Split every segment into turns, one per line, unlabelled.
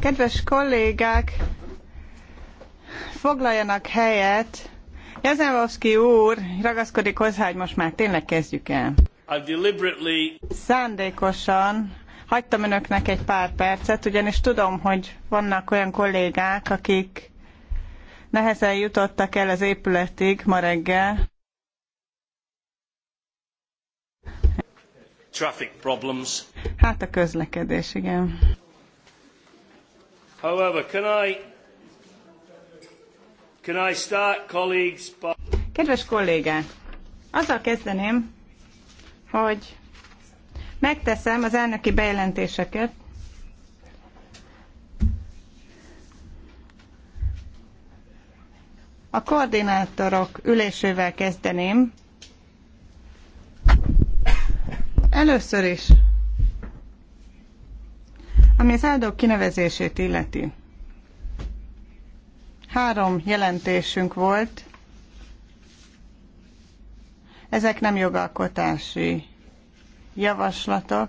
Kedves kollégák, foglaljanak helyet. Jazemovszki úr ragaszkodik hozzá, hogy most már tényleg kezdjük el. Szándékosan hagytam önöknek egy pár percet, ugyanis tudom, hogy vannak olyan kollégák, akik nehezen jutottak el az épületig ma reggel.
traffic problems.
Hát a közlekedés, igen.
However, can I, can I start, colleagues, by...
Kedves kollégák, azzal kezdeném, hogy megteszem az elnöki bejelentéseket, A koordinátorok ülésével kezdeném, Először is, ami az áldók kinevezését illeti. Három jelentésünk volt, ezek nem jogalkotási javaslatok.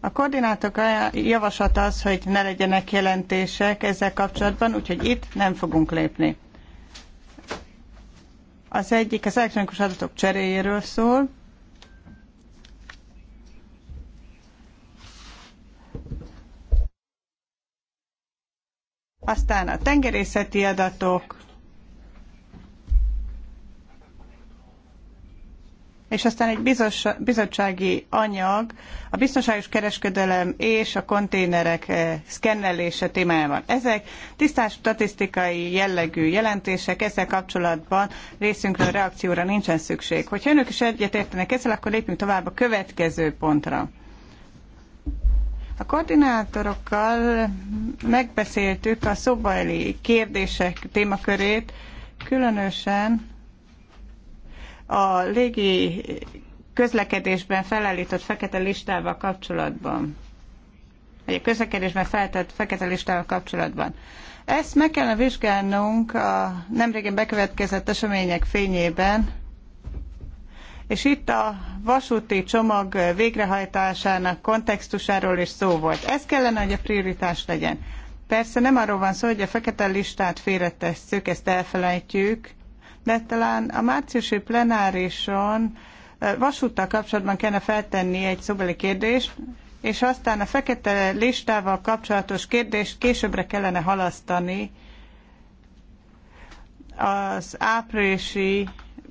A koordinátok javaslat az, hogy ne legyenek jelentések ezzel kapcsolatban, úgyhogy itt nem fogunk lépni. Az egyik az elektronikus adatok cseréjéről szól, Aztán a tengerészeti adatok, és aztán egy bizottsági anyag a biztonságos kereskedelem és a konténerek eh, szkennelése témájában. Ezek tisztán statisztikai jellegű jelentések, ezzel kapcsolatban részünkről reakcióra nincsen szükség. Hogyha önök is egyetértenek ezzel, akkor lépjünk tovább a következő pontra. A koordinátorokkal megbeszéltük a szobai kérdések témakörét, különösen a légi közlekedésben felállított fekete listával kapcsolatban. Vagy a közlekedésben feltett fekete listával kapcsolatban. Ezt meg kellene vizsgálnunk a nemrégen bekövetkezett események fényében, és itt a vasúti csomag végrehajtásának kontextusáról is szó volt. Ez kellene, hogy a prioritás legyen. Persze nem arról van szó, hogy a fekete listát félretesszük, ezt elfelejtjük, de talán a márciusi plenárison vasúttal kapcsolatban kellene feltenni egy szóbeli kérdést, és aztán a fekete listával kapcsolatos kérdést későbbre kellene halasztani az áprilisi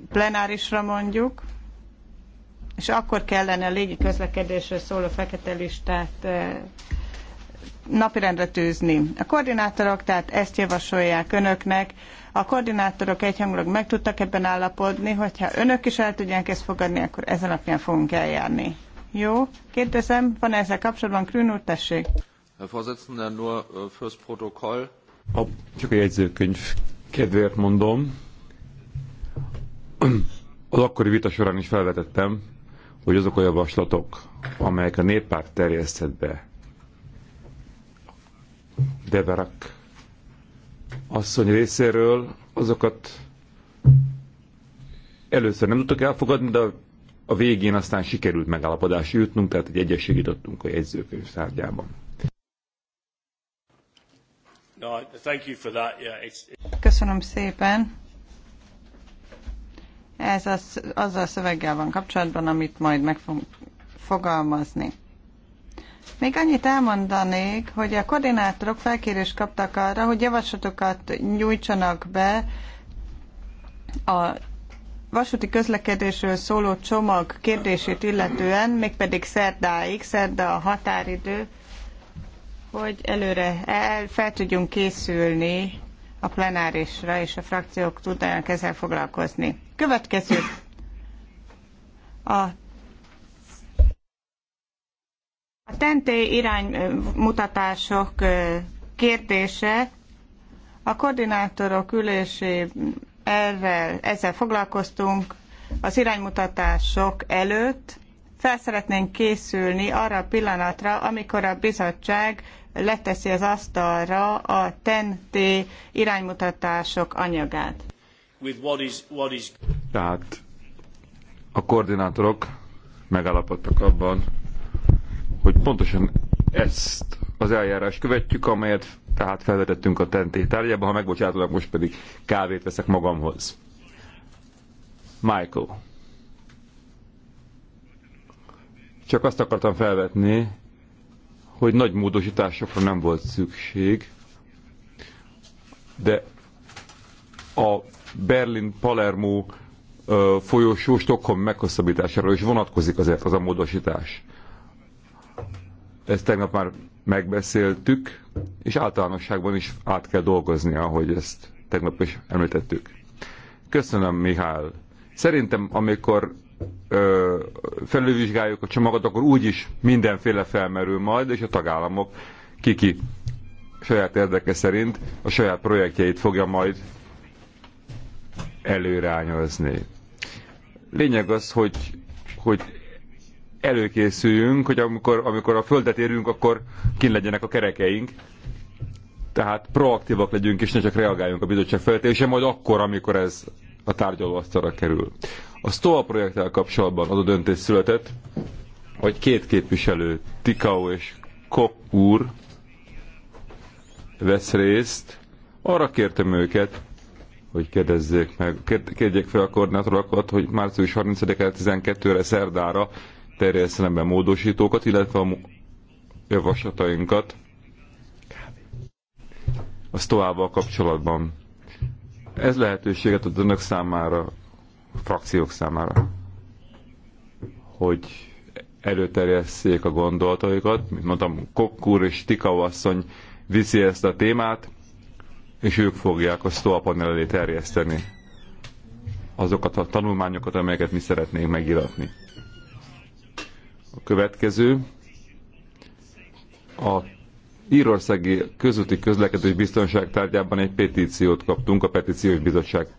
plenárisra mondjuk, és akkor kellene a légi közlekedésről szóló fekete listát napirendre tűzni. A koordinátorok tehát ezt javasolják önöknek. A koordinátorok egyhangulag meg tudtak ebben állapodni, hogyha önök is el tudják ezt fogadni, akkor ezen alapján fogunk eljárni. Jó, kérdezem, van -e ezzel kapcsolatban Krűn úr, tessék?
Äh, a, csak a jegyzőkönyv kedvéért mondom. Az akkori vita során is felvetettem, hogy azok a javaslatok, amelyek a néppárt terjesztett be, Deverak asszony részéről, azokat először nem tudtak elfogadni, de a végén aztán sikerült megállapodásra jutnunk, tehát egy egyességet adtunk a jegyzőkönyv tárgyában.
Köszönöm szépen. Ez az, azzal a szöveggel van kapcsolatban, amit majd meg fogunk fogalmazni. Még annyit elmondanék, hogy a koordinátorok felkérést kaptak arra, hogy javaslatokat nyújtsanak be a vasúti közlekedésről szóló csomag kérdését illetően, mégpedig szerdáig, szerda a határidő, hogy előre el fel tudjunk készülni a plenárisra, és a frakciók tudnának ezzel foglalkozni. Következő a a tenté iránymutatások kérdése a koordinátorok ülésé ezzel, ezzel foglalkoztunk az iránymutatások előtt. felszeretnénk készülni arra a pillanatra, amikor a bizottság leteszi az asztalra a TEN-T iránymutatások anyagát.
What is, what is...
Tehát a koordinátorok megállapodtak abban, hogy pontosan ezt az eljárás követjük, amelyet tehát felvetettünk a TNT tárgyába, ha megbocsátodok, most pedig kávét veszek magamhoz. Michael. Csak azt akartam felvetni, hogy nagy módosításokra nem volt szükség, de a Berlin-Palermo folyosó Stockholm meghosszabbítására is vonatkozik azért az a módosítás. Ezt tegnap már megbeszéltük, és általánosságban is át kell dolgozni, ahogy ezt tegnap is említettük. Köszönöm, Mihály. Szerintem, amikor ö, felülvizsgáljuk a csomagot, akkor úgyis mindenféle felmerül majd, és a tagállamok kiki saját érdeke szerint a saját projektjeit fogja majd előrányozni. Lényeg az, hogy, hogy előkészüljünk, hogy amikor, amikor a földet érünk, akkor kin legyenek a kerekeink, tehát proaktívak legyünk, és ne csak reagáljunk a bizottság feltétésre, majd akkor, amikor ez a tárgyalóasztalra kerül. A STOA projekttel kapcsolatban az a döntés született, hogy két képviselő, Tikao és Kok úr vesz részt. Arra kértem őket, hogy kérdezzék meg, kérdjék fel a koordinátorokat, hogy március 30-e 12-re szerdára terjesztenem be módosítókat, illetve a javaslatainkat a sztoával kapcsolatban. Ez lehetőséget ad önök számára, a frakciók számára, hogy előterjesszék a gondolataikat. Mint mondtam, Kokkúr és Tikavasszony viszi ezt a témát, és ők fogják a STOA elé terjeszteni azokat a tanulmányokat, amelyeket mi szeretnénk megiratni. A következő a írországi közúti közlekedés biztonság tárgyában egy petíciót kaptunk, a petíciós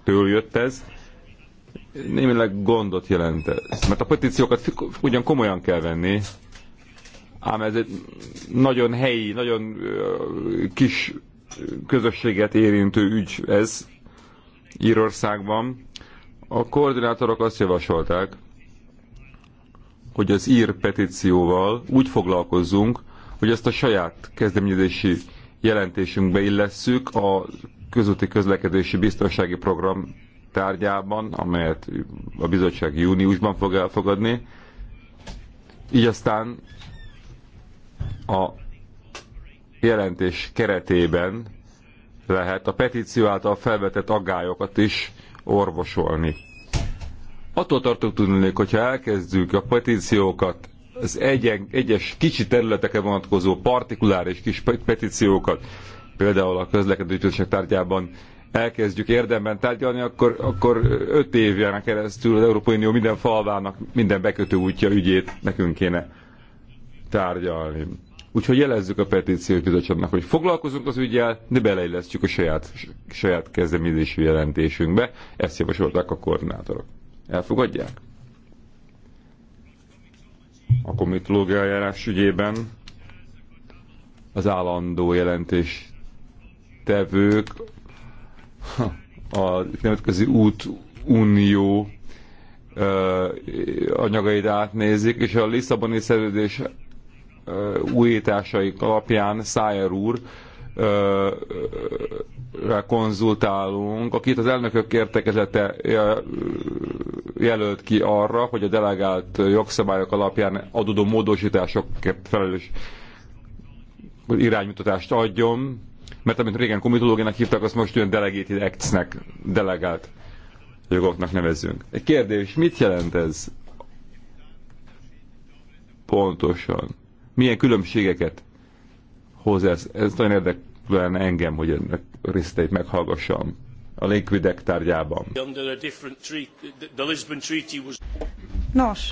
től jött ez. Némileg gondot jelent ez, mert a petíciókat ugyan komolyan kell venni, ám ez egy nagyon helyi, nagyon kis közösséget érintő ügy ez Írországban. A koordinátorok azt javasolták, hogy az ír petícióval úgy foglalkozzunk, hogy ezt a saját kezdeményezési jelentésünkbe illesszük a közúti közlekedési biztonsági program tárgyában, amelyet a bizottság júniusban fog elfogadni. Így aztán a jelentés keretében lehet a petíció által felvetett aggályokat is orvosolni. Attól tartok tudnék, hogyha elkezdjük a petíciókat az egyen, egyes kicsi területekre vonatkozó partikuláris kis petíciókat, például a közlekedőtőség tárgyában elkezdjük érdemben tárgyalni, akkor, akkor öt évjelen keresztül az Európai Unió minden falvának, minden bekötő útja ügyét nekünk kéne tárgyalni. Úgyhogy jelezzük a petíciós bizottságnak, hogy foglalkozunk az ügyel, de beleillesztjük a saját, saját kezdeményezésű jelentésünkbe. Ezt javasolták a koordinátorok. Elfogadják? a komitológia eljárás ügyében az állandó jelentés tevők a Nemzetközi Út Unió anyagait átnézik, és a Lisszaboni szerződés újításai alapján Szájer úr konzultálunk, akit az elnökök értekezete jelölt ki arra, hogy a delegált jogszabályok alapján adódó módosításokért felelős iránymutatást adjon, mert amit régen komitológiának hívtak, azt most olyan delegated actsnek, delegált jogoknak nevezünk. Egy kérdés, mit jelent ez pontosan? Milyen különbségeket hozzá. Ez, ez nagyon érdekel engem, hogy ennek részteit meghallgassam a légvidek tárgyában.
Nos,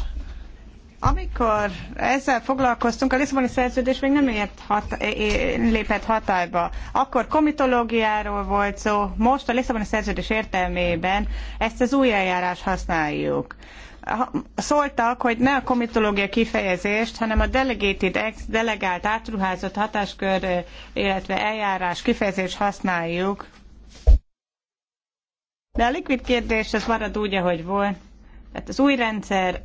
amikor ezzel foglalkoztunk, a Lisszaboni szerződés még nem ért hat, lépett hatályba. Akkor komitológiáról volt szó, most a Lisszaboni szerződés értelmében ezt az új eljárás használjuk szóltak, hogy ne a komitológia kifejezést, hanem a delegated ex, delegált átruházott hatáskör, illetve eljárás kifejezést használjuk. De a likvid kérdés az marad úgy, ahogy volt. Tehát az új rendszer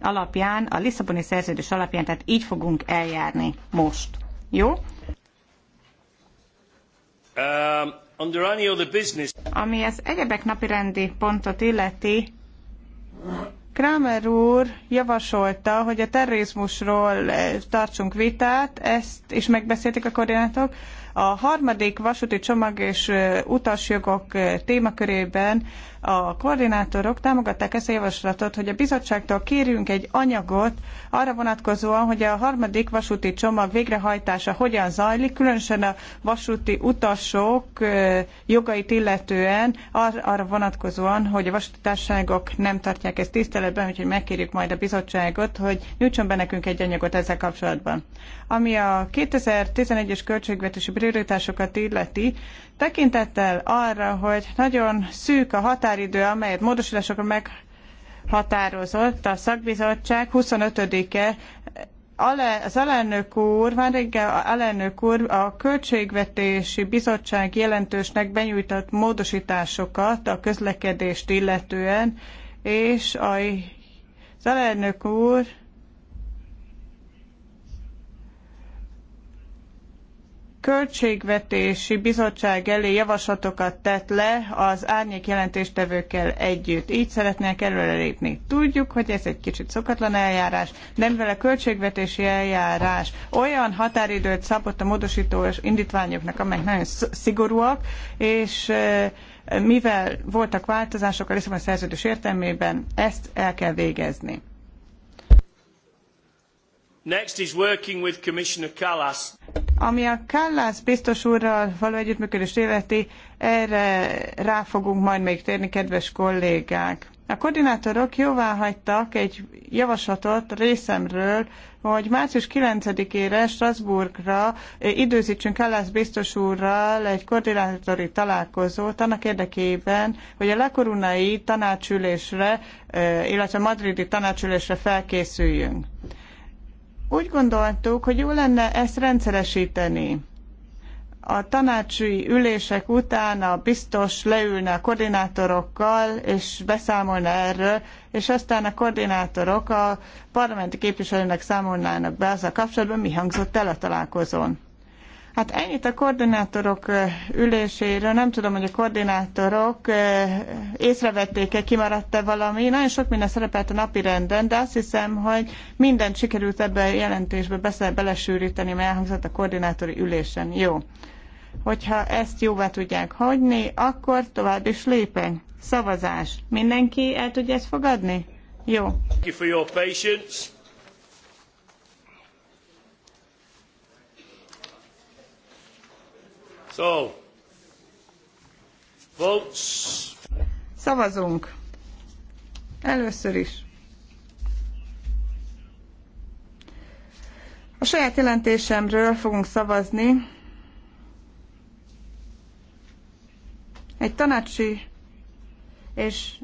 alapján, a Lisszaboni szerződés alapján, tehát így fogunk eljárni most. Jó? Um,
under any other business.
Ami az egyebek napirendi pontot illeti, Kramer úr javasolta, hogy a terrorizmusról eh, tartsunk vitát, ezt is megbeszélték a koordinátok. A harmadik vasúti csomag és eh, utasjogok eh, témakörében a koordinátorok támogatták ezt a javaslatot, hogy a bizottságtól kérjünk egy anyagot arra vonatkozóan, hogy a harmadik vasúti csomag végrehajtása hogyan zajlik, különösen a vasúti utasok jogait illetően arra vonatkozóan, hogy a vasúti társaságok nem tartják ezt tiszteletben, úgyhogy megkérjük majd a bizottságot, hogy nyújtson be nekünk egy anyagot ezzel kapcsolatban. Ami a 2011-es költségvetési prioritásokat illeti, Tekintettel arra, hogy nagyon szűk a határidő, amelyet módosításokra meghatározott a szakbizottság 25-e, az alelnök úr, Van Reggel alelnök úr a Költségvetési Bizottság jelentősnek benyújtott módosításokat a közlekedést illetően, és az alelnök úr költségvetési bizottság elé javaslatokat tett le az árnyék jelentéstevőkkel együtt. Így szeretnék előrelépni. Tudjuk, hogy ez egy kicsit szokatlan eljárás, de mivel a költségvetési eljárás olyan határidőt szabott a módosító indítványoknak, amelyek nagyon szigorúak, és eh, mivel voltak változások a Lisszaboni szerződés értelmében, ezt el kell végezni.
Next is working with Commissioner Callas.
Ami a Kallas biztos úrral való együttműködést illeti, erre rá fogunk majd még térni, kedves kollégák. A koordinátorok jóvá hagytak egy javaslatot részemről, hogy március 9-ére Strasbourgra időzítsünk Kallas biztos úrral egy koordinátori találkozót annak érdekében, hogy a lekorunai tanácsülésre, illetve a madridi tanácsülésre felkészüljünk. Úgy gondoltuk, hogy jó lenne ezt rendszeresíteni. A tanácsi ülések után a biztos leülne a koordinátorokkal, és beszámolna erről, és aztán a koordinátorok a parlamenti képviselőnek számolnának be azzal kapcsolatban, mi hangzott el a találkozón. Hát ennyit a koordinátorok üléséről. Nem tudom, hogy a koordinátorok észrevették-e, kimaradt-e valami. Nagyon sok minden szerepelt a napi renden, de azt hiszem, hogy mindent sikerült ebbe a jelentésbe beszél, belesűríteni, mert elhangzott a koordinátori ülésen. Jó. Hogyha ezt jóvá tudják hagyni, akkor tovább is lépek. Szavazás. Mindenki el tudja ezt fogadni?
Jó. Thank you for your patience. So, votes.
Szavazunk. Először is. A saját jelentésemről fogunk szavazni. Egy tanácsi és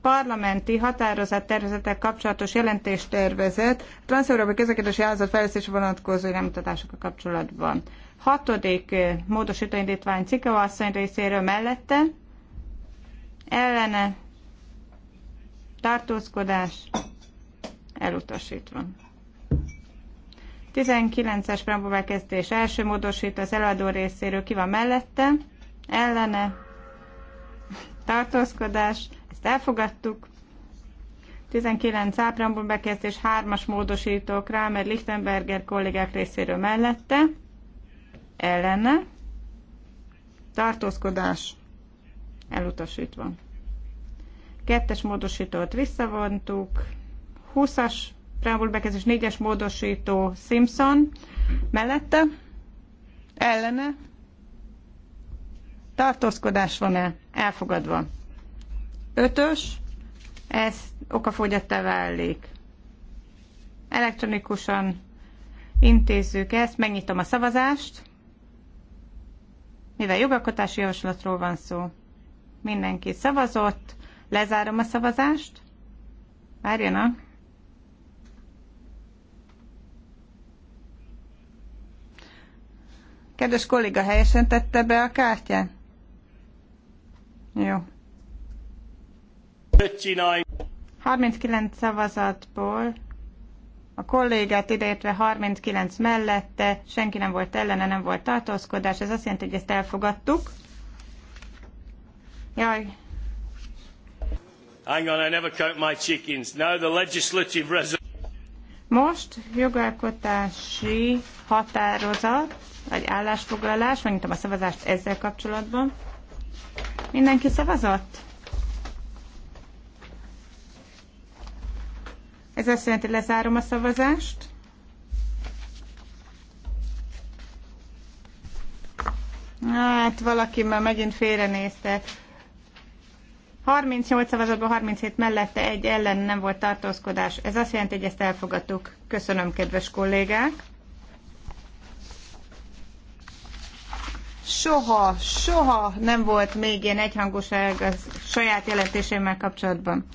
parlamenti határozat tervezetek kapcsolatos jelentéstervezet a transzeurópai közlekedési házat fejlesztése vonatkozó iránymutatásokkal kapcsolatban. Hatodik eh, módosítóindítvány Cikava részéről mellette ellene tartózkodás elutasítva. 19-es preambulbekezdés első módosít az előadó részéről ki van mellette, ellene, tartózkodás, ezt elfogadtuk. 19 áprambul bekezdés 3-as módosító Kramer Lichtenberger kollégák részéről mellette, ellene, tartózkodás elutasítva. Kettes módosítót visszavontuk, 20-as bekezdés, 4-es módosító Simpson mellette, ellene, tartózkodás van-e elfogadva. Ötös, ez okafogyatta válik. Elektronikusan intézzük ezt, megnyitom a szavazást. Mivel jogalkotási javaslatról van szó, mindenki szavazott, lezárom a szavazást. Várjanak. Kedves kolléga, helyesen tette be a kártyát? Jó. 39 szavazatból a kollégát ideértve 39
mellette,
senki nem volt ellene, nem volt tartózkodás, ez azt jelenti, hogy ezt elfogadtuk. Jaj.
Hang on, I never count my chickens. Now the legislative resolution.
Most jogalkotási határozat, vagy állásfoglalás, megnyitom a szavazást ezzel kapcsolatban. Mindenki szavazott? Ez azt jelenti, lezárom a szavazást. Hát valaki már megint félrenézte. 38 szavazatban 37 mellette egy ellen nem volt tartózkodás. Ez azt jelenti, hogy ezt elfogadtuk. Köszönöm, kedves kollégák! Soha, soha nem volt még ilyen egyhangúság a saját jelentésémmel kapcsolatban.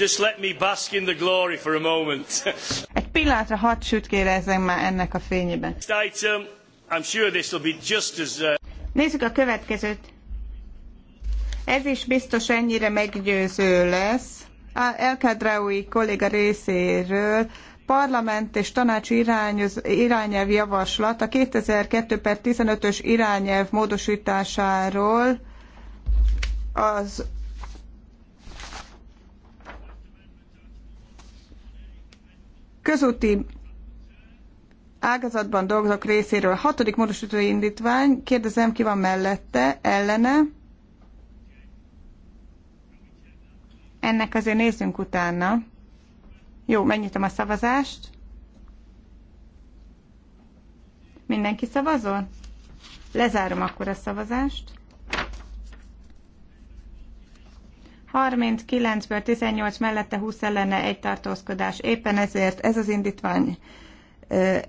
Just let me bask in the glory for a moment. Egy
pillanatra hadd sütkérezzem már ennek a fényében.
Item, I'm sure this will be just as, uh...
Nézzük a következőt. Ez is biztos ennyire meggyőző lesz. A Kadraui kolléga részéről parlament és tanács irányoz, irányelv javaslat a 2002 per 15-ös irányelv módosításáról az közúti ágazatban dolgozók részéről. Hatodik módosító indítvány, kérdezem, ki van mellette, ellene. Ennek azért nézzünk utána. Jó, megnyitom a szavazást. Mindenki szavazol? Lezárom akkor a szavazást. 39-ből 18 mellette 20 ellene egy tartózkodás. Éppen ezért ez az indítvány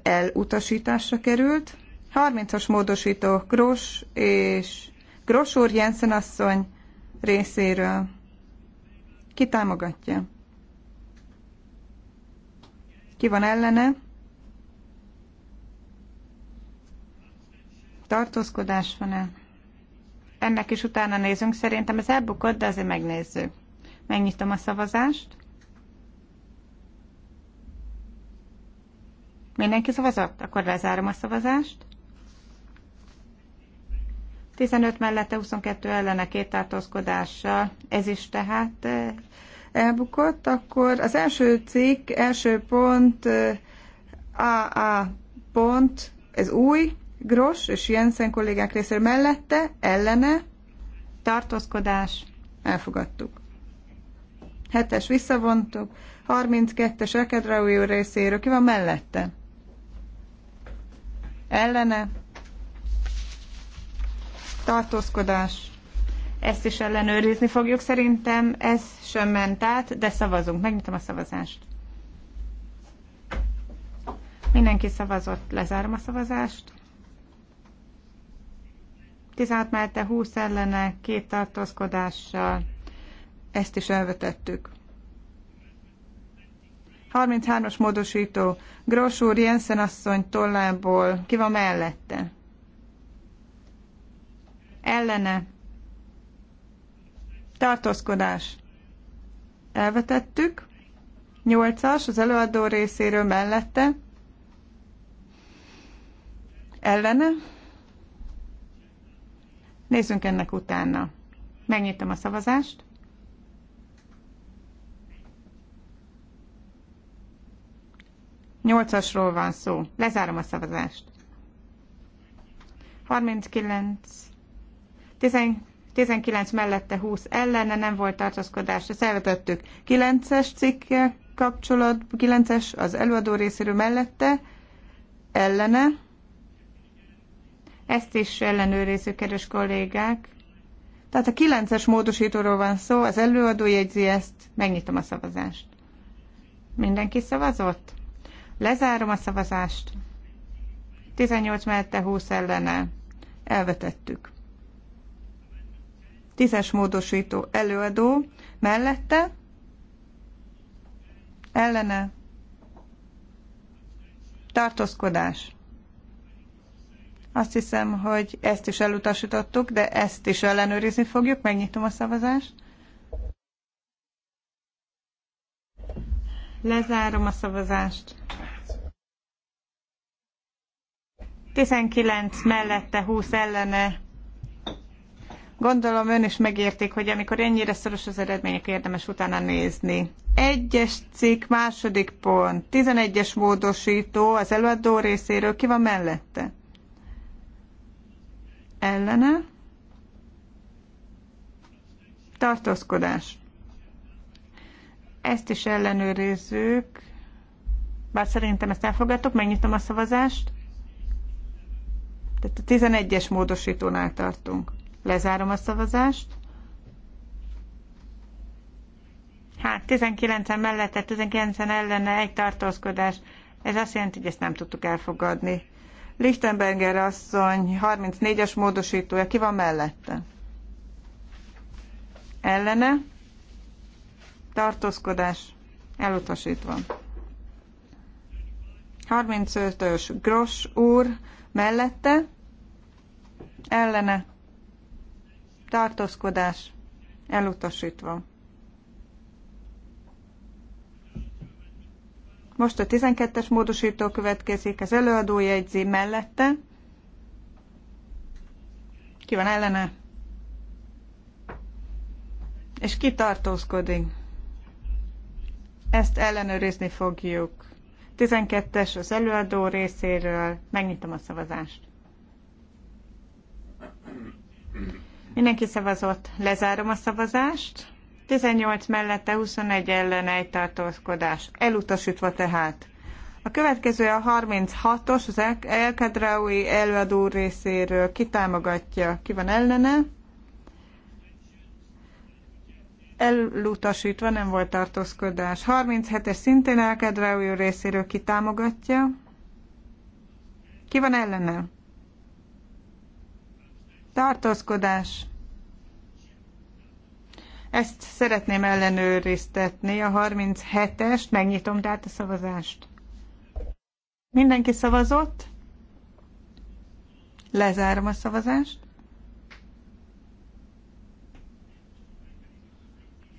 elutasításra került. 30-as módosító Gros és Gros úr Jensen asszony részéről. Ki támogatja? Ki van ellene? Tartózkodás van-e? ennek is utána nézünk. Szerintem ez elbukott, de azért megnézzük. Megnyitom a szavazást. Mindenki szavazott? Akkor lezárom a szavazást. 15 mellette 22 ellene két tartózkodással, ez is tehát eh, elbukott. Akkor az első cikk, első pont, AA eh, pont, ez új, Gros és Jensen kollégák részéről mellette, ellene, tartózkodás, elfogadtuk. 7-es visszavontuk, 32-es Ekedraújó részéről, ki van mellette? Ellene, tartózkodás, ezt is ellenőrizni fogjuk. Szerintem ez sem ment át, de szavazunk. Megnyitom a szavazást. Mindenki szavazott, lezárom a szavazást. 16 mellette 20 ellene, két tartózkodással. Ezt is elvetettük. 33-as módosító. Gross úr Jensen asszony tollából. Ki van mellette? Ellene. Tartózkodás. Elvetettük. 8-as az előadó részéről mellette. Ellene Nézzünk ennek utána. Megnyitom a szavazást. Nyolcasról van szó. Lezárom a szavazást. 39. 10, 19 mellette 20 ellene nem volt tartózkodás. Ezt elvetettük. 9-es cikke kapcsolat, 9-es az előadó részéről mellette, ellene ezt is ellenőrizzük, kedves kollégák. Tehát a 9-es módosítóról van szó, az előadó jegyzi ezt, megnyitom a szavazást. Mindenki szavazott? Lezárom a szavazást. 18 mellette 20 ellene. Elvetettük. 10-es módosító előadó mellette ellene tartózkodás. Azt hiszem, hogy ezt is elutasítottuk, de ezt is ellenőrizni fogjuk. Megnyitom a szavazást. Lezárom a szavazást. 19 mellette, 20 ellene. Gondolom ön is megértik, hogy amikor ennyire szoros az eredmények, érdemes utána nézni. Egyes cikk, második pont, 11-es módosító az előadó részéről, ki van mellette? ellene, tartózkodás. Ezt is ellenőrizzük, bár szerintem ezt elfogadtuk, megnyitom a szavazást. Tehát a 11-es módosítónál tartunk. Lezárom a szavazást. Hát 19 mellette, 19 ellene egy tartózkodás. Ez azt jelenti, hogy ezt nem tudtuk elfogadni. Lichtenberger asszony 34-es módosítója, ki van mellette? Ellene? Tartózkodás elutasítva. 35-ös Gross úr mellette? Ellene? Tartózkodás elutasítva. Most a 12-es módosító következik, az előadó jegyzi mellette. Ki van ellene? És ki tartózkodik? Ezt ellenőrizni fogjuk. 12-es az előadó részéről. Megnyitom a szavazást. Mindenki szavazott. Lezárom a szavazást. 18 mellette 21 ellen egy tartózkodás. Elutasítva tehát. A következő a 36-os, az Elkadraui előadó részéről. Ki támogatja? Ki van ellene? Elutasítva nem volt tartózkodás. 37-es szintén Elkadraui részéről. Ki támogatja? Ki van ellene? Tartózkodás. Ezt szeretném ellenőriztetni, a 37-est, megnyitom tehát a szavazást. Mindenki szavazott? Lezárom a szavazást.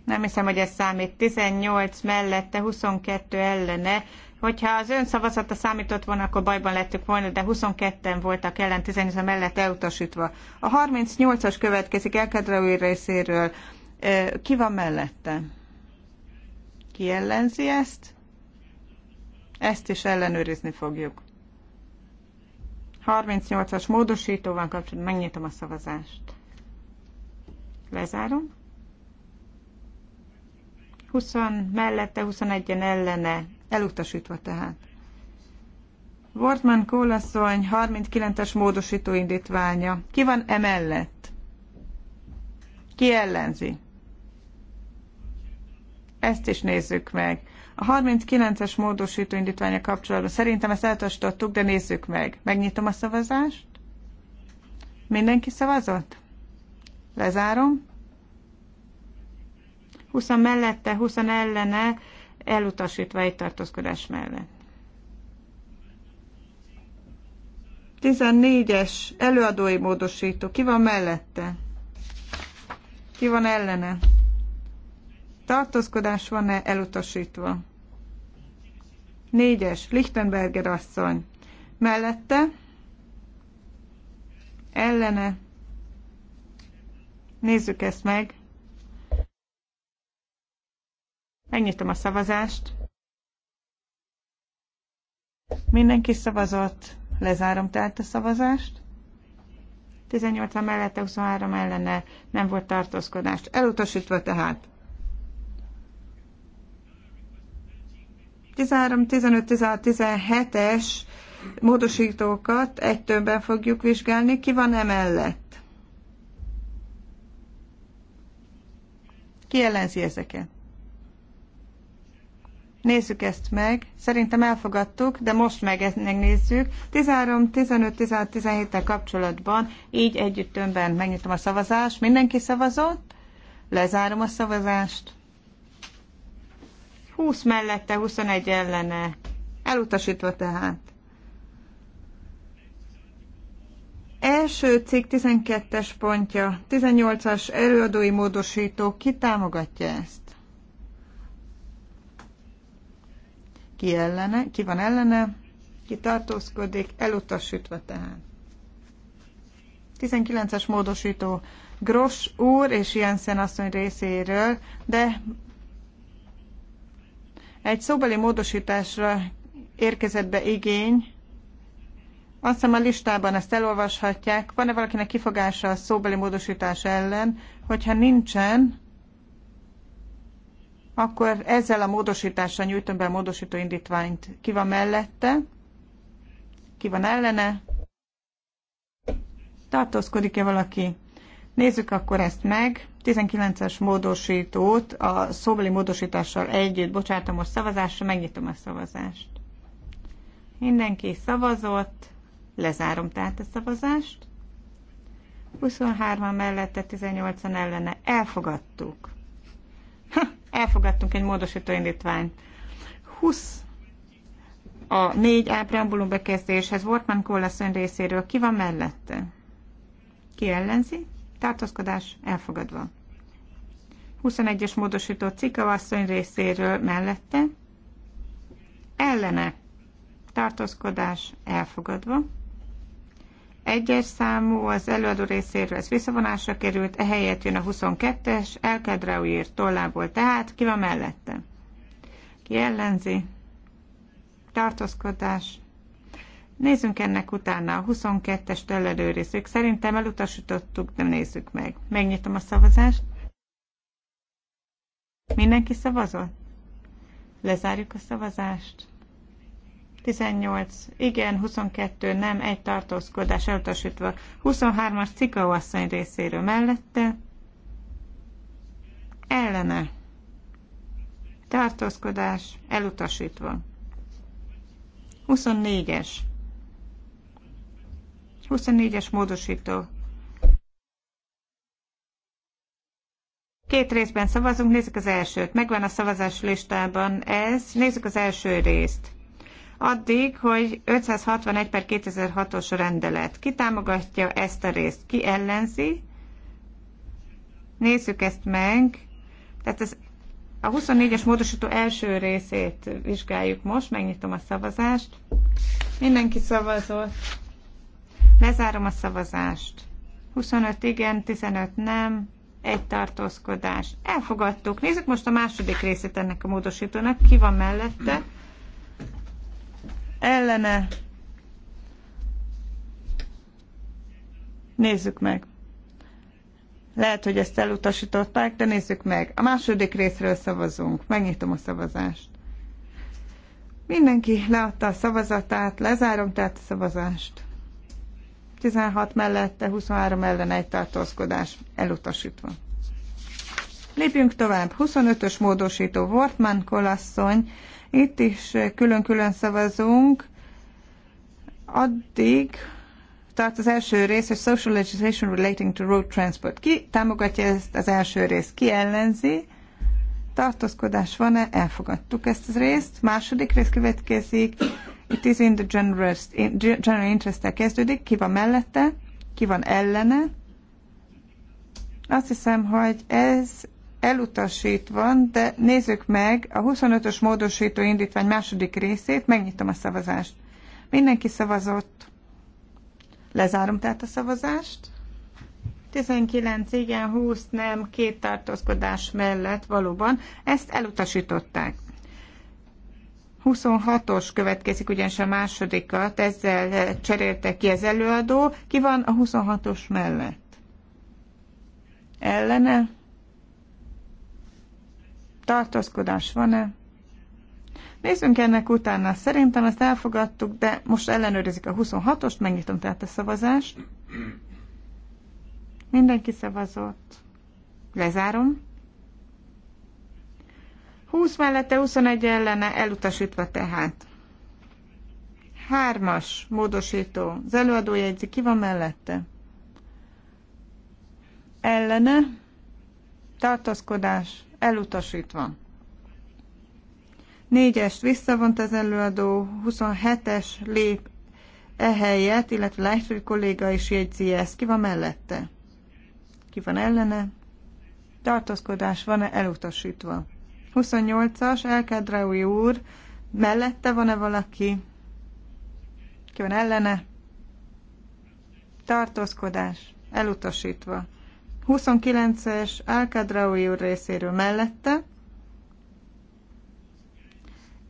Nem hiszem, hogy ez számít. 18 mellette, 22 ellene. Hogyha az ön szavazata számított volna, akkor bajban lettük volna, de 22-en voltak ellen, 18 mellett elutasítva. A 38-as következik Elkedre részéről. Ki van mellette? Ki ellenzi ezt? Ezt is ellenőrizni fogjuk. 38-as módosítóval kapcsolatban megnyitom a szavazást. Lezárom. 20 mellette, 21-en ellene, elutasítva tehát. Wortmann Kólaszony 39-es módosító indítványa. Ki van emellett? Ki ellenzi? Ezt is nézzük meg. A 39-es módosító indítványa kapcsolatban szerintem ezt eltastottuk, de nézzük meg. Megnyitom a szavazást. Mindenki szavazott? Lezárom. 20 mellette, 20 ellene, elutasítva egy tartózkodás mellett. 14-es előadói módosító. Ki van mellette? Ki van ellene? Tartózkodás van-e elutasítva? Négyes, Lichtenberger asszony. Mellette, ellene, nézzük ezt meg. Megnyitom a szavazást. Mindenki szavazott, lezárom tehát a szavazást. 18 mellette, 23 ellene nem volt tartózkodást. Elutasítva tehát. 13, 15, 16, 17-es módosítókat egy többen fogjuk vizsgálni. Ki van emellett? Ki ellenzi ezeket? Nézzük ezt meg. Szerintem elfogadtuk, de most meg ezt megnézzük. 13, 15, 16, 17 tel kapcsolatban így együtt tömbben megnyitom a szavazást. Mindenki szavazott? Lezárom a szavazást. 20 mellette, 21 ellene. Elutasítva tehát. Első cikk 12-es pontja, 18-as előadói módosító, ki támogatja ezt? Ki ellene, ki van ellene, ki tartózkodik, elutasítva tehát. 19-es módosító, Gross úr és Jensen asszony részéről, de egy szóbeli módosításra érkezett be igény, azt hiszem a listában ezt elolvashatják. Van-e valakinek kifogása a szóbeli módosítás ellen? Hogyha nincsen, akkor ezzel a módosítással nyújtom be a módosító indítványt. Ki van mellette? Ki van ellene? Tartózkodik-e valaki? Nézzük akkor ezt meg. 19-es módosítót a szóbeli módosítással együtt bocsátom most szavazásra, megnyitom a szavazást. Mindenki szavazott, lezárom tehát a szavazást. 23-an mellette, 18-an ellene elfogadtuk. Ha, elfogadtunk egy módosító indítványt. 20 a 4 A preambulum bekezdéshez Wortmann Kollasszony részéről ki van mellette? Ki ellenzi? tartózkodás elfogadva. 21-es módosító cikavasszony részéről mellette, ellene tartózkodás elfogadva. Egyes számú az előadó részéről ez visszavonásra került, ehelyett jön a 22-es, elkedreúír tollából, tehát ki van mellette? Ki ellenzi? Tartózkodás Nézzünk ennek utána a 22-es ellenőrizzük. Szerintem elutasítottuk, de nézzük meg. Megnyitom a szavazást. Mindenki szavazott? Lezárjuk a szavazást. 18, igen, 22, nem, egy tartózkodás elutasítva. 23-as Cikau részéről mellette. Ellene. Tartózkodás elutasítva. 24-es 24-es módosító. Két részben szavazunk, nézzük az elsőt. Megvan a szavazás listában ez, nézzük az első részt. Addig, hogy 561 per 2006-os rendelet. Ki támogatja ezt a részt? Ki ellenzi? Nézzük ezt meg. Tehát ez a 24-es módosító első részét vizsgáljuk most, megnyitom a szavazást. Mindenki szavazott. Lezárom a szavazást. 25 igen, 15 nem, egy tartózkodás. Elfogadtuk. Nézzük most a második részét ennek a módosítónak. Ki van mellette? Ellene. Nézzük meg. Lehet, hogy ezt elutasították, de nézzük meg. A második részről szavazunk. Megnyitom a szavazást. Mindenki leadta a szavazatát, lezárom tehát a szavazást. 16 mellette, 23 ellen egy tartózkodás elutasítva. Lépjünk tovább. 25-ös módosító Wortmann kolasszony. Itt is külön-külön szavazunk. Addig tart az első rész, hogy Social Legislation Relating to Road Transport. Ki támogatja ezt az első részt? Ki ellenzi? Tartózkodás van-e? Elfogadtuk ezt az részt. Második rész következik. It is in the general, general interest-tel kezdődik. Ki van mellette? Ki van ellene? Azt hiszem, hogy ez elutasítva, de nézzük meg a 25-ös módosító indítvány második részét, megnyitom a szavazást. Mindenki szavazott. Lezárom tehát a szavazást. 19 igen, 20 nem, két tartózkodás mellett valóban ezt elutasították. 26-os következik ugyanis a másodikat, ezzel cserélte ki az előadó. Ki van a 26-os mellett? Ellene? Tartózkodás van-e? Nézzünk ennek utána. Szerintem ezt elfogadtuk, de most ellenőrizik a 26-ost, megnyitom tehát a szavazást. Mindenki szavazott. Lezárom. 20 mellette, 21 ellene, elutasítva tehát. Hármas módosító. Az előadó jegyzi, ki van mellette? Ellene, tartozkodás, elutasítva. Négyest visszavont az előadó, 27-es lép ehelyett, illetve Leichtfried kolléga is jegyzi ezt. Ki van mellette? Ki van ellene? Tartozkodás van-e elutasítva? 28-as, Elkedraui úr, mellette van-e valaki? Ki van ellene? Tartózkodás, elutasítva. 29-es, Elkedraui úr részéről mellette,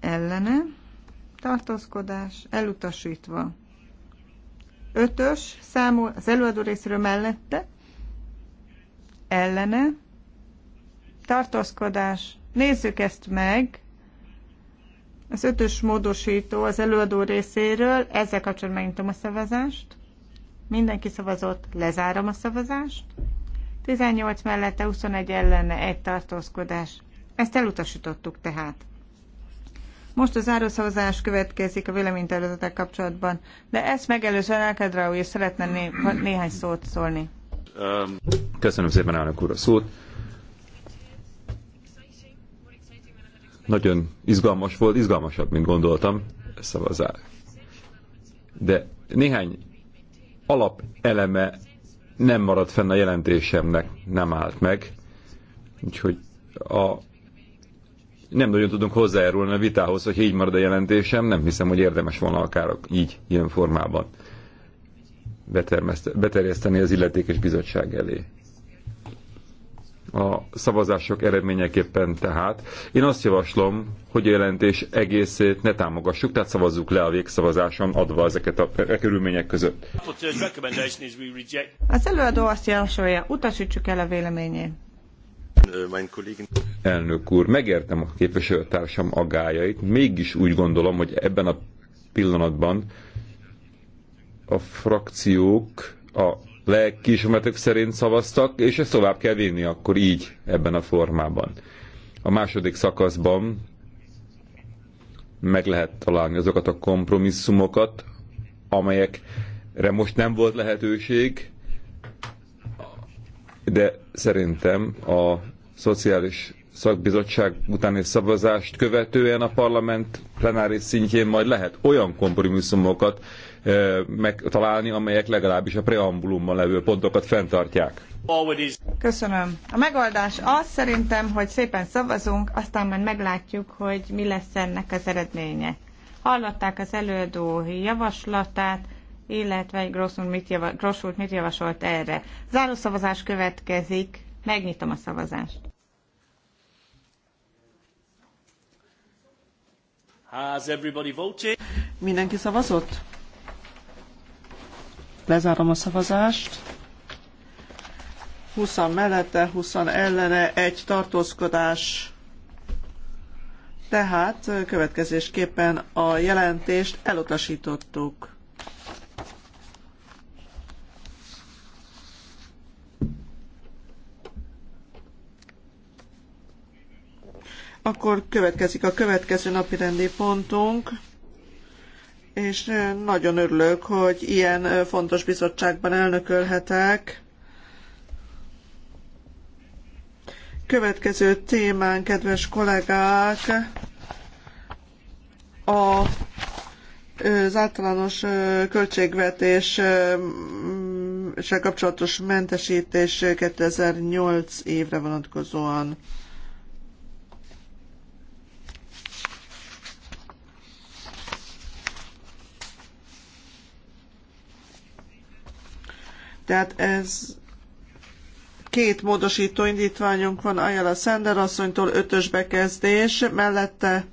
ellene, tartózkodás, elutasítva. 5-ös, számol, az előadó részéről mellette, ellene, tartózkodás, Nézzük ezt meg. Az ötös módosító az előadó részéről, ezzel kapcsolatban megnyitom a szavazást. Mindenki szavazott, lezárom a szavazást. 18 mellette, 21 ellene, egy tartózkodás. Ezt elutasítottuk tehát. Most a zárószavazás következik a véleménytervezetek kapcsolatban, de ezt megelőzően Elkedraú és szeretne né- néhány szót szólni.
Köszönöm szépen, elnök úr, a szót. Nagyon izgalmas volt, izgalmasabb, mint gondoltam, szavazál. De néhány alapeleme nem maradt fenn a jelentésemnek, nem állt meg. Úgyhogy a, nem nagyon tudunk hozzájárulni a vitához, hogy így marad a jelentésem, nem hiszem, hogy érdemes volna akár így, ilyen formában beterjeszteni az illetékes bizottság elé a szavazások eredményeképpen tehát. Én azt javaslom, hogy a jelentés egészét ne támogassuk, tehát szavazzuk le a végszavazáson adva ezeket a körülmények között.
Az előadó azt javasolja, utasítsuk el a véleményét.
Elnök úr, megértem a képviselőtársam agájait, mégis úgy gondolom, hogy ebben a pillanatban a frakciók a lelkiismeretük szerint szavaztak, és ezt tovább kell vinni akkor így, ebben a formában. A második szakaszban meg lehet találni azokat a kompromisszumokat, amelyekre most nem volt lehetőség, de szerintem a Szociális Szakbizottság utáni szavazást követően a parlament plenáris szintjén majd lehet olyan kompromisszumokat megtalálni, amelyek legalábbis a preambulumban levő pontokat fenntartják.
Köszönöm. A megoldás az szerintem, hogy szépen szavazunk, aztán majd meglátjuk, hogy mi lesz ennek az eredménye. Hallották az előadó javaslatát, illetve egy mit, mit javasolt erre. Zárószavazás következik, megnyitom
a szavazást.
Has everybody voted?
Mindenki szavazott? Lezárom a szavazást. 20 mellette, 20 ellene, egy tartózkodás. Tehát következésképpen a jelentést elutasítottuk. Akkor következik a következő napi rendi pontunk és nagyon örülök, hogy ilyen fontos bizottságban elnökölhetek. Következő témán, kedves kollégák, a az általános költségvetéssel kapcsolatos mentesítés 2008 évre vonatkozóan. Tehát ez két módosító indítványunk van Ajala Szender asszonytól ötös bekezdés, mellette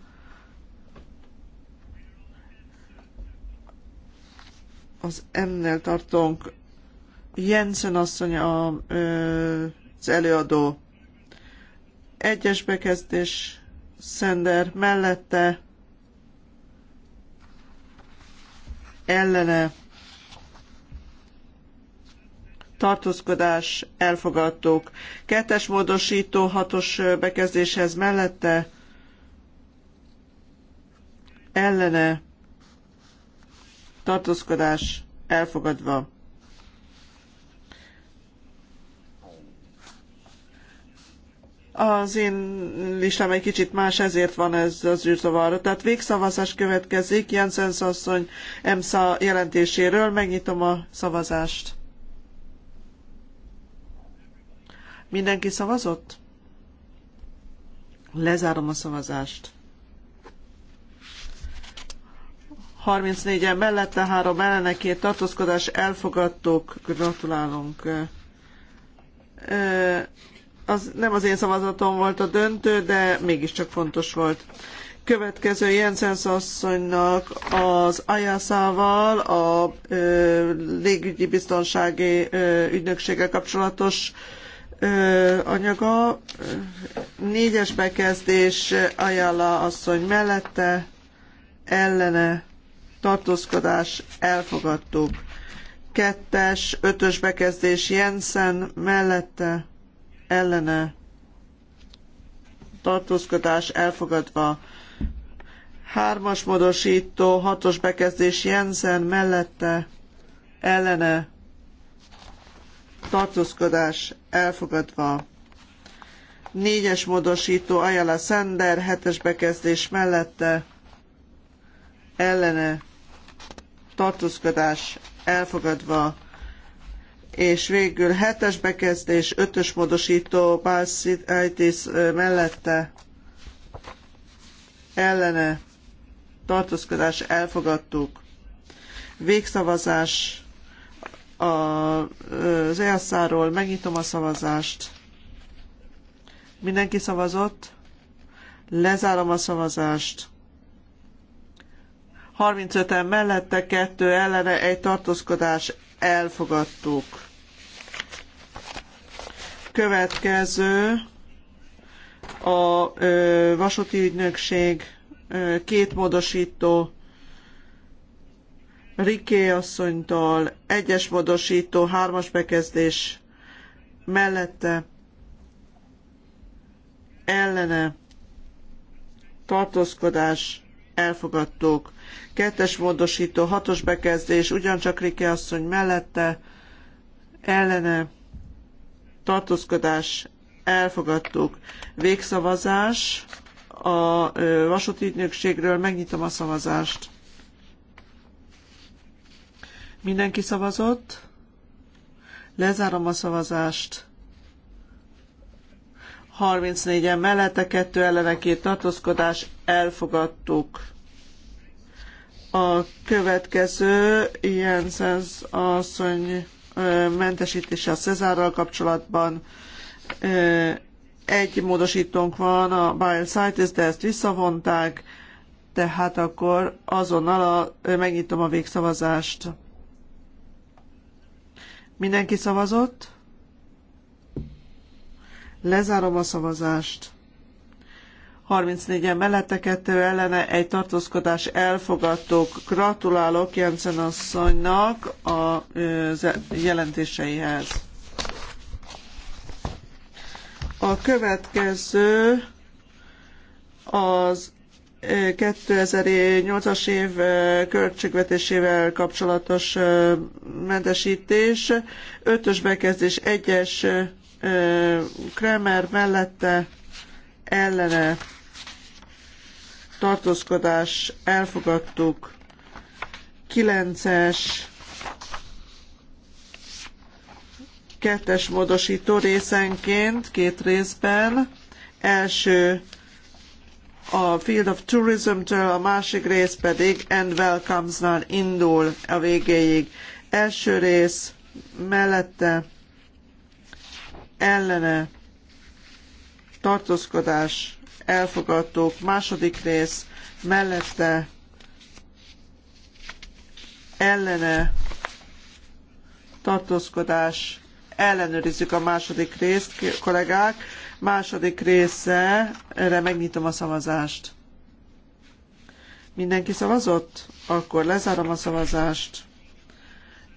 az M-nél tartunk. Jensen asszony a, az előadó. Egyes bekezdés Szender mellette ellene tartózkodás, elfogadtuk. Kettes módosító hatos bekezdéshez mellette ellene tartózkodás elfogadva. Az én listám egy kicsit más, ezért van ez az űrzavarra. Tehát végszavazás következik Jensen asszony EMSA jelentéséről. Megnyitom a szavazást. Mindenki szavazott? Lezárom a szavazást. 34-en mellette, 3 ellene, tartózkodás, elfogadtok, gratulálunk. Az nem az én szavazatom volt a döntő, de mégiscsak fontos volt. Következő Jensens asszonynak az Ajászával a ö, légügyi biztonsági ö, ügynökséggel kapcsolatos ö, anyaga. Négyes bekezdés ajánla asszony mellette, ellene, tartózkodás, elfogadtuk. Kettes, ötös bekezdés Jensen mellette, ellene, tartózkodás, elfogadva. Hármas módosító, hatos bekezdés Jensen mellette, ellene, tartózkodás elfogadva. Négyes módosító Ayala Sender, hetes bekezdés mellette, ellene tartózkodás elfogadva. És végül hetes bekezdés, ötös módosító Balsitis mellette, ellene tartózkodás elfogadtuk. Végszavazás a, az ESZ-ról. Megnyitom a szavazást. Mindenki szavazott? Lezárom a szavazást. 35-en mellette, kettő ellene, egy tartózkodás, elfogadtuk. Következő a ö, vasúti ügynökség ö, két módosító Riké asszonytól, egyes módosító, hármas bekezdés mellette, ellene, tartózkodás, elfogadtuk. Kettes módosító, hatos bekezdés, ugyancsak Riké asszony mellette, ellene, tartózkodás, elfogadtuk. Végszavazás a vasúti ügynökségről, megnyitom a szavazást. Mindenki szavazott? Lezárom a szavazást. 34-en mellette, kettő ellene, két tartózkodás, elfogadtuk. A következő Jensens asszony mentesítése a Cezárral kapcsolatban. Egy módosítónk van a Bile Cites, de ezt visszavonták, tehát akkor azonnal a, megnyitom a végszavazást. Mindenki szavazott? Lezárom a szavazást. 34-en mellette, kettő ellene, egy tartózkodás elfogadtuk. Gratulálok Jensen asszonynak a jelentéseihez. A következő az 2008-as év költségvetésével kapcsolatos mentesítés, ötös bekezdés egyes Kremer mellette ellene tartózkodás elfogadtuk. kilences, kettes módosító részenként, két részben. Első a Field of Tourism-től, a másik rész pedig And Welcomes-nál indul a végéig. Első rész mellette ellene tartózkodás elfogadtuk, második rész mellette ellene tartózkodás ellenőrizzük a második részt, kollégák Második része, erre megnyitom a szavazást. Mindenki szavazott? Akkor lezárom a szavazást.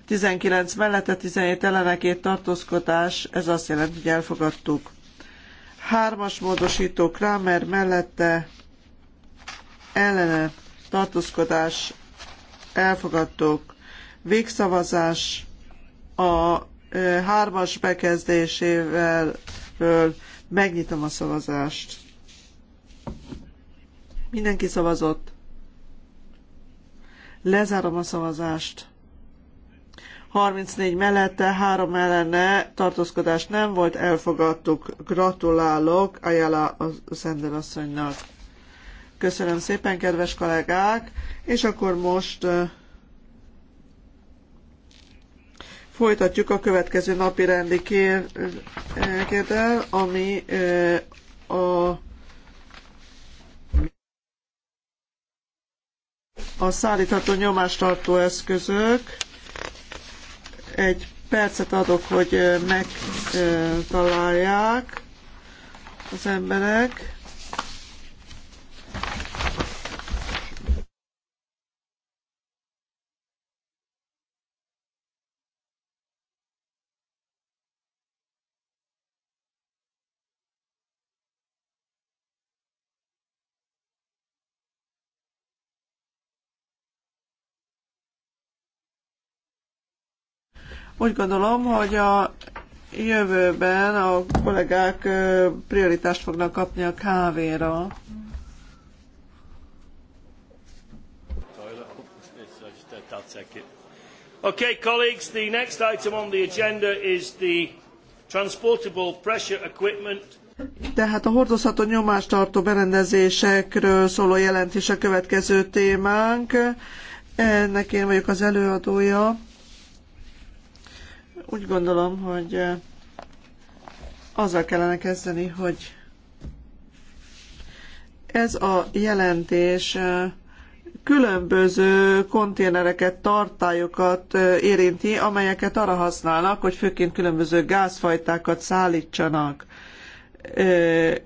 19 mellette 17 ellene két tartózkodás, ez azt jelenti, hogy elfogadtuk. Hármas módosító Kramer mellette ellene tartózkodás, elfogadtuk. Végszavazás a hármas bekezdésével föl Megnyitom a szavazást. Mindenki szavazott. Lezárom a szavazást. 34 mellette, 3 ellene tartózkodás nem volt, elfogadtuk. Gratulálok Ajala a Szender asszonynak. Köszönöm szépen, kedves kollégák, és akkor most Folytatjuk a következő napi rendi kérdel, ami a a szállítható nyomástartó eszközök. Egy percet adok, hogy megtalálják az emberek. Úgy gondolom, hogy a jövőben a kollégák prioritást fognak kapni a kávéra.
Okay, colleagues, the next item on the agenda is the transportable pressure equipment.
Tehát a hordozható nyomástartó berendezésekről szóló jelentés a következő témánk. Ennek én vagyok az előadója úgy gondolom, hogy azzal kellene kezdeni, hogy ez a jelentés különböző konténereket, tartályokat érinti, amelyeket arra használnak, hogy főként különböző gázfajtákat szállítsanak.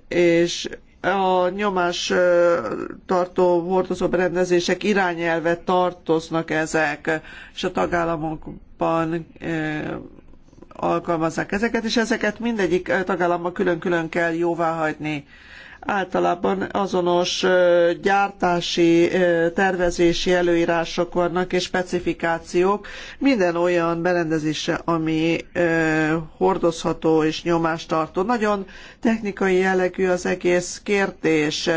És a nyomás tartó hordozó berendezések irányelve tartoznak ezek, és a tagállamok hónapban alkalmazzák ezeket, és ezeket mindegyik tagállamban külön-külön kell hagyni. Általában azonos gyártási, tervezési előírások vannak és specifikációk minden olyan berendezése ami hordozható és nyomást tartó Nagyon technikai jellegű az egész kérdés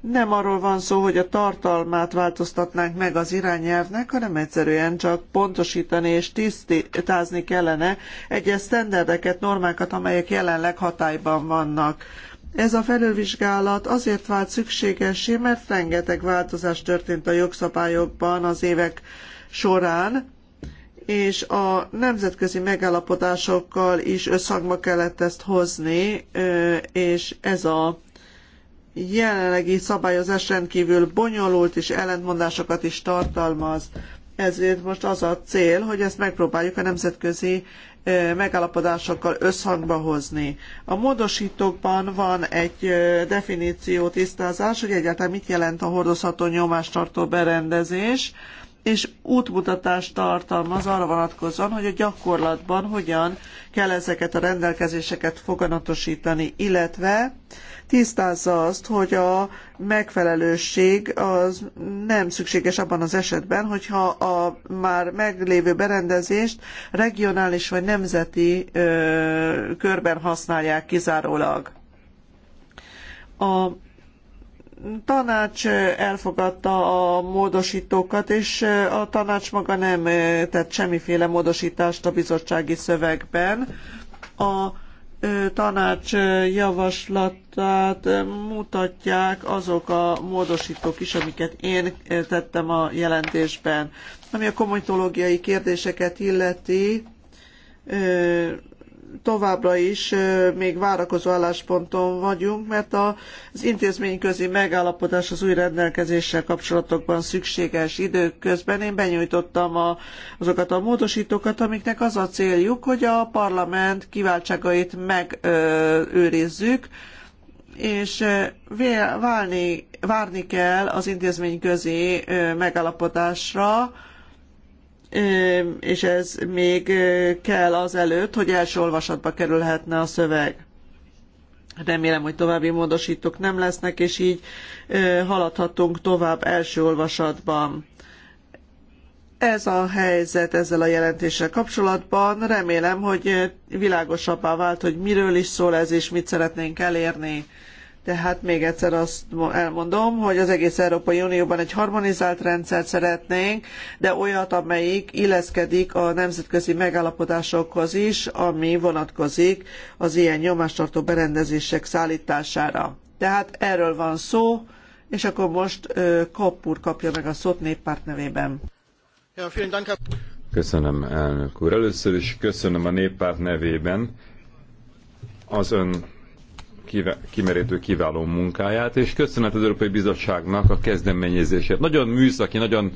nem arról van szó, hogy a tartalmát változtatnánk meg az irányelvnek, hanem egyszerűen csak pontosítani és tisztázni kellene egyes sztenderdeket, normákat, amelyek jelenleg hatályban vannak. Ez a felülvizsgálat azért vált szükségessé, mert rengeteg változás történt a jogszabályokban az évek során, és a nemzetközi megállapodásokkal is összhangba kellett ezt hozni, és ez a jelenlegi szabályozás rendkívül bonyolult és ellentmondásokat is tartalmaz. Ezért most az a cél, hogy ezt megpróbáljuk a nemzetközi megállapodásokkal összhangba hozni. A módosítókban van egy definíció tisztázás, hogy egyáltalán mit jelent a hordozható nyomástartó berendezés, és útmutatást tartalmaz arra vonatkozóan, hogy a gyakorlatban hogyan kell ezeket a rendelkezéseket foganatosítani, illetve tisztázza azt, hogy a megfelelőség az nem szükséges abban az esetben, hogyha a már meglévő berendezést regionális vagy nemzeti ö, körben használják kizárólag. A tanács elfogadta a módosítókat, és a tanács maga nem eh, tett semmiféle módosítást a bizottsági szövegben. A eh, tanács eh, javaslatát mutatják azok a módosítók is, amiket én tettem a jelentésben. Ami a komitológiai kérdéseket illeti, továbbra is még várakozó állásponton vagyunk, mert az intézményközi megállapodás az új rendelkezéssel kapcsolatokban szükséges időközben. Én benyújtottam a, azokat a módosítókat, amiknek az a céljuk, hogy a parlament kiváltságait megőrizzük, és válni, várni kell az intézményközi megállapodásra, és ez még kell azelőtt, hogy első olvasatba kerülhetne a szöveg. Remélem, hogy további módosítók nem lesznek, és így haladhatunk tovább első olvasatban. Ez a helyzet ezzel a jelentéssel kapcsolatban. Remélem, hogy világosabbá vált, hogy miről is szól ez, és mit szeretnénk elérni. Tehát még egyszer azt elmondom, hogy az egész Európai Unióban egy harmonizált rendszert szeretnénk, de olyat, amelyik illeszkedik a nemzetközi megállapodásokhoz is, ami vonatkozik az ilyen nyomástartó berendezések szállítására. Tehát erről van szó, és akkor most Kappur kapja meg a szót néppárt nevében.
Köszönöm, elnök úr. Először is köszönöm a néppárt nevében az ön kimerítő kiváló munkáját, és köszönet az Európai Bizottságnak a kezdeményezését. Nagyon műszaki, nagyon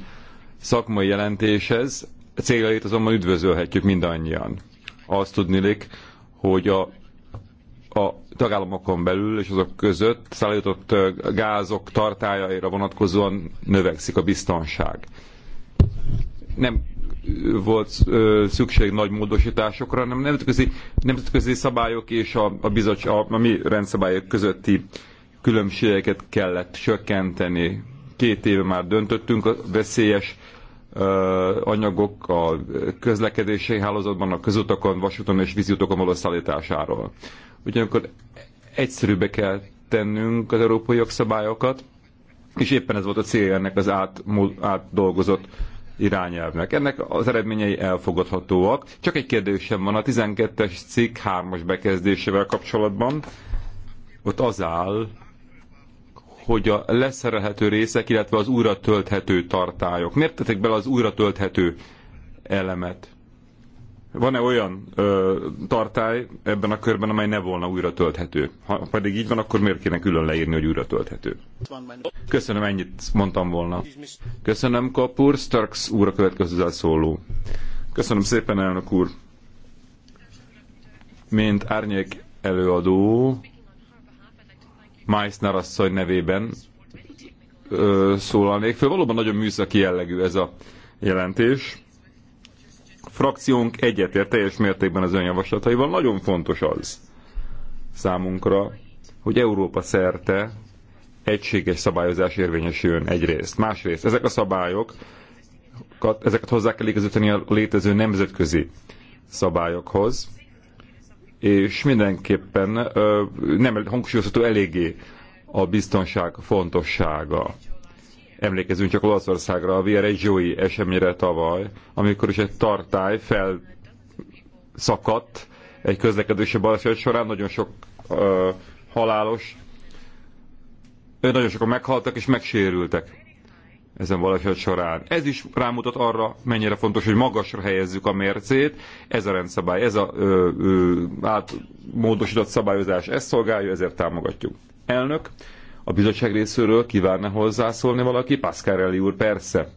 szakmai jelentéshez, céljait azonban üdvözölhetjük mindannyian. Azt tudnilik, hogy a, a tagállamokon belül és azok között szállított gázok tartájaira vonatkozóan növekszik a biztonság. Nem volt szükség nagy módosításokra, hanem nemzetközi, nemzetközi szabályok és a, a, bizottság, a, a mi rendszabályok közötti különbségeket kellett csökkenteni. Két éve már döntöttünk a veszélyes anyagok a közlekedési hálózatban, a közutakon, vasúton és víziutokon való szállításáról. Ugyanakkor egyszerűbbe kell tennünk az európai jogszabályokat, és éppen ez volt a célja ennek az átdolgozott át irányelvnek. Ennek az eredményei elfogadhatóak. Csak egy kérdésem van a 12-es cikk 3-as bekezdésével kapcsolatban. Ott az áll, hogy a leszerelhető részek, illetve az újra tölthető tartályok. Miért tettek bele az újra tölthető elemet? van-e olyan ö, tartály ebben a körben, amely ne volna újra tölthető? Ha pedig így van, akkor miért kéne külön leírni, hogy újra tölthető? Köszönöm, ennyit mondtam volna. Köszönöm, Kapur. Starks úr a következő szóló. Köszönöm szépen, elnök úr. Mint árnyék előadó, Meissner asszony nevében ö, szólalnék föl. Valóban nagyon műszaki jellegű ez a jelentés frakciónk egyetért teljes mértékben az önjavaslataival. Nagyon fontos az számunkra, hogy Európa szerte egységes szabályozás érvényesüljön egyrészt. Másrészt ezek a szabályok, ezeket hozzá kell igazítani a létező nemzetközi szabályokhoz, és mindenképpen nem hangsúlyozható eléggé a biztonság fontossága. Emlékezünk csak Olaszországra, a Viareggioi eseményre tavaly, amikor is egy tartály felszakadt egy közlekedési baleset során, nagyon sok ö, halálos, nagyon sokan meghaltak és megsérültek ezen baleset során. Ez is rámutat arra, mennyire fontos, hogy magasra helyezzük a mércét. Ez a rendszabály, ez a ö, ö, átmódosított szabályozás ezt szolgálja, ezért támogatjuk. Elnök, a bizottság részéről kívánna hozzászólni valaki? Pascarelli úr, persze.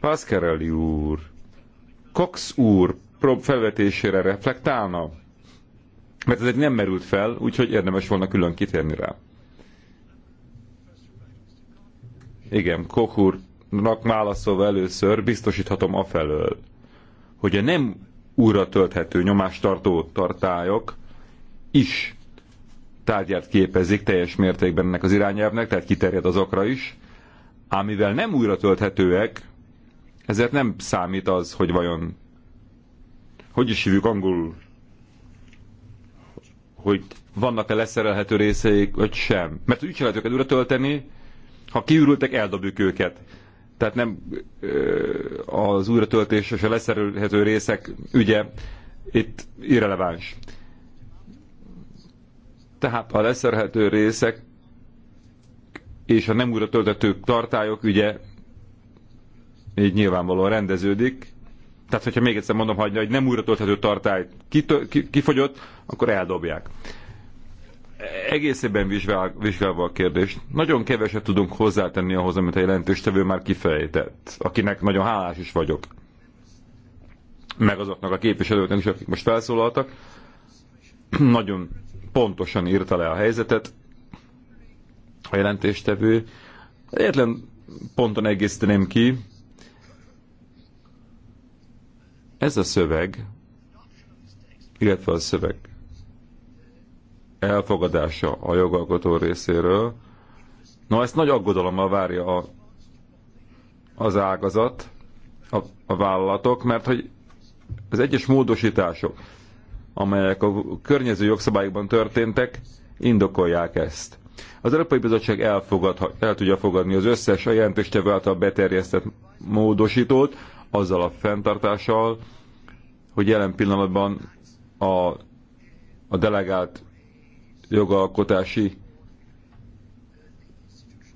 Pascarelli úr, Cox úr felvetésére reflektálna? Mert ez egy nem merült fel, úgyhogy érdemes volna külön kitérni rá. Igen, Koch úrnak válaszolva először biztosíthatom afelől, hogy a nem újra tölthető nyomástartó tartályok is tárgyát képezik teljes mértékben ennek az irányelvnek, tehát kiterjed azokra is, ám mivel nem újra tölthetőek, ezért nem számít az, hogy vajon hogy is hívjuk angolul, hogy vannak-e leszerelhető részeik, vagy sem. Mert úgy sem lehet őket újra tölteni, ha kiürültek, eldobjuk őket. Tehát nem az újratöltés és a leszerelhető részek ügye itt irreleváns tehát a leszerhető részek és a nem újra töltető tartályok ugye így nyilvánvalóan rendeződik. Tehát, hogyha még egyszer mondom, hogy egy nem újra tölthető tartály kifogyott, akkor eldobják. Egészében vizsgálva a kérdést, nagyon keveset tudunk hozzátenni ahhoz, amit a jelentéstevő már kifejtett, akinek nagyon hálás is vagyok. Meg azoknak a képviselőknek is, akik most felszólaltak. nagyon pontosan írta le a helyzetet a jelentéstevő. Egyetlen ponton egészíteném ki, ez a szöveg, illetve a szöveg elfogadása a jogalkotó részéről, na ezt nagy aggodalommal várja a, az ágazat, a, a vállalatok, mert hogy az egyes módosítások, amelyek a környező jogszabályokban történtek, indokolják ezt. Az Európai Bizottság elfogadha, el tudja fogadni az összes a jelentéstevő által beterjesztett módosítót, azzal a fenntartással, hogy jelen pillanatban a, a delegált jogalkotási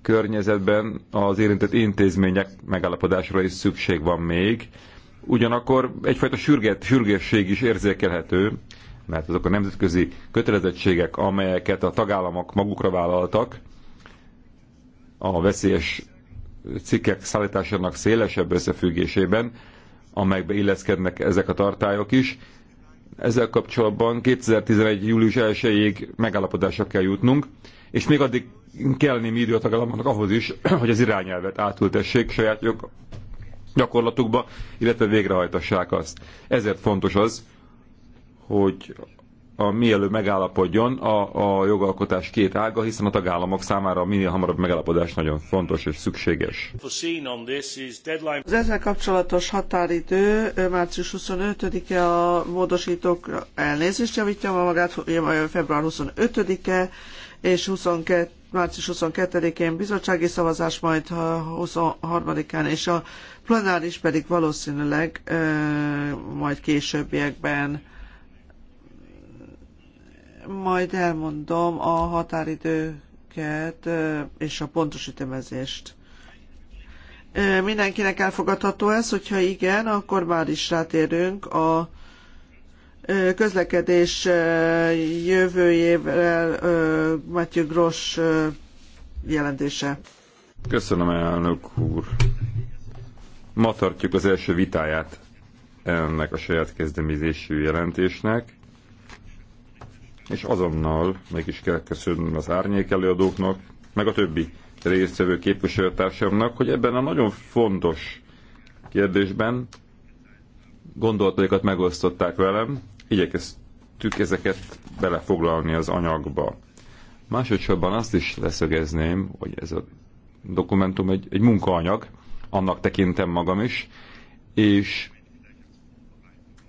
környezetben az érintett intézmények megállapodásra is szükség van még, ugyanakkor egyfajta sürget, sürgésség is érzékelhető, mert azok a nemzetközi kötelezettségek, amelyeket a tagállamok magukra vállaltak, a veszélyes cikkek szállításának szélesebb összefüggésében, amelyekbe illeszkednek ezek a tartályok is. Ezzel kapcsolatban 2011. július 1-ig megállapodásra kell jutnunk, és még addig kell némi idő a tagállamoknak ahhoz is, hogy az irányelvet átültessék saját gyakorlatukba, illetve végrehajtassák azt. Ezért fontos az, hogy a mielőbb megállapodjon a, a jogalkotás két ága, hiszen a tagállamok számára a minél hamarabb megállapodás nagyon fontos és szükséges.
Az ezzel kapcsolatos határidő március 25-e a módosítók elnézést javítja ma magát, február 25-e és 22 március 22-én bizottsági szavazás, majd 23-án, és a plenáris pedig valószínűleg ö, majd későbbiekben majd elmondom a határidőket és a pontos ütemezést. Mindenkinek elfogadható ez, hogyha igen, akkor már is rátérünk a közlekedés jövőjével Matthew Gross jelentése.
Köszönöm, elnök úr. Ma tartjuk az első vitáját ennek a saját kezdeményezésű jelentésnek és azonnal meg is kell köszönnöm az árnyék előadóknak, meg a többi résztvevő képviselőtársamnak, hogy ebben a nagyon fontos kérdésben gondolataikat megosztották velem, igyekeztük ezeket belefoglalni az anyagba. Másodszorban azt is leszögezném, hogy ez a dokumentum egy, egy munkaanyag, annak tekintem magam is, és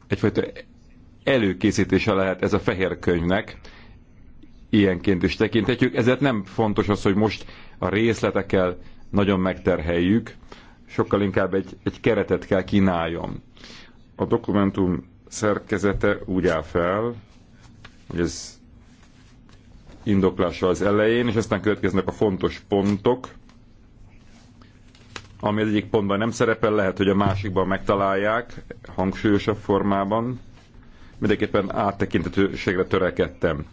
egyfajta előkészítése lehet ez a fehér könyvnek, ilyenként is tekinthetjük. Ezért nem fontos az, hogy most a részletekkel nagyon megterheljük, sokkal inkább egy, egy keretet kell kínáljon. A dokumentum szerkezete úgy áll fel, hogy ez indoklása az elején, és aztán következnek a fontos pontok, ami az egyik pontban nem szerepel, lehet, hogy a másikban megtalálják, hangsúlyosabb formában mindenképpen áttekintetőségre törekedtem.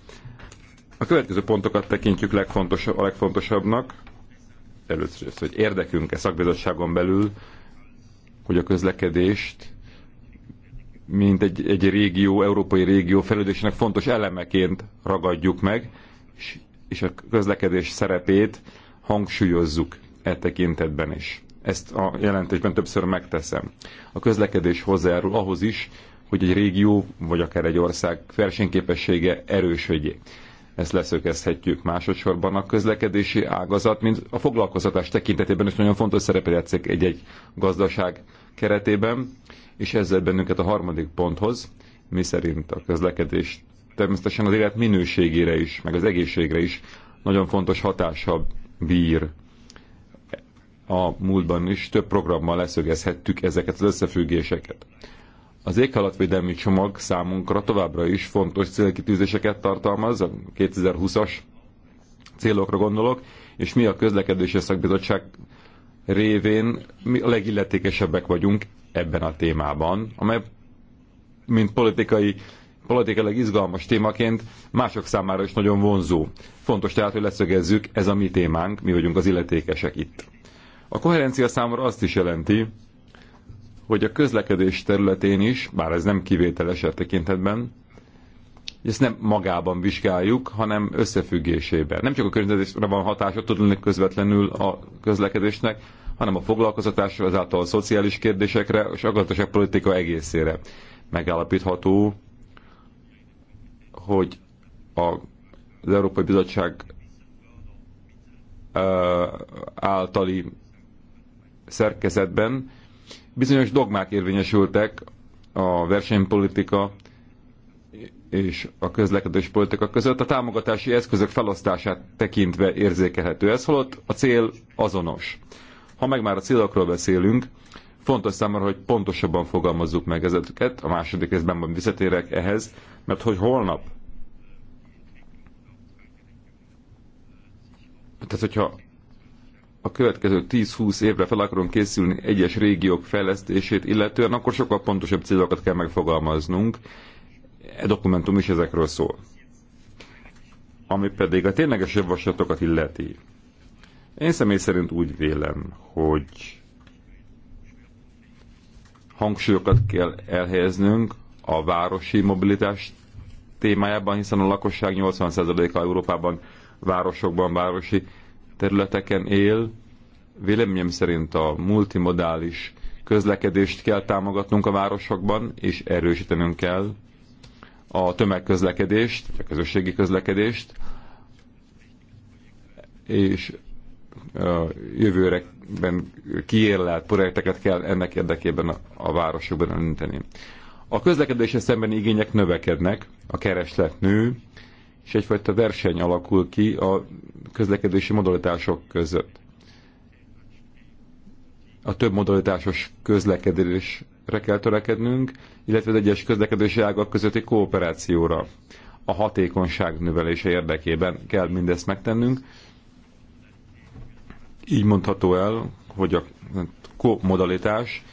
A következő pontokat tekintjük legfontosabb, a legfontosabbnak. Először is, hogy érdekünk-e szakbizottságon belül, hogy a közlekedést mint egy, egy régió, európai régió fejlődésének fontos elemeként ragadjuk meg, és, és a közlekedés szerepét hangsúlyozzuk e tekintetben is. Ezt a jelentésben többször megteszem. A közlekedés hozzájárul ahhoz is, hogy egy régió, vagy akár egy ország versenyképessége erősödjé. Ezt leszögezhetjük másodszorban a közlekedési ágazat, mint a foglalkoztatás tekintetében is nagyon fontos szerepet játszik egy-egy gazdaság keretében, és ezzel bennünket a harmadik ponthoz, mi szerint a közlekedés természetesen az élet minőségére is, meg az egészségre is nagyon fontos hatása bír. A múltban is több programmal leszögezhettük ezeket az összefüggéseket. Az éghajlatvédelmi csomag számunkra továbbra is fontos célkitűzéseket tartalmaz, a 2020-as célokra gondolok, és mi a közlekedési szakbizottság révén mi a legilletékesebbek vagyunk ebben a témában, amely mint politikai, politikailag izgalmas témaként mások számára is nagyon vonzó. Fontos tehát, hogy leszögezzük, ez a mi témánk, mi vagyunk az illetékesek itt. A koherencia számára azt is jelenti, hogy a közlekedés területén is, bár ez nem kivételes a e tekintetben, ezt nem magában vizsgáljuk, hanem összefüggésében. Nem csak a környezetre van hatása tudni közvetlenül a közlekedésnek, hanem a foglalkoztatásra, ezáltal a szociális kérdésekre és a gazdaságpolitika egészére. Megállapítható, hogy a, az Európai Bizottság általi szerkezetben bizonyos dogmák érvényesültek a versenypolitika és a közlekedés politika között a támogatási eszközök felosztását tekintve érzékelhető ez, holott a cél azonos. Ha meg már a célokról beszélünk, fontos számomra, hogy pontosabban fogalmazzuk meg ezeket. A második részben visszatérek ehhez, mert hogy holnap tehát, hogyha a következő 10-20 évre fel akarunk készülni egyes régiók fejlesztését, illetően akkor sokkal pontosabb célokat kell megfogalmaznunk. E dokumentum is ezekről szól. Ami pedig a tényleges javaslatokat illeti. Én személy szerint úgy vélem, hogy hangsúlyokat kell elhelyeznünk a városi mobilitás témájában, hiszen a lakosság 80%-a Európában városokban, városi területeken él. Véleményem szerint a multimodális közlekedést kell támogatnunk a városokban, és erősítenünk kell a tömegközlekedést, a közösségi közlekedést, és jövőreben kiérlelt projekteket kell ennek érdekében a városokban önteni. A közlekedéshez szembeni igények növekednek, a kereslet nő, és egyfajta verseny alakul ki a közlekedési modalitások között. A több modalitásos közlekedésre kell törekednünk, illetve az egyes közlekedési ágak közötti kooperációra. A hatékonyság növelése érdekében kell mindezt megtennünk. Így mondható el, hogy a kómodalitás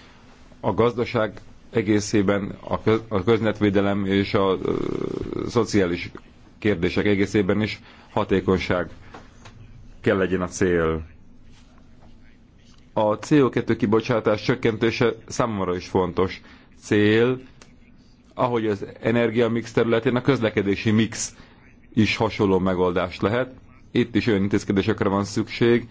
a gazdaság egészében a, köz, a köznetvédelem és a, a szociális kérdések egészében is hatékonyság kell legyen a cél. A CO2 kibocsátás csökkentése számomra is fontos cél, ahogy az energiamix területén a közlekedési mix is hasonló megoldást lehet. Itt is olyan intézkedésekre van szükség,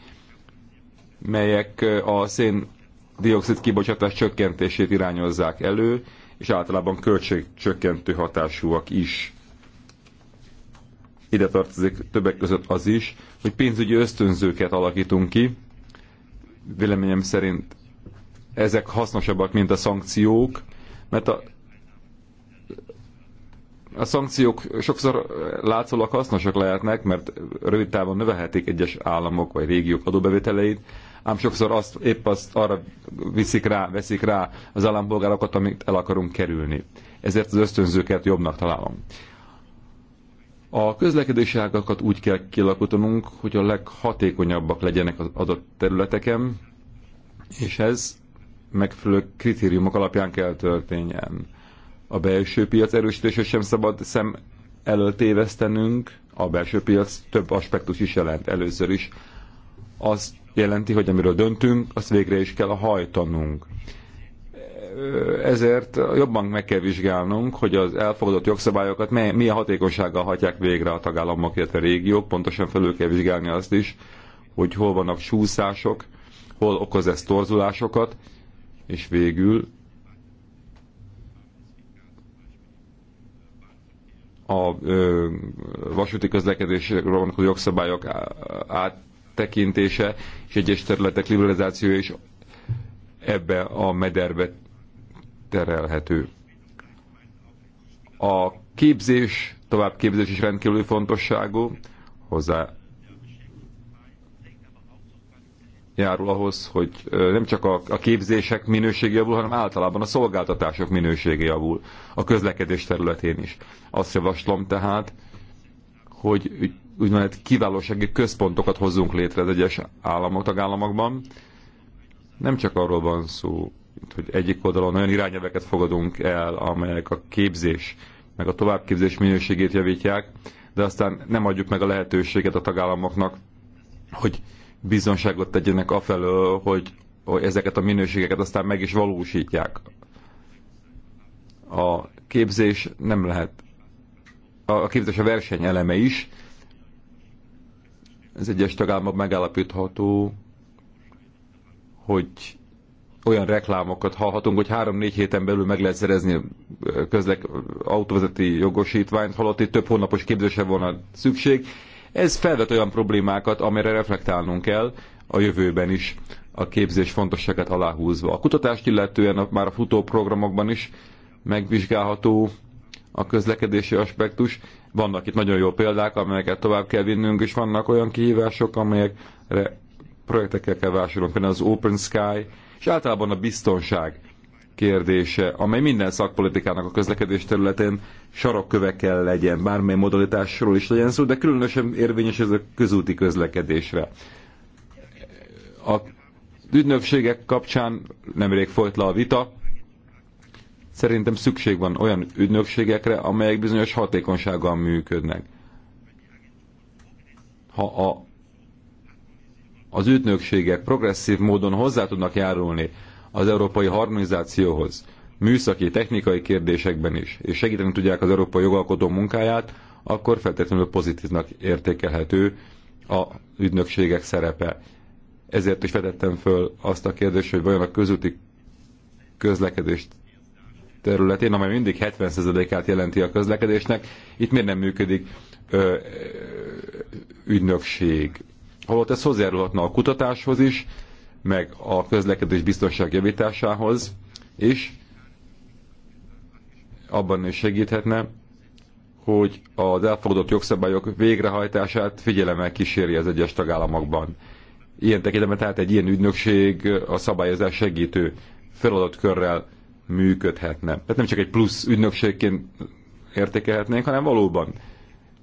melyek a szén-dioxid kibocsátás csökkentését irányozzák elő, és általában költségcsökkentő hatásúak is. Ide tartozik többek között az is, hogy pénzügyi ösztönzőket alakítunk ki. Véleményem szerint ezek hasznosabbak, mint a szankciók, mert a, a szankciók sokszor látszólag hasznosak lehetnek, mert rövid távon növelhetik egyes államok vagy régiók adóbevételeit, ám sokszor azt, épp azt arra viszik rá, veszik rá az állampolgárokat, amit el akarunk kerülni. Ezért az ösztönzőket jobbnak találom. A közlekedési ágakat úgy kell kialakítanunk, hogy a leghatékonyabbak legyenek az adott területeken, és ez megfelelő kritériumok alapján kell történjen. A belső piac erősítése sem szabad szem elől tévesztenünk, a belső piac több aspektus is jelent. Először is azt jelenti, hogy amiről döntünk, azt végre is kell hajtanunk ezért jobban meg kell vizsgálnunk, hogy az elfogadott jogszabályokat milyen hatékonysággal hatják végre a tagállamok, illetve a régiók. Pontosan felül kell vizsgálni azt is, hogy hol vannak csúszások, hol okoz ez torzulásokat, és végül a ö, vasúti közlekedésről vonatkozó jogszabályok áttekintése és egyes területek liberalizációja is ebbe a mederbe terelhető. A képzés, továbbképzés is rendkívül fontosságú, hozzá járul ahhoz, hogy nem csak a képzések minősége javul, hanem általában a szolgáltatások minősége javul a közlekedés területén is. Azt javaslom tehát, hogy úgynevezett kiválósági központokat hozzunk létre az egyes államok, tagállamokban. Nem csak arról van szó, hogy egyik oldalon olyan irányelveket fogadunk el, amelyek a képzés, meg a továbbképzés minőségét javítják, de aztán nem adjuk meg a lehetőséget a tagállamoknak, hogy bizonságot tegyenek afelől, hogy, hogy ezeket a minőségeket aztán meg is valósítják. A képzés nem lehet. A képzés a verseny eleme is. Ez egyes tagállamok megállapítható, hogy olyan reklámokat hallhatunk, hogy három-négy héten belül meg lehet szerezni közlek autóvezeti jogosítványt, halott itt több hónapos képzése volna szükség. Ez felvet olyan problémákat, amire reflektálnunk kell a jövőben is a képzés fontosságát aláhúzva. A kutatást illetően már a futóprogramokban is megvizsgálható a közlekedési aspektus. Vannak itt nagyon jó példák, amelyeket tovább kell vinnünk, és vannak olyan kihívások, amelyekre projektekkel kell vásárolni, például az Open Sky, és általában a biztonság kérdése, amely minden szakpolitikának a közlekedés területén sarokkövekkel legyen, bármely modalitásról is legyen szó, de különösen érvényes ez a közúti közlekedésre. A ügynökségek kapcsán nemrég folyt le a vita, szerintem szükség van olyan ügynökségekre, amelyek bizonyos hatékonysággal működnek. Ha a az ügynökségek progresszív módon hozzá tudnak járulni az európai harmonizációhoz, műszaki, technikai kérdésekben is, és segíteni tudják az európai jogalkotó munkáját, akkor feltétlenül pozitívnak értékelhető a ügynökségek szerepe. Ezért is vetettem föl azt a kérdést, hogy vajon a közúti közlekedés területén, amely mindig 70%-át jelenti a közlekedésnek, itt miért nem működik ö, ügynökség holott ez hozzájárulhatna a kutatáshoz is, meg a közlekedés biztonság javításához, és abban is segíthetne, hogy az elfogadott jogszabályok végrehajtását figyelemmel kíséri az egyes tagállamokban. Ilyen tekintetben tehát egy ilyen ügynökség a szabályozás segítő feladatkörrel működhetne. Tehát nem csak egy plusz ügynökségként értékelhetnénk, hanem valóban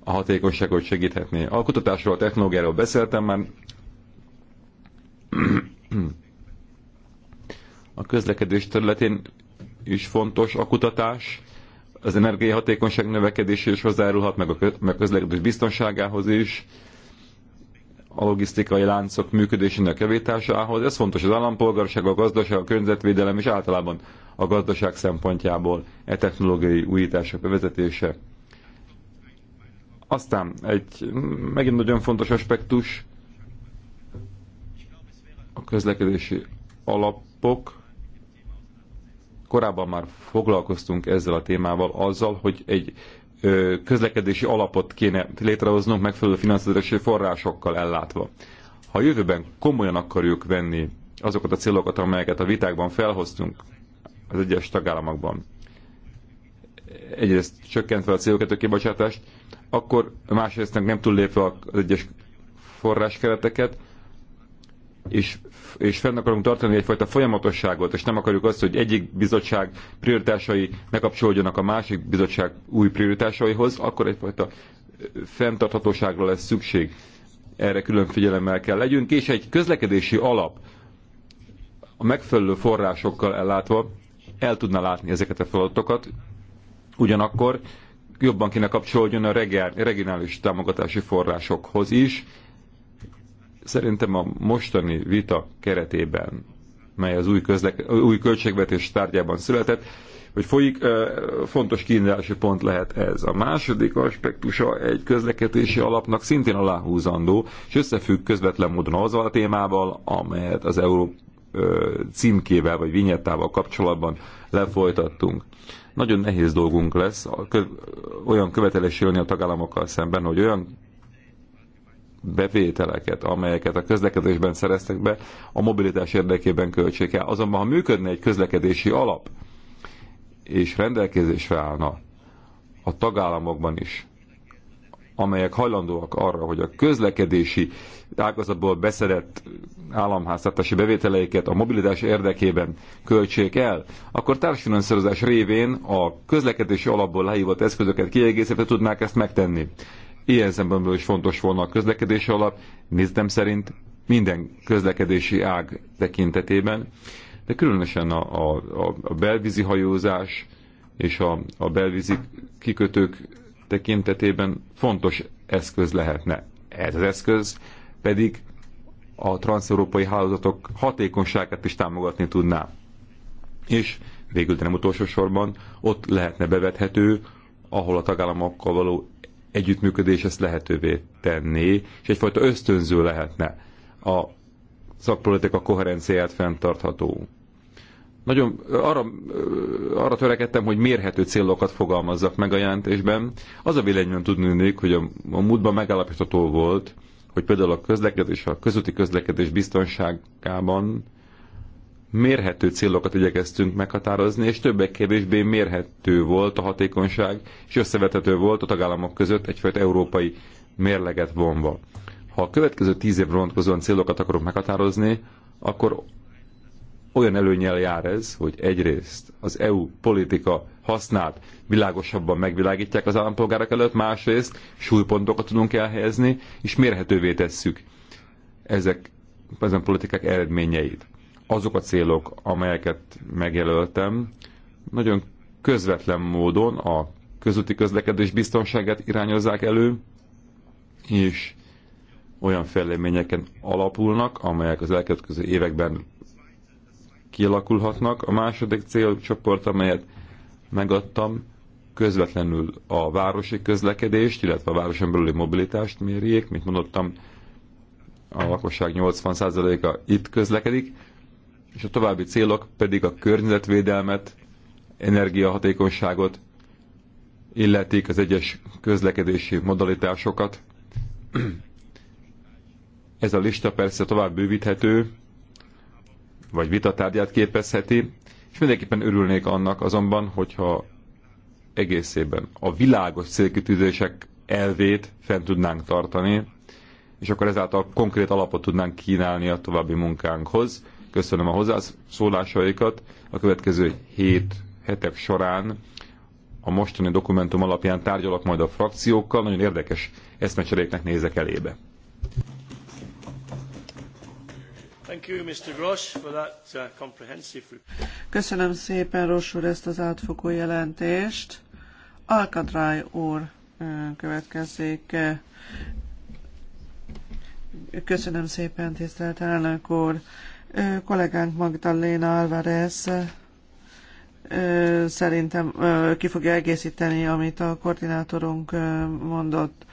a hatékonyságot segíthetné. A kutatásról, a technológiáról beszéltem már. A közlekedés területén is fontos a kutatás, az energiahatékonyság növekedése is hozzájárulhat meg a közlekedés biztonságához is, a logisztikai láncok működésének kevétásához. Ez fontos az állampolgárság, a gazdaság, a környezetvédelem és általában a gazdaság szempontjából e technológiai újítások bevezetése aztán egy megint nagyon fontos aspektus a közlekedési alapok. Korábban már foglalkoztunk ezzel a témával, azzal, hogy egy közlekedési alapot kéne létrehoznunk megfelelő finanszírozási forrásokkal ellátva. Ha a jövőben komolyan akarjuk venni azokat a célokat, amelyeket a vitákban felhoztunk az egyes tagállamokban, egyrészt csökkentve a CO2 kibocsátást, akkor másrészt nem lépve az egyes forráskereteket, és, és fenn akarunk tartani egyfajta folyamatosságot, és nem akarjuk azt, hogy egyik bizottság prioritásai ne kapcsolódjanak a másik bizottság új prioritásaihoz, akkor egyfajta fenntarthatóságra lesz szükség. Erre külön figyelemmel kell legyünk, és egy közlekedési alap a megfelelő forrásokkal ellátva el tudna látni ezeket a feladatokat, ugyanakkor jobban kéne kapcsolódjon a regionális támogatási forrásokhoz is. Szerintem a mostani vita keretében, mely az új, közlek, új költségvetés tárgyában született, hogy folyik, fontos kiindulási pont lehet ez. A második aspektusa egy közlekedési alapnak szintén aláhúzandó, és összefügg közvetlen módon azzal a témával, amelyet az euró címkével vagy vinyettával kapcsolatban lefolytattunk. Nagyon nehéz dolgunk lesz olyan követelés a tagállamokkal szemben, hogy olyan bevételeket, amelyeket a közlekedésben szereztek be, a mobilitás érdekében költsék el. Azonban, ha működne egy közlekedési alap, és rendelkezésre állna a tagállamokban is, amelyek hajlandóak arra, hogy a közlekedési ágazatból beszedett államháztartási bevételeiket a mobilitás érdekében költsék el, akkor társfinanszírozás révén a közlekedési alapból lehívott eszközöket kiegészítve tudnák ezt megtenni. Ilyen szempontból is fontos volna a közlekedési alap, néztem szerint minden közlekedési ág tekintetében, de különösen a, a, a belvízi hajózás és a, a belvízi kikötők tekintetében fontos eszköz lehetne. Ez az eszköz pedig a transzeurópai hálózatok hatékonyságát is támogatni tudná. És végül, de nem utolsó sorban, ott lehetne bevethető, ahol a tagállamokkal való együttműködés ezt lehetővé tenné, és egyfajta ösztönző lehetne a szakpolitika koherenciáját fenntartható. Nagyon arra, arra törekedtem, hogy mérhető célokat fogalmazzak meg a jelentésben. Az a véleményem tudni, hogy a, a múltban megállapítható volt, hogy például a közlekedés, a közúti közlekedés biztonságában mérhető célokat igyekeztünk meghatározni, és többek-kevésbé mérhető volt a hatékonyság, és összevethető volt a tagállamok között egyfajta európai mérleget vonva. Ha a következő tíz év vonatkozóan célokat akarok meghatározni, akkor olyan előnyel jár ez, hogy egyrészt az EU politika használt világosabban megvilágítják az állampolgárok előtt, másrészt súlypontokat tudunk elhelyezni, és mérhetővé tesszük ezek, ezen politikák eredményeit. Azok a célok, amelyeket megjelöltem, nagyon közvetlen módon a közúti közlekedés biztonságát irányozzák elő, és olyan fejleményeken alapulnak, amelyek az elkövetkező években kialakulhatnak. A második célcsoport, amelyet megadtam, közvetlenül a városi közlekedést, illetve a városon belüli mobilitást mérjék, mint mondottam, a lakosság 80%-a itt közlekedik, és a további célok pedig a környezetvédelmet, energiahatékonyságot, illetik az egyes közlekedési modalitásokat. Ez a lista persze tovább bővíthető, vagy vitatárgyát képezheti, és mindenképpen örülnék annak azonban, hogyha egészében a világos célkitűzések elvét fent tudnánk tartani, és akkor ezáltal konkrét alapot tudnánk kínálni a további munkánkhoz. Köszönöm a hozzászólásaikat. A következő hét hetek során a mostani dokumentum alapján tárgyalok majd a frakciókkal, nagyon érdekes eszmecseréknek nézek elébe.
Uh,
Köszönöm szépen, Ross úr, ezt az átfogó jelentést. Alkadráj úr következik. Köszönöm szépen, tisztelt elnök úr. Kollégánk Magdalena Alvarez szerintem ki fogja egészíteni, amit a koordinátorunk mondott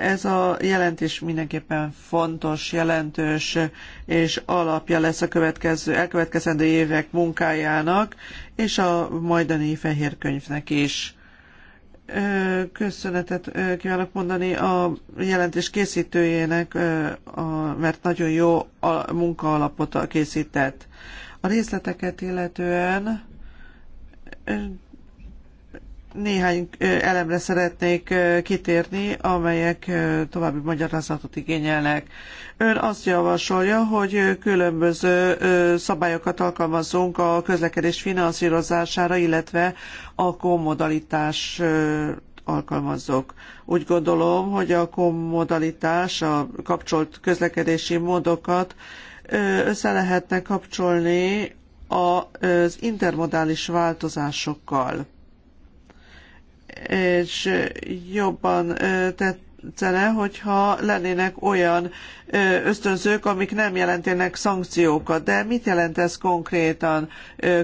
ez a jelentés mindenképpen fontos, jelentős és alapja lesz a következő, elkövetkezendő évek munkájának és a majdani fehér könyvnek is. Köszönetet kívánok mondani a jelentés készítőjének, mert nagyon jó a munkaalapot készített. A részleteket illetően néhány elemre szeretnék kitérni, amelyek további magyarázatot igényelnek. Ön azt javasolja, hogy különböző szabályokat alkalmazzunk a közlekedés finanszírozására, illetve a kommodalitás alkalmazzok. Úgy gondolom, hogy a kommodalitás, a kapcsolt közlekedési módokat össze lehetne kapcsolni az intermodális változásokkal és jobban tetszene, hogyha lennének olyan ösztönzők, amik nem jelentenek szankciókat. De mit jelent ez konkrétan?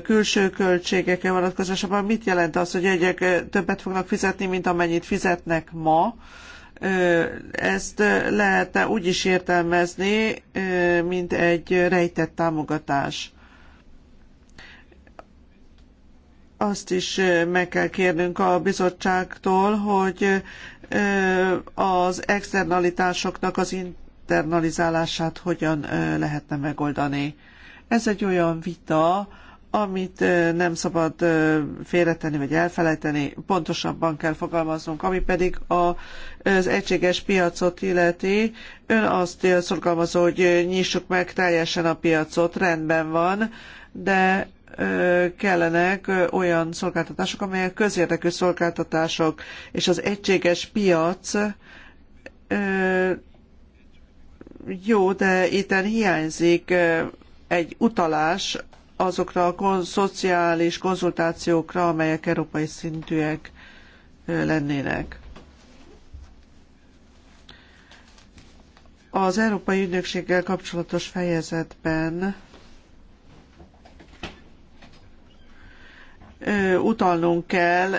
Külső költségekkel vonatkozásában mit jelent az, hogy egyek többet fognak fizetni, mint amennyit fizetnek ma? Ezt lehet úgy is értelmezni, mint egy rejtett támogatás. azt is meg kell kérnünk a bizottságtól, hogy az externalitásoknak az internalizálását hogyan lehetne megoldani. Ez egy olyan vita, amit nem szabad félretenni vagy elfelejteni, pontosabban kell fogalmaznunk, ami pedig a, az egységes piacot illeti. Ön azt szorgalmazó, hogy nyissuk meg teljesen a piacot, rendben van, de kellenek olyan szolgáltatások, amelyek közérdekű szolgáltatások, és az egységes piac jó, de itten hiányzik egy utalás azokra a szociális konzultációkra, amelyek európai szintűek lennének. Az Európai Ügynökséggel kapcsolatos fejezetben utalnunk kell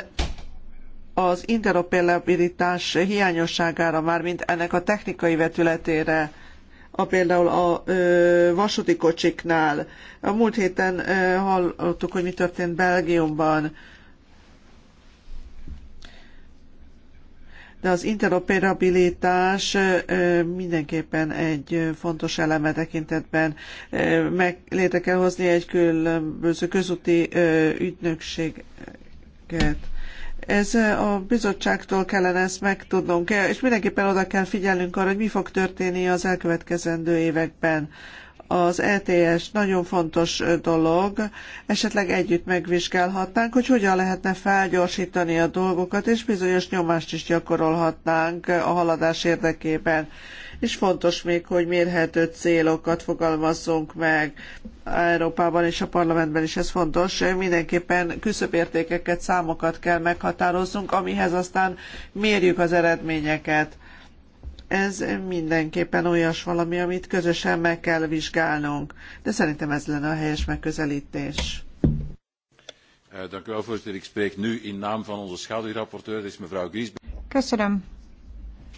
az interoperabilitás hiányosságára, mármint ennek a technikai vetületére, a például a ö, vasúti kocsiknál. A múlt héten ö, hallottuk, hogy mi történt Belgiumban. Ö, de az interoperabilitás mindenképpen egy fontos eleme tekintetben. Meg létre kell hozni egy különböző közúti ügynökséget. Ez a bizottságtól kellene ezt megtudnunk, és mindenképpen oda kell figyelnünk arra, hogy mi fog történni az elkövetkezendő években az ETS nagyon fontos dolog, esetleg együtt megvizsgálhatnánk, hogy hogyan lehetne felgyorsítani a dolgokat, és bizonyos nyomást is gyakorolhatnánk a haladás érdekében. És fontos még, hogy mérhető célokat fogalmazzunk meg. Európában és a parlamentben is ez fontos. Mindenképpen küszöbértékeket, számokat kell meghatároznunk, amihez aztán mérjük az eredményeket ez mindenképpen olyas valami, amit közösen meg kell vizsgálnunk. De szerintem ez lenne a helyes megközelítés.
Eh, dank u wel, voorzitter. Ik spreek nu in naam van onze schaduwrapporteur, is mevrouw Griesbeck.
Köszönöm.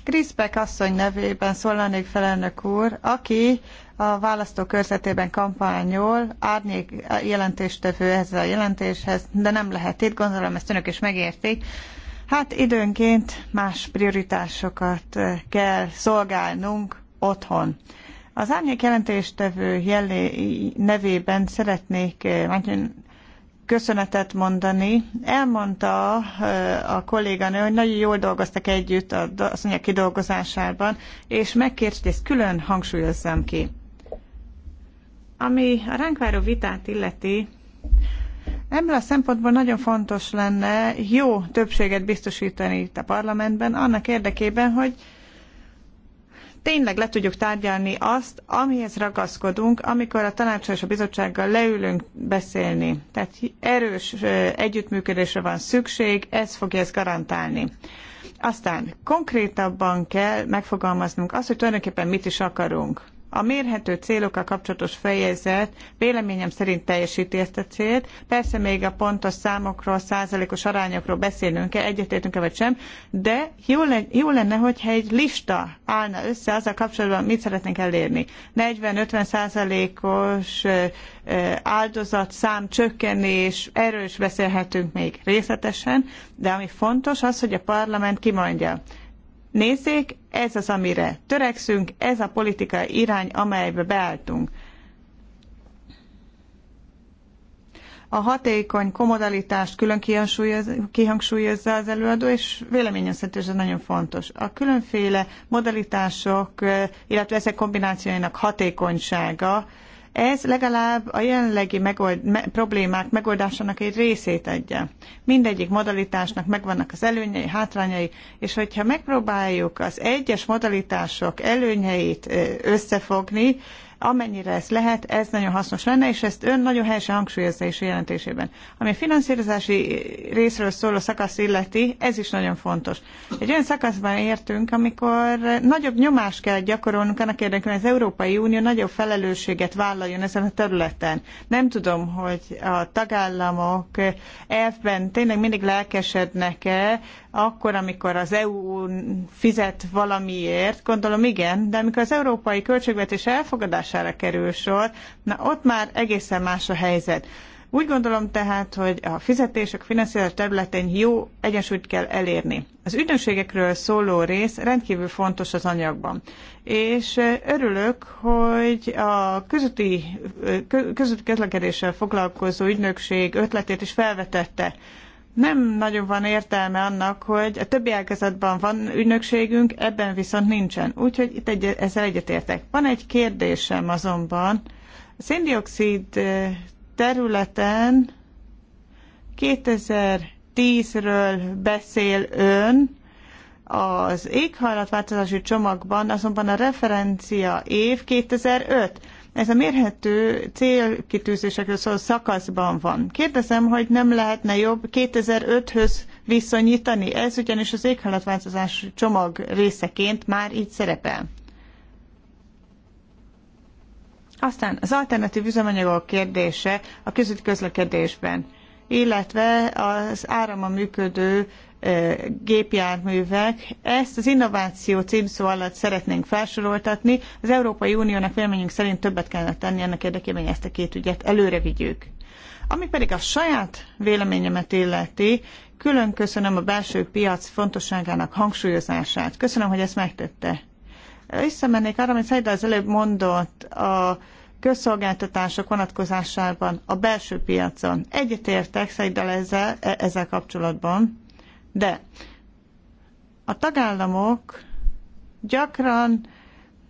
Griesbeck
asszony nevében szólalnék elnök úr, aki a választókörzetében kampányol, árnyék jelentéstevő ehhez a jelentéshez, de nem lehet itt, gondolom ezt önök is megértik. Hát időnként más prioritásokat eh, kell szolgálnunk otthon. Az árnyék jelentéstevő jellé, nevében szeretnék eh, köszönetet mondani. Elmondta eh, a kolléganő, hogy nagyon jól dolgoztak együtt a szanyag kidolgozásában, és megkért, hogy ezt külön hangsúlyozzam ki. Ami a ránk váró vitát illeti, Ebből a szempontból nagyon fontos lenne jó többséget biztosítani itt a parlamentben, annak érdekében, hogy tényleg le tudjuk tárgyalni azt, amihez ragaszkodunk, amikor a tanácsal és a bizottsággal leülünk beszélni. Tehát erős együttműködésre van szükség, ez fogja ezt garantálni. Aztán konkrétabban kell megfogalmaznunk azt, hogy tulajdonképpen mit is akarunk a mérhető célokkal kapcsolatos fejezet véleményem szerint teljesíti ezt a célt. Persze még a pontos számokról, százalékos arányokról beszélnünk-e, egyetértünk-e vagy sem, de jó, le, jó lenne, hogyha egy lista állna össze azzal kapcsolatban, mit szeretnénk elérni. 40-50 százalékos áldozat szám csökkenés, erről is beszélhetünk még részletesen, de ami fontos az, hogy a parlament kimondja. Nézzék, ez az, amire törekszünk, ez a politikai irány, amelybe beálltunk. A hatékony komodalitást külön kihangsúlyozza az előadó, és véleményem szerint ez nagyon fontos. A különféle modalitások, eh, illetve ezek kombinációinak hatékonysága ez legalább a jelenlegi megold, me, problémák megoldásának egy részét adja. Mindegyik modalitásnak megvannak az előnyei, hátrányai, és hogyha megpróbáljuk az egyes modalitások előnyeit összefogni, Amennyire ez lehet, ez nagyon hasznos lenne, és ezt ön nagyon helyesen hangsúlyozza is a jelentésében. Ami a finanszírozási részről szóló szakasz illeti, ez is nagyon fontos. Egy olyan szakaszban értünk, amikor nagyobb nyomást kell gyakorolnunk annak érdekében, hogy az Európai Unió nagyobb felelősséget vállaljon ezen a területen. Nem tudom, hogy a tagállamok elfben tényleg mindig lelkesednek-e akkor, amikor az EU fizet valamiért, gondolom igen, de amikor az európai költségvetés elfogadására kerül sor, na ott már egészen más a helyzet. Úgy gondolom tehát, hogy a fizetések finanszírozás területén jó egyensúlyt kell elérni. Az ügynökségekről szóló rész rendkívül fontos az anyagban. És örülök, hogy a közötti közötti közlekedéssel foglalkozó ügynökség ötletét is felvetette nem nagyon van értelme annak, hogy a többi ágazatban van ügynökségünk, ebben viszont nincsen. Úgyhogy itt egy, ezzel egyetértek. Van egy kérdésem azonban. A széndiokszid eh, területen 2010-ről beszél ön, az éghajlatváltozási csomagban azonban a referencia év 2005. Ez a mérhető célkitűzésekről szóló szakaszban van. Kérdezem, hogy nem lehetne jobb 2005-höz viszonyítani? Ez ugyanis az éghajlatváltozás csomag részeként már így szerepel. Aztán az alternatív üzemanyagok kérdése a közötti közlekedésben, illetve az árama működő gépjárművek. Ezt az innováció címszó alatt szeretnénk felsoroltatni. Az Európai Uniónak véleményünk szerint többet kellene tenni ennek érdekében, hogy ezt a két ügyet előre vigyük. Ami pedig a saját véleményemet illeti, külön köszönöm a belső piac fontosságának hangsúlyozását. Köszönöm, hogy ezt megtette. Visszamennék arra, amit Szeida az előbb mondott a közszolgáltatások vonatkozásában a belső piacon. Egyetértek Szeidel ezzel, e- ezzel kapcsolatban. De a tagállamok gyakran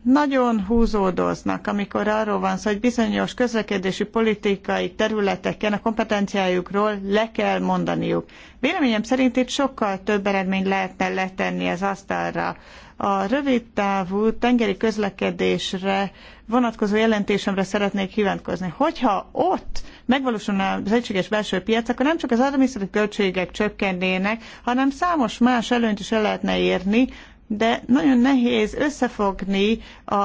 nagyon húzódoznak, amikor arról van szó, hogy bizonyos közlekedési politikai területeken a kompetenciájukról le kell mondaniuk. Véleményem szerint itt sokkal több eredményt lehetne letenni az asztalra. A rövid távú tengeri közlekedésre vonatkozó jelentésemre szeretnék hivatkozni. Hogyha ott megvalósulna az egységes belső piac, akkor nem csak az adminisztratív költségek csökkennének, hanem számos más előnyt is el lehetne érni, de nagyon nehéz összefogni a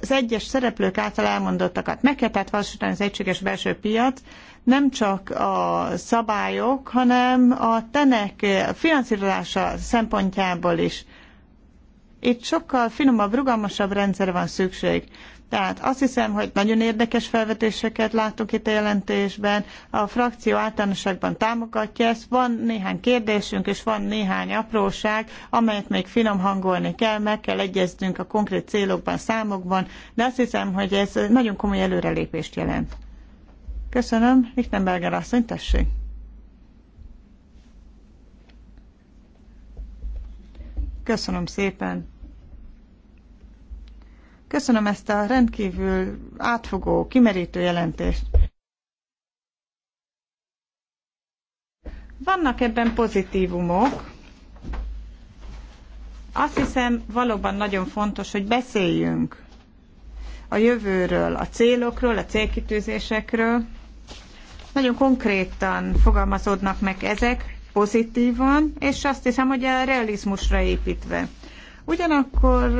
az egyes szereplők által elmondottakat. Meg kell tehát valósítani az egységes belső piac, nem csak a szabályok, hanem a tenek finanszírozása szempontjából is. Itt sokkal finomabb, rugalmasabb rendszerre van szükség. Tehát azt hiszem, hogy nagyon érdekes felvetéseket látok itt a jelentésben. A frakció általánosságban támogatja ezt. Van néhány kérdésünk, és van néhány apróság, amelyet még finom hangolni kell, meg kell egyeznünk a konkrét célokban, számokban, de azt hiszem, hogy ez nagyon komoly előrelépést jelent. Köszönöm. Lichtenberger asszony, tessék. Köszönöm szépen. Köszönöm ezt a rendkívül átfogó, kimerítő jelentést. Vannak ebben pozitívumok. Azt hiszem, valóban nagyon fontos, hogy beszéljünk a jövőről, a célokról, a célkitűzésekről. Nagyon konkrétan fogalmazódnak meg ezek, pozitívan, és azt hiszem, hogy a realizmusra építve. Ugyanakkor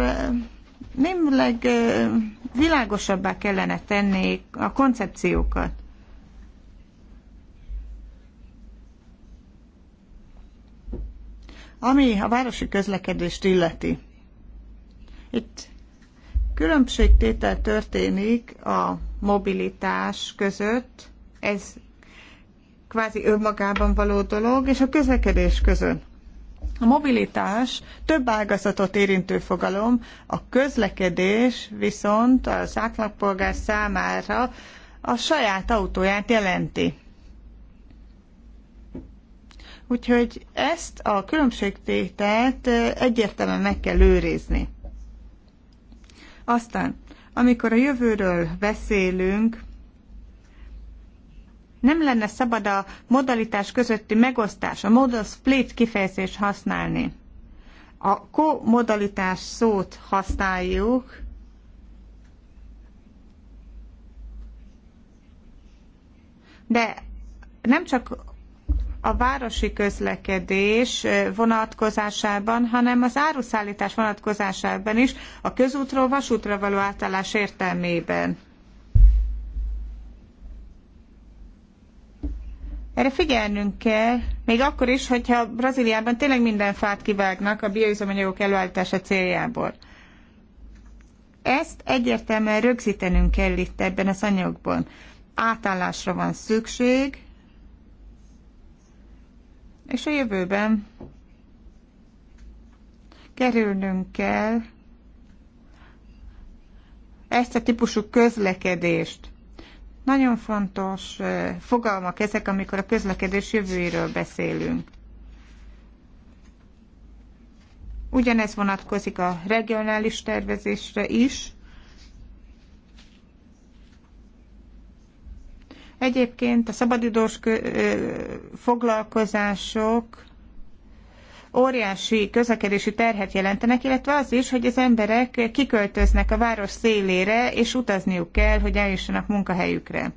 némileg világosabbá kellene tenni a koncepciókat. Ami a városi közlekedést illeti. Itt különbségtétel történik a mobilitás között, ez kvázi önmagában való dolog, és a közlekedés között. A mobilitás több ágazatot érintő fogalom, a közlekedés viszont az átlagpolgár számára a saját autóját jelenti. Úgyhogy ezt a különbségtételt egyértelműen meg kell őrizni. Aztán, amikor a jövőről beszélünk, nem lenne szabad a modalitás közötti megosztás, a modal split kifejezés használni. A komodalitás szót használjuk, de nem csak a városi közlekedés vonatkozásában, hanem az áruszállítás vonatkozásában is, a közútról vasútra való átállás értelmében. Erre figyelnünk kell, még akkor is, hogyha Brazíliában tényleg minden fát kivágnak a bioüzemanyagok előállítása céljából. Ezt egyértelműen rögzítenünk kell itt ebben az anyagban. Átállásra van szükség, és a jövőben kerülnünk kell ezt a típusú közlekedést. Nagyon fontos fogalmak ezek, amikor a közlekedés jövőjéről beszélünk. Ugyanez vonatkozik a regionális tervezésre is. Egyébként a szabadidős foglalkozások óriási közlekedési terhet jelentenek, illetve az is, hogy az emberek kiköltöznek a város szélére, és utazniuk kell, hogy eljussanak munkahelyükre.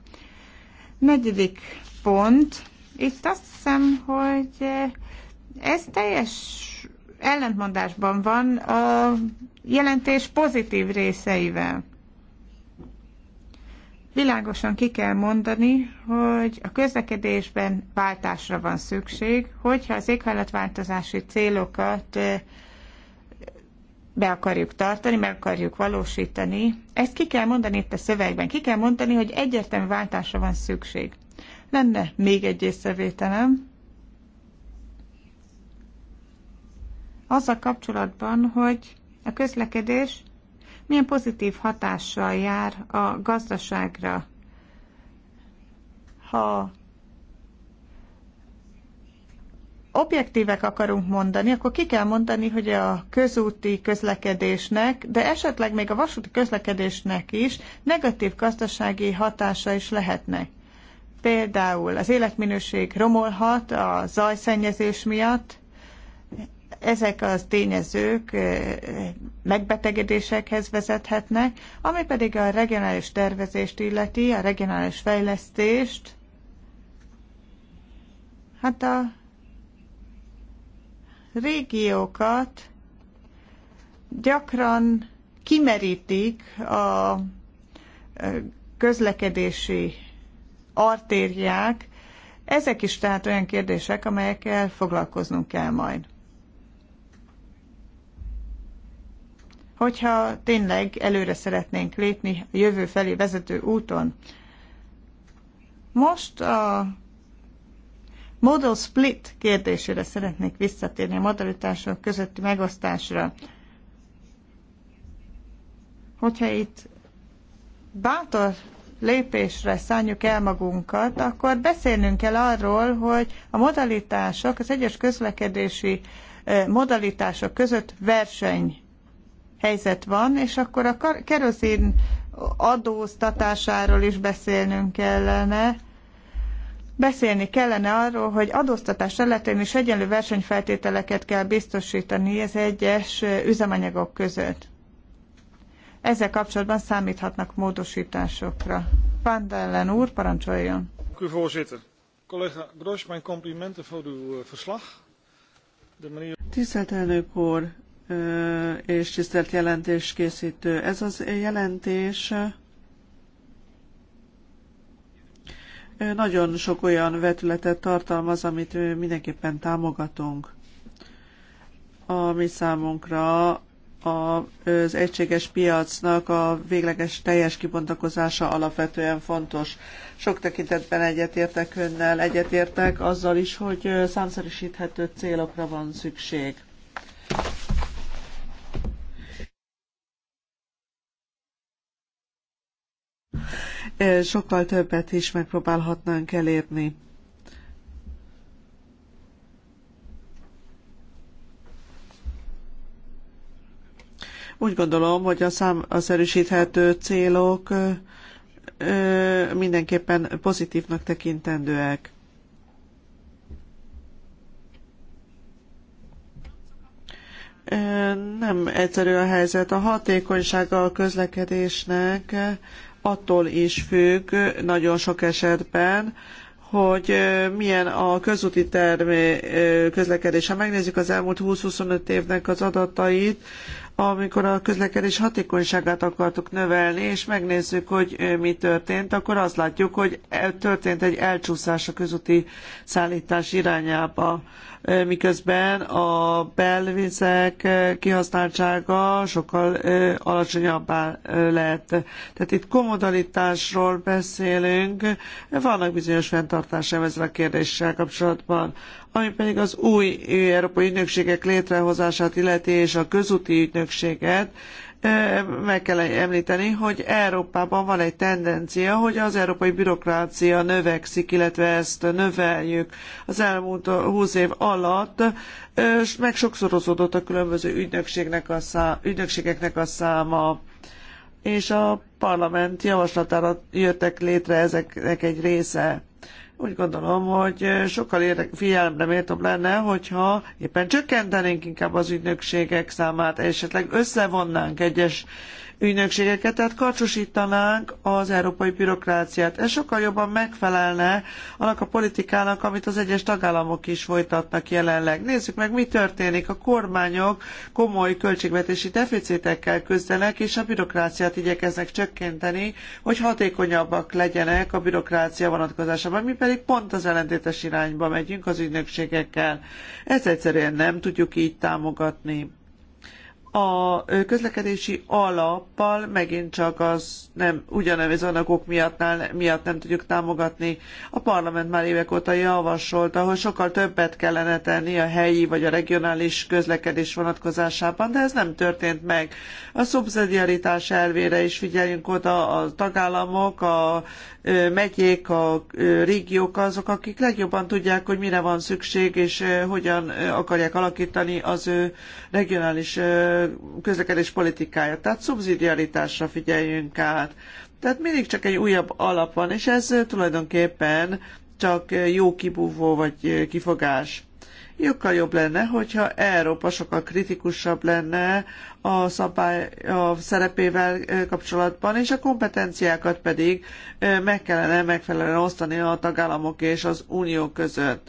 Negyedik pont. Itt azt hiszem, hogy ez teljes ellentmondásban van a jelentés pozitív részeivel. Világosan ki kell mondani, hogy a közlekedésben váltásra van szükség, hogyha az éghajlatváltozási célokat be akarjuk tartani, meg akarjuk valósítani. Ezt ki kell mondani itt a szövegben. Ki kell mondani, hogy egyértelmű váltásra van szükség. Lenne még egy észrevételem. a kapcsolatban, hogy a közlekedés milyen pozitív hatással jár a gazdaságra, ha objektívek akarunk mondani, akkor ki kell mondani, hogy a közúti közlekedésnek, de esetleg még a vasúti közlekedésnek is negatív gazdasági hatása is lehetnek. Például az életminőség romolhat a zajszennyezés miatt, ezek az tényezők megbetegedésekhez vezethetnek, ami pedig a regionális tervezést illeti, a regionális fejlesztést. Hát a régiókat gyakran kimerítik a közlekedési artériák, ezek is tehát olyan kérdések, amelyekkel foglalkoznunk kell majd. hogyha tényleg előre szeretnénk lépni a jövő felé vezető úton. Most a model split kérdésére szeretnék visszatérni, a modalitások közötti megosztásra. Hogyha itt bátor lépésre szálljuk el magunkat, akkor beszélnünk kell arról, hogy a modalitások, az egyes közlekedési eh, modalitások között verseny helyzet van, és akkor a kerozin adóztatásáról is beszélnünk kellene. Beszélni kellene arról, hogy adóztatás területén is egyenlő versenyfeltételeket kell biztosítani az egyes üzemanyagok között. Ezzel kapcsolatban számíthatnak módosításokra.
Pandellen úr, parancsoljon.
Collega Grosch, mijn complimenten voor uw
eh, verslag.
Tisztelt elnök úr, és tisztelt jelentés készítő. Ez az jelentés nagyon sok olyan vetületet tartalmaz, amit mindenképpen támogatunk. A mi számunkra az egységes piacnak a végleges teljes kibontakozása alapvetően fontos. Sok tekintetben egyetértek önnel, egyetértek azzal is, hogy számszerűsíthető célokra van szükség. sokkal többet is megpróbálhatnánk elérni. Úgy gondolom, hogy a számszerűsíthető célok mindenképpen pozitívnak tekintendőek. Nem egyszerű a helyzet. A hatékonysága a közlekedésnek attól is függ nagyon sok esetben, hogy milyen a közúti termé közlekedés. Ha megnézzük az elmúlt 20-25 évnek az adatait, amikor a közlekedés hatékonyságát akartuk növelni, és megnézzük, hogy mi történt, akkor azt látjuk, hogy történt egy elcsúszás a közúti szállítás irányába, miközben a belvizek kihasználtsága sokkal alacsonyabbá lett. Tehát itt komodalitásról beszélünk, vannak bizonyos fenntartásaim ezzel a kérdéssel kapcsolatban ami pedig az új európai ügynökségek létrehozását illeti és a közúti ügynökséget, meg kell említeni, hogy Európában van egy tendencia, hogy az európai bürokrácia növekszik, illetve ezt növeljük. Az elmúlt húsz év alatt meg sokszorozódott a különböző ügynökségnek a szá, ügynökségeknek a száma és a parlament javaslatára jöttek létre ezeknek egy része. Úgy gondolom, hogy sokkal érdek, figyelemre méltóbb lenne, hogyha éppen csökkentenénk inkább az ügynökségek számát, esetleg összevonnánk egyes ügynökségeket, tehát karcsúsítanánk az európai bürokráciát. Ez sokkal jobban megfelelne annak a politikának, amit az egyes tagállamok is folytatnak jelenleg. Nézzük meg, mi történik. A kormányok komoly költségvetési deficitekkel küzdenek, és a bürokráciát igyekeznek csökkenteni, hogy hatékonyabbak legyenek a bürokrácia vonatkozásában. Mi pedig pont az ellentétes irányba megyünk az ügynökségekkel. Ezt egyszerűen nem tudjuk így támogatni a közlekedési alappal megint csak az nem ugyanez anyagok ok miatt, miatt nem tudjuk támogatni. A parlament már évek óta javasolta, hogy sokkal többet kellene tenni a helyi vagy a regionális közlekedés vonatkozásában, de ez nem történt meg. A szubszidiaritás elvére is figyeljünk oda a tagállamok, a megyék, a régiók azok, akik legjobban tudják, hogy mire van szükség, és hogyan akarják alakítani az ő regionális közlekedés politikája. Tehát szubszidiaritásra figyeljünk át. Tehát mindig csak egy újabb alap van, és ez tulajdonképpen csak jó kibúvó vagy kifogás. Jókkal jobb lenne, hogyha Európa sokkal kritikusabb lenne a szabály a szerepével kapcsolatban, és a kompetenciákat pedig meg kellene megfelelően osztani a tagállamok és az unió között.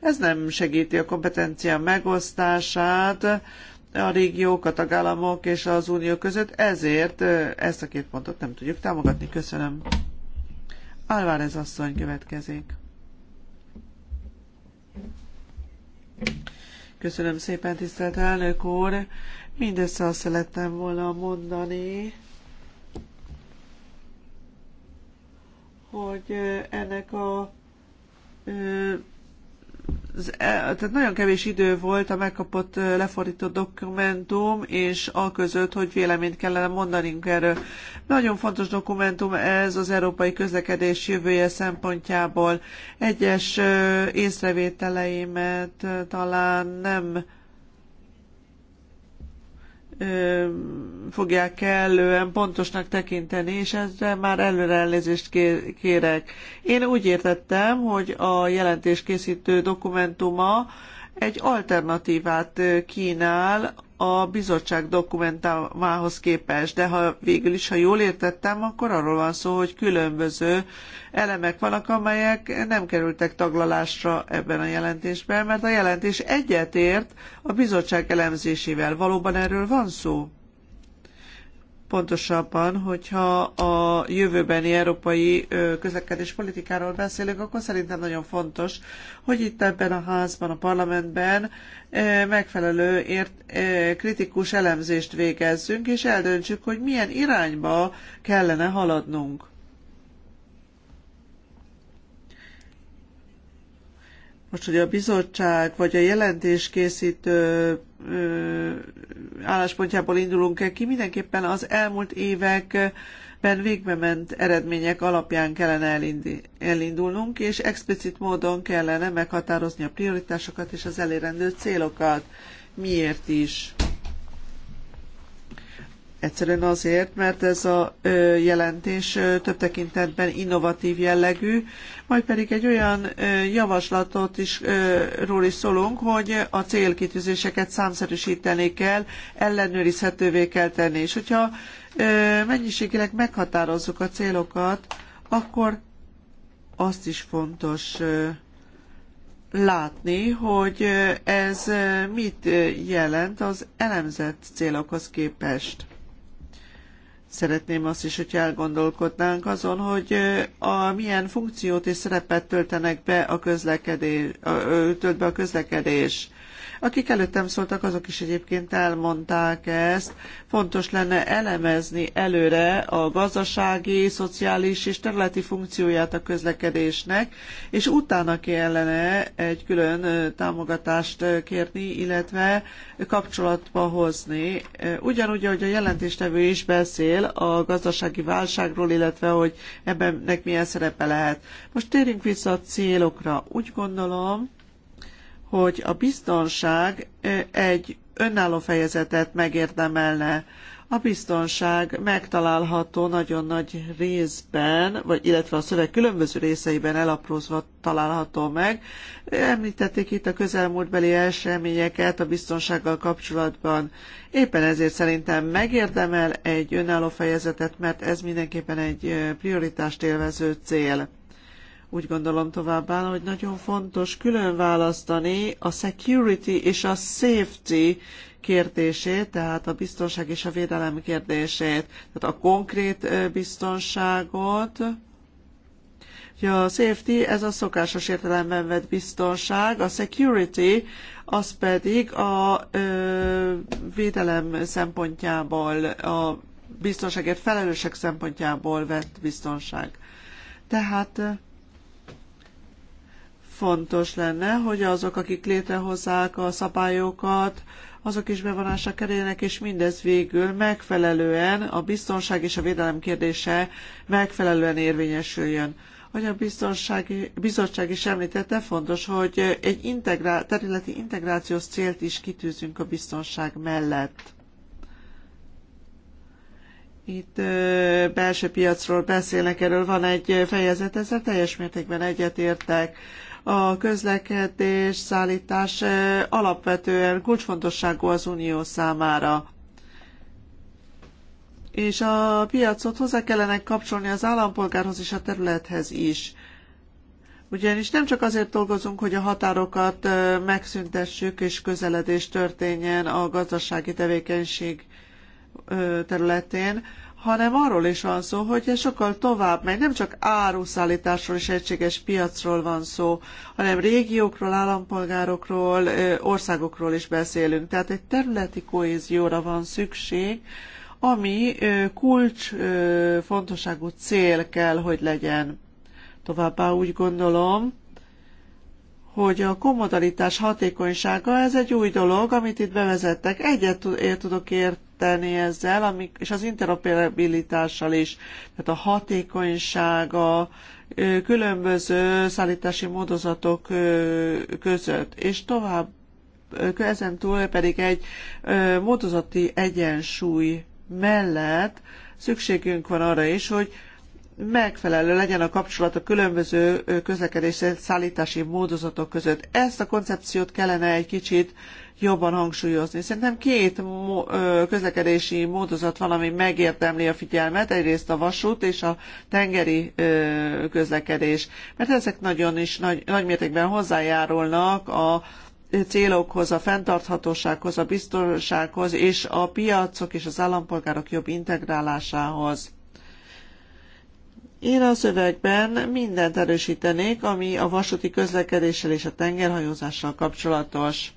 Ez nem segíti a kompetencia megosztását, a régiók, a tagállamok és az unió között, ezért ezt a két pontot nem tudjuk támogatni. Köszönöm. Álvarez asszony következik. Köszönöm szépen, tisztelt elnök úr. Mindössze azt szerettem volna mondani, hogy ennek a E, tehát nagyon kevés idő volt a megkapott e, lefordított dokumentum, és a között, hogy véleményt kellene mondanunk erről. Nagyon fontos dokumentum ez az európai közlekedés jövője szempontjából. Egyes e, észrevételeimet talán nem fogják kellően pontosnak tekinteni, és ezzel már előre elnézést kérek. Én úgy értettem, hogy a jelentés készítő dokumentuma egy alternatívát kínál a bizottság dokumentumához képest, de ha végül is, ha jól értettem, akkor arról van szó, hogy különböző elemek vannak, amelyek nem kerültek taglalásra ebben a jelentésben, mert a jelentés egyetért a bizottság elemzésével. Valóban erről van szó? pontosabban, hogyha a jövőbeni európai közlekedés politikáról beszélünk, akkor szerintem nagyon fontos, hogy itt ebben a házban, a parlamentben megfelelő ért, kritikus elemzést végezzünk, és eldöntsük, hogy milyen irányba kellene haladnunk. Most, hogy a bizottság vagy a jelentéskészítő álláspontjából indulunk el, ki, mindenképpen az elmúlt években végbe ment eredmények alapján kellene elindulnunk, és explicit módon kellene meghatározni a prioritásokat és az elérendő célokat. Miért is? Egyszerűen azért, mert ez a jelentés több tekintetben innovatív jellegű, majd pedig egy olyan javaslatot is ról is szólunk, hogy a célkitűzéseket számszerűsíteni kell, ellenőrizhetővé kell tenni. És hogyha mennyiségileg meghatározzuk a célokat, akkor azt is fontos látni, hogy ez mit jelent az elemzett célokhoz képest. Szeretném azt is, hogy elgondolkodnánk azon, hogy a milyen funkciót és szerepet töltenek be a közlekedés, tölt be a közlekedés akik előttem szóltak, azok is egyébként elmondták ezt. Fontos lenne elemezni előre a gazdasági, szociális és területi funkcióját a közlekedésnek, és utána kellene egy külön támogatást kérni, illetve kapcsolatba hozni. Ugyanúgy, ahogy a jelentéstevő is beszél a gazdasági válságról, illetve hogy ebben milyen szerepe lehet. Most térjünk vissza a célokra. Úgy gondolom, hogy a biztonság egy önálló fejezetet megérdemelne. A biztonság megtalálható nagyon nagy részben, vagy illetve a szöveg különböző részeiben elaprózva található meg. Említették itt a közelmúltbeli eseményeket a biztonsággal kapcsolatban. Éppen ezért szerintem megérdemel egy önálló fejezetet, mert ez mindenképpen egy prioritást élvező cél. Úgy gondolom továbbá, hogy nagyon fontos külön választani a security és a safety kérdését, tehát a biztonság és a védelem kérdését, tehát a konkrét biztonságot, Ja, a safety, ez a szokásos értelemben vett biztonság, a security, az pedig a ö, védelem szempontjából, a biztonságért felelősek szempontjából vett biztonság. Tehát fontos lenne, hogy azok, akik létrehozzák a szabályokat, azok is bevonásra kerüljenek, és mindez végül megfelelően a biztonság és a védelem kérdése megfelelően érvényesüljön. Hogy a biztonsági, bizottság is említette, fontos, hogy egy integrá, területi integrációs célt is kitűzünk a biztonság mellett. Itt ö, belső piacról beszélnek, erről van egy fejezet, ezzel teljes mértékben egyetértek a közlekedés, szállítás alapvetően kulcsfontosságú az Unió számára és a piacot hozzá kellene kapcsolni az állampolgárhoz és a területhez is. Ugyanis nem csak azért dolgozunk, hogy a határokat megszüntessük és közeledés történjen a gazdasági tevékenység területén, hanem arról is van szó, hogy ez sokkal tovább megy. Nem csak áruszállításról és egységes piacról van szó, hanem régiókról, állampolgárokról, országokról is beszélünk. Tehát egy területi kohézióra van szükség, ami kulcs fontosságú cél kell, hogy legyen. Továbbá úgy gondolom, hogy a kommodalitás hatékonysága ez egy új dolog, amit itt bevezettek. Egyet tudok ért segíteni ezzel, amik, és az interoperabilitással is, tehát a hatékonysága különböző szállítási módozatok között, és tovább ezen túl pedig egy módozati egyensúly mellett szükségünk van arra is, hogy megfelelő legyen a kapcsolat a különböző közlekedési szállítási módozatok között. Ezt a koncepciót kellene egy kicsit jobban hangsúlyozni. Szerintem két közlekedési módozat van, ami megérdemli a figyelmet, egyrészt a vasút és a tengeri közlekedés, mert ezek nagyon is nagy, nagy mértékben hozzájárulnak a célokhoz, a fenntarthatósághoz, a biztonsághoz és a piacok és az állampolgárok jobb integrálásához. Én a szövegben mindent erősítenék, ami a vasúti közlekedéssel és a tengerhajózással kapcsolatos.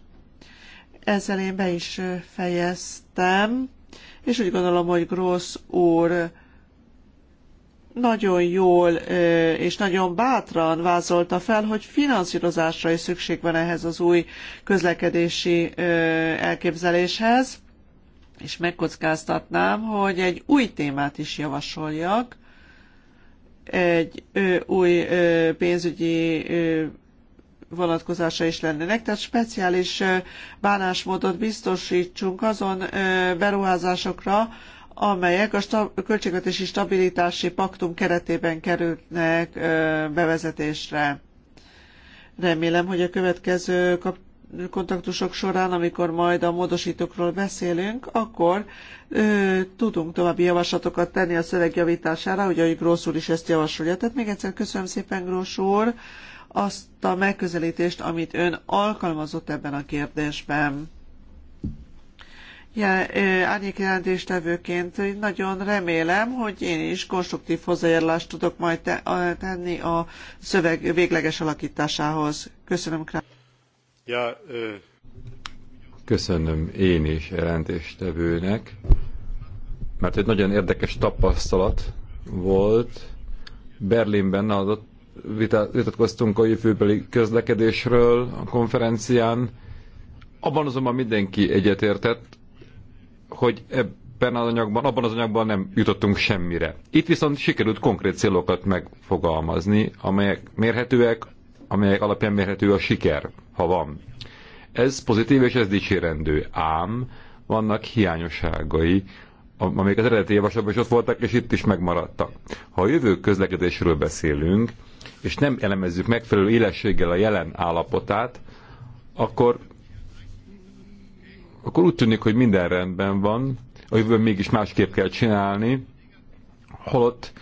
Ezzel én be is fejeztem, és úgy gondolom, hogy Gross úr nagyon jól és nagyon bátran vázolta fel, hogy finanszírozásra is szükség van ehhez az új közlekedési elképzeléshez, és megkockáztatnám, hogy egy új témát is javasoljak, egy új pénzügyi vonatkozása is lennének, tehát speciális bánásmódot biztosítsunk azon beruházásokra, amelyek a a költségvetési stabilitási paktum keretében kerülnek bevezetésre. Remélem, hogy a következő kap- kontaktusok során, amikor majd a módosítókról beszélünk, akkor ö, tudunk további javaslatokat tenni a szöveg javítására, ugye, hogy Grósz úr is ezt javasolja. Tehát még egyszer köszönöm szépen, Grósz úr, azt a megközelítést, amit ön alkalmazott ebben a kérdésben. Ja, árnyék jelentéstevőként nagyon remélem, hogy én is konstruktív hozzájárulást tudok majd tenni a szöveg végleges alakításához. Köszönöm, Krá.
Köszönöm én is jelentéstevőnek, mert egy nagyon érdekes tapasztalat volt. Berlinben az vitatkoztunk a jövőbeli közlekedésről a konferencián. Abban azonban mindenki egyetértett, hogy ebben az anyagban, abban az anyagban nem jutottunk semmire. Itt viszont sikerült konkrét célokat megfogalmazni, amelyek mérhetőek, amelyek alapján mérhető a siker ha van. Ez pozitív és ez dicsérendő, ám vannak hiányosságai, amelyek az eredeti javaslatban is ott voltak, és itt is megmaradtak. Ha a jövő közlekedésről beszélünk, és nem elemezzük megfelelő élességgel a jelen állapotát, akkor, akkor úgy tűnik, hogy minden rendben van, a jövőben mégis másképp kell csinálni, holott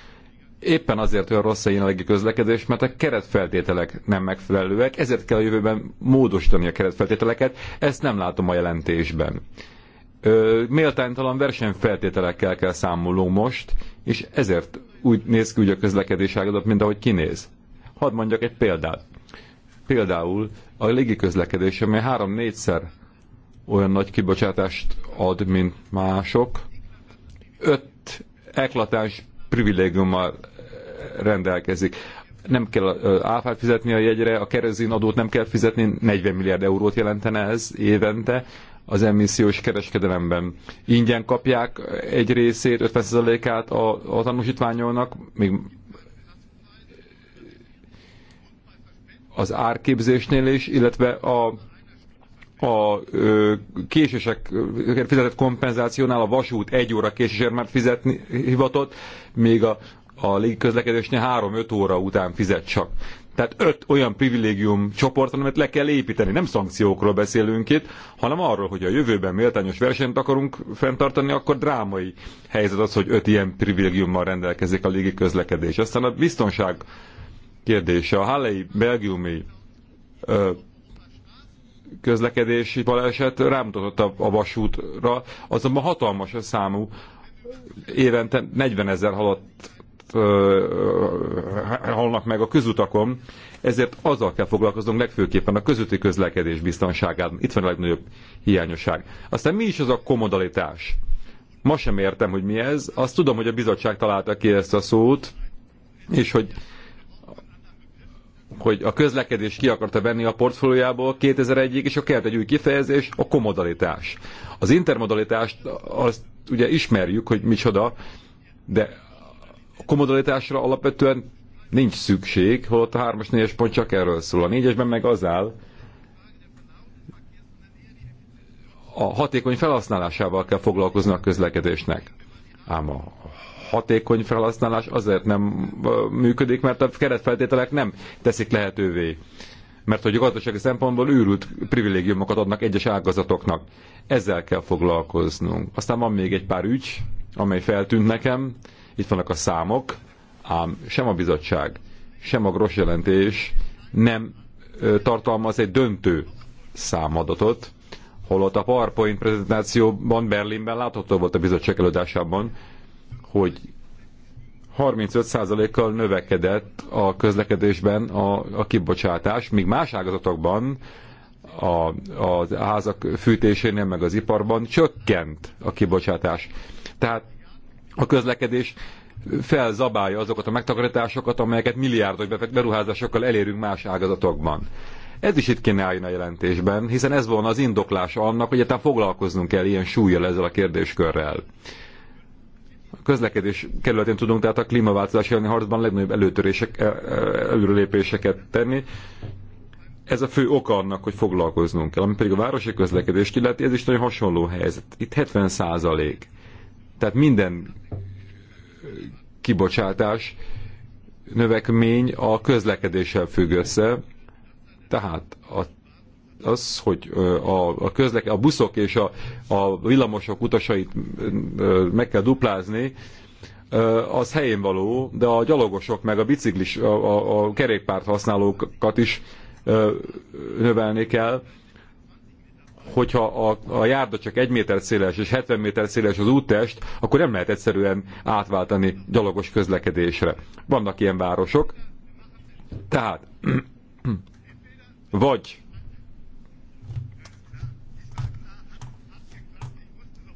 éppen azért olyan rossz a jelenlegi közlekedés, mert a keretfeltételek nem megfelelőek, ezért kell a jövőben módosítani a keretfeltételeket, ezt nem látom a jelentésben. Ö, méltánytalan versenyfeltételekkel kell számolnunk most, és ezért úgy néz ki úgy a közlekedés ágazat, mint ahogy kinéz. Hadd mondjak egy példát. Például a légiközlekedés, ami három-négyszer olyan nagy kibocsátást ad, mint mások, öt eklatáns privilégiummal rendelkezik. Nem kell áfát fizetni a jegyre, a kerezin adót nem kell fizetni, 40 milliárd eurót jelentene ez évente az emissziós kereskedelemben. Ingyen kapják egy részét, 50%-át a, a tanúsítványolnak, még az árképzésnél is, illetve a a ö, késések fizetett kompenzációnál a vasút egy óra késésért már fizetni hivatott, még a, a légiközlekedésnél 3-5 óra után fizet csak. Tehát öt olyan privilégium csoport, amit le kell építeni. Nem szankciókról beszélünk itt, hanem arról, hogy a jövőben méltányos versenyt akarunk fenntartani, akkor drámai helyzet az, hogy öt ilyen privilégiummal rendelkezik a légiközlekedés. Aztán a biztonság kérdése. A hallei belgiumi ö, közlekedési baleset rámutatott a, a vasútra, azonban hatalmas a számú évente 40 ezer halott halnak meg a közutakon, ezért azzal kell foglalkoznunk legfőképpen a közúti közlekedés biztonságában. Itt van a legnagyobb hiányosság. Aztán mi is az a komodalitás? Ma sem értem, hogy mi ez. Azt tudom, hogy a bizottság találta ki ezt a szót, és hogy hogy a közlekedés ki akarta venni a portfóliából 2001-ig, és a kellett egy új kifejezés, a komodalitás. Az intermodalitást azt ugye ismerjük, hogy micsoda, de komodalitásra alapvetően nincs szükség, holott a 3-as 4-es pont csak erről szól. A 4-esben meg az áll, a hatékony felhasználásával kell foglalkozni a közlekedésnek. Ám a hatékony felhasználás azért nem működik, mert a keretfeltételek nem teszik lehetővé. Mert hogy a gazdasági szempontból őrült privilégiumokat adnak egyes ágazatoknak. Ezzel kell foglalkoznunk. Aztán van még egy pár ügy, amely feltűnt nekem itt vannak a számok, ám sem a bizottság, sem a gross jelentés nem tartalmaz egy döntő számadatot, holott a PowerPoint prezentációban Berlinben látható volt a bizottság előadásában, hogy 35%-kal növekedett a közlekedésben a, a kibocsátás, míg más ágazatokban a, a házak fűtésénél, meg az iparban csökkent a kibocsátás. Tehát a közlekedés felzabálja azokat a megtakarításokat, amelyeket milliárdos beruházásokkal elérünk más ágazatokban. Ez is itt kéne álljon a jelentésben, hiszen ez volna az indoklása annak, hogy egyáltalán foglalkoznunk kell ilyen súlyjal ezzel a kérdéskörrel. A közlekedés kerületén tudunk tehát a klímaváltozás elleni harcban legnagyobb előtörések, e- e- előrelépéseket tenni. Ez a fő oka annak, hogy foglalkoznunk kell. Ami pedig a városi közlekedést illeti, ez is nagyon hasonló helyzet. Itt 70 százalék tehát minden kibocsátás növekmény a közlekedéssel függ össze, tehát a, az, hogy a, a, közleke, a buszok és a, a villamosok utasait meg kell duplázni, az helyén való, de a gyalogosok meg a biciklis, a, a, a kerékpárt használókat is növelni kell, hogyha a, a járda csak egy méter széles és 70 méter széles az úttest, akkor nem lehet egyszerűen átváltani gyalogos közlekedésre. Vannak ilyen városok. Tehát, vagy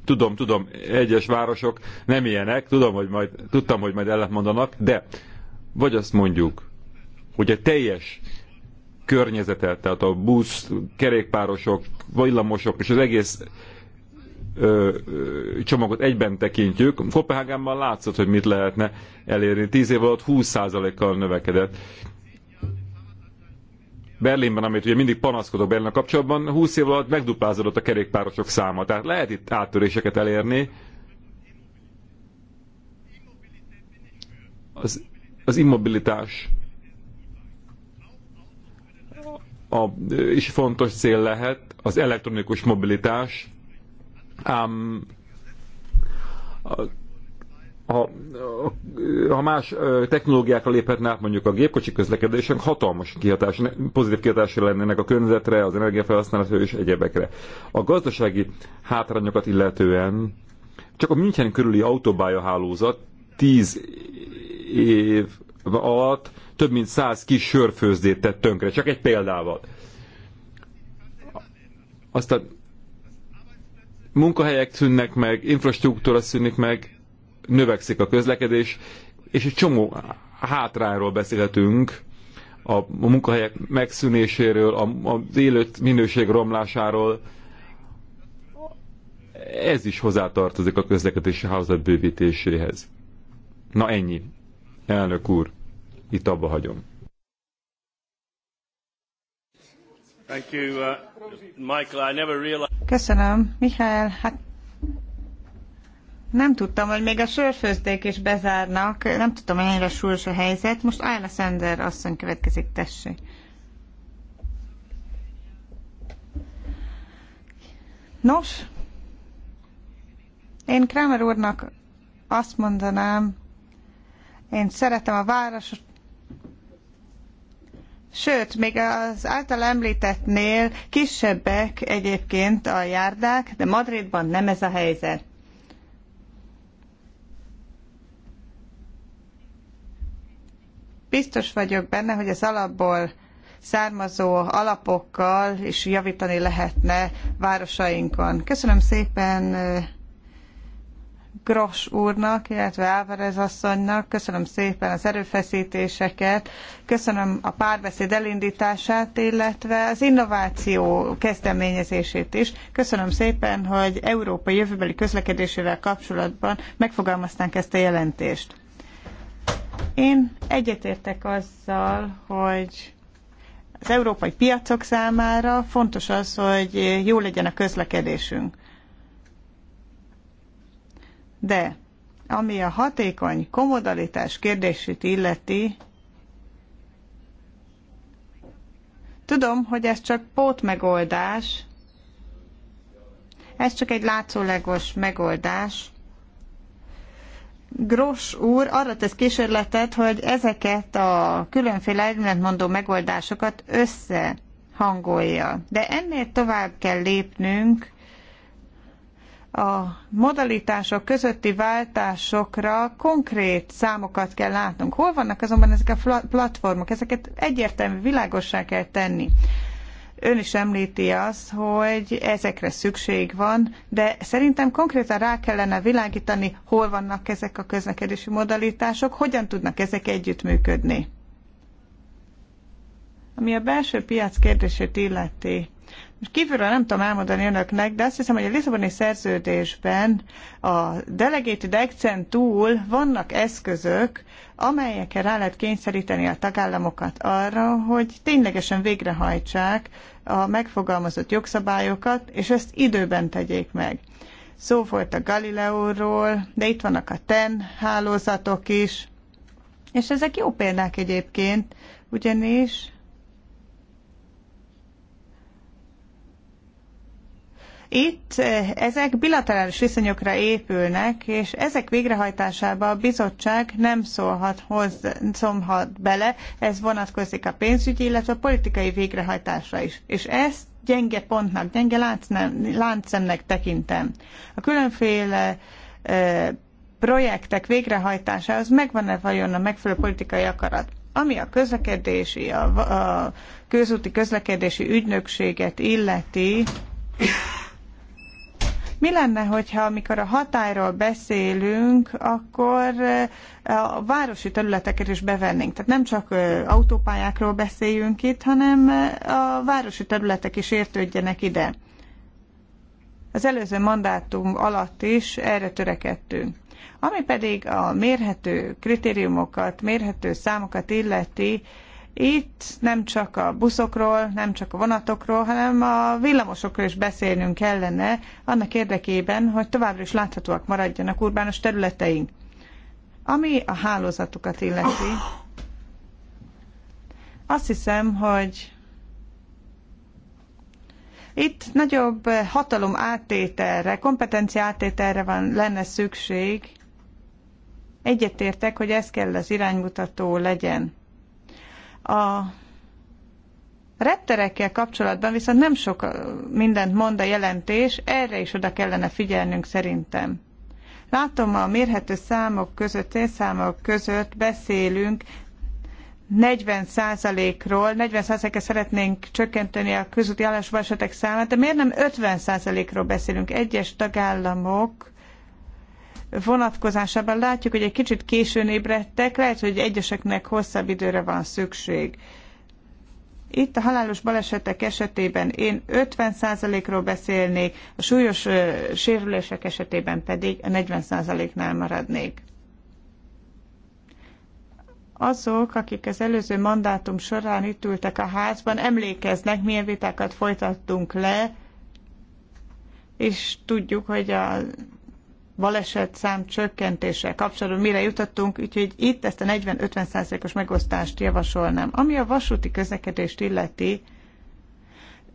tudom, tudom, egyes városok nem ilyenek, tudom, hogy majd, tudtam, hogy majd ellentmondanak, de vagy azt mondjuk, hogy a teljes környezetet, tehát a busz, kerékpárosok, villamosok és az egész ö, ö, csomagot egyben tekintjük, Kopenhágában látszott, hogy mit lehetne elérni. Tíz év alatt 20%-kal növekedett. Berlinben, amit ugye mindig panaszkodok Berlin kapcsolatban, 20 év alatt megduplázódott a kerékpárosok száma. Tehát lehet itt áttöréseket elérni. Az, az immobilitás a, is fontos cél lehet az elektronikus mobilitás, ám ha, ha más technológiákra léphetne át mondjuk a gépkocsi közlekedésen, hatalmas kihatás, pozitív kihatásra lennének a környezetre, az energiafelhasználatra és egyebekre. A gazdasági hátrányokat illetően csak a München körüli hálózat 10 év alatt több mint 100 kis sörfőzdét tett tönkre, csak egy példával. Aztán munkahelyek szűnnek meg, infrastruktúra szűnik meg, növekszik a közlekedés, és egy csomó hátrányról beszélhetünk, a, a munkahelyek megszűnéséről, a, az élőt minőség romlásáról. Ez is hozzátartozik a közlekedési hálózat bővítéséhez. Na ennyi, elnök úr, itt abba hagyom.
Uh,
Köszönöm, Michael. Hát nem tudtam, hogy még a sörfőzdék is bezárnak. Nem tudtam, hogy ennyire súlyos a helyzet. Most Ayla Sender asszony következik, tessék. Nos, én Kramer úrnak azt mondanám, én szeretem a város, Sőt, még az által említettnél kisebbek egyébként a járdák, de Madridban nem ez a helyzet. Biztos vagyok benne, hogy az alapból származó alapokkal is javítani lehetne városainkon. Köszönöm szépen Gros úrnak, illetve Álvarez asszonynak. Köszönöm szépen az erőfeszítéseket, köszönöm a párbeszéd elindítását, illetve az innováció kezdeményezését is. Köszönöm szépen, hogy Európa jövőbeli közlekedésével kapcsolatban megfogalmazták ezt a jelentést. Én egyetértek azzal, hogy az európai piacok számára fontos az, hogy jó legyen a közlekedésünk de ami a hatékony komodalitás kérdését illeti, tudom, hogy ez csak pótmegoldás, ez csak egy látszólagos megoldás, Gross úr arra tesz kísérletet, hogy ezeket a különféle ellentmondó megoldásokat összehangolja. De ennél tovább kell lépnünk, a modalitások közötti váltásokra konkrét számokat kell látnunk. Hol vannak azonban ezek a platformok? Ezeket egyértelmű világossá kell tenni. Ön is említi azt, hogy ezekre szükség van, de szerintem konkrétan rá kellene világítani, hol vannak ezek a közlekedési modalitások, hogyan tudnak ezek együttműködni. Ami a belső piac kérdését illeti, most kívülről nem tudom elmondani önöknek, de azt hiszem, hogy a Lisszaboni szerződésben a delegated accent túl vannak eszközök, amelyekkel rá lehet kényszeríteni a tagállamokat arra, hogy ténylegesen végrehajtsák a megfogalmazott jogszabályokat, és ezt időben tegyék meg. Szó volt a Galileóról, de itt vannak a TEN hálózatok is, és ezek jó példák egyébként, ugyanis Itt eh, ezek bilaterális viszonyokra épülnek, és ezek végrehajtásába a bizottság nem szólhat, hoz szólhat bele, ez vonatkozik a pénzügyi, illetve a politikai végrehajtásra is. És ezt gyenge pontnak, gyenge láncnem, láncszemnek tekintem. A különféle e, projektek végrehajtásához megvan-e vajon a megfelelő politikai akarat? Ami a közlekedési, a, a közúti közlekedési ügynökséget illeti, mi lenne, hogyha amikor a hatályról beszélünk, akkor a városi területeket is bevennénk? Tehát nem csak autópályákról beszéljünk itt, hanem a városi területek is értődjenek ide. Az előző mandátum alatt is erre törekedtünk. Ami pedig a mérhető kritériumokat, mérhető számokat illeti, itt nem csak a buszokról, nem csak a vonatokról, hanem a villamosokról is beszélnünk kellene, annak érdekében, hogy továbbra is láthatóak maradjanak urbános területeink. Ami a hálózatukat illeti, azt hiszem, hogy itt nagyobb hatalom áttételre, kompetencia áttételre van, lenne szükség. Egyetértek, hogy ez kell az iránymutató legyen. A retterekkel kapcsolatban viszont nem sok mindent mond a jelentés, erre is oda kellene figyelnünk szerintem. Látom, a mérhető számok között, célszámok között beszélünk 40%-ról, 40%-ra szeretnénk csökkenteni a közúti állásbalesetek számát, de miért nem 50%-ról beszélünk? Egyes tagállamok vonatkozásában látjuk, hogy egy kicsit későn ébredtek, lehet, hogy egyeseknek hosszabb időre van szükség. Itt a halálos balesetek esetében én 50%-ról beszélnék, a súlyos ö, sérülések esetében pedig a 40%-nál maradnék. Azok, akik az előző mandátum során itt ültek a házban, emlékeznek, milyen vitákat folytattunk le, és tudjuk, hogy a baleset szám csökkentése kapcsolatban mire jutottunk, úgyhogy itt ezt a 40-50 os megosztást javasolnám. Ami a vasúti közlekedést illeti,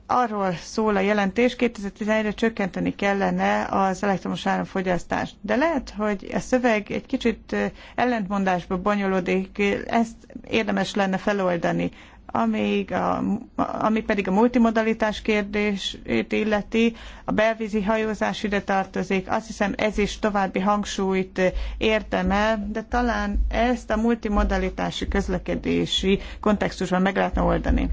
arról szól a jelentés, 2011-re csökkenteni kellene az elektromos áramfogyasztást. De lehet, hogy a szöveg egy kicsit ellentmondásba bonyolódik, ezt érdemes lenne feloldani amíg a, ami pedig a multimodalitás kérdését illeti, a belvízi hajózás ide tartozik. Azt hiszem ez is további hangsúlyt érdemel, de talán ezt a multimodalitási közlekedési kontextusban meg lehetne oldani.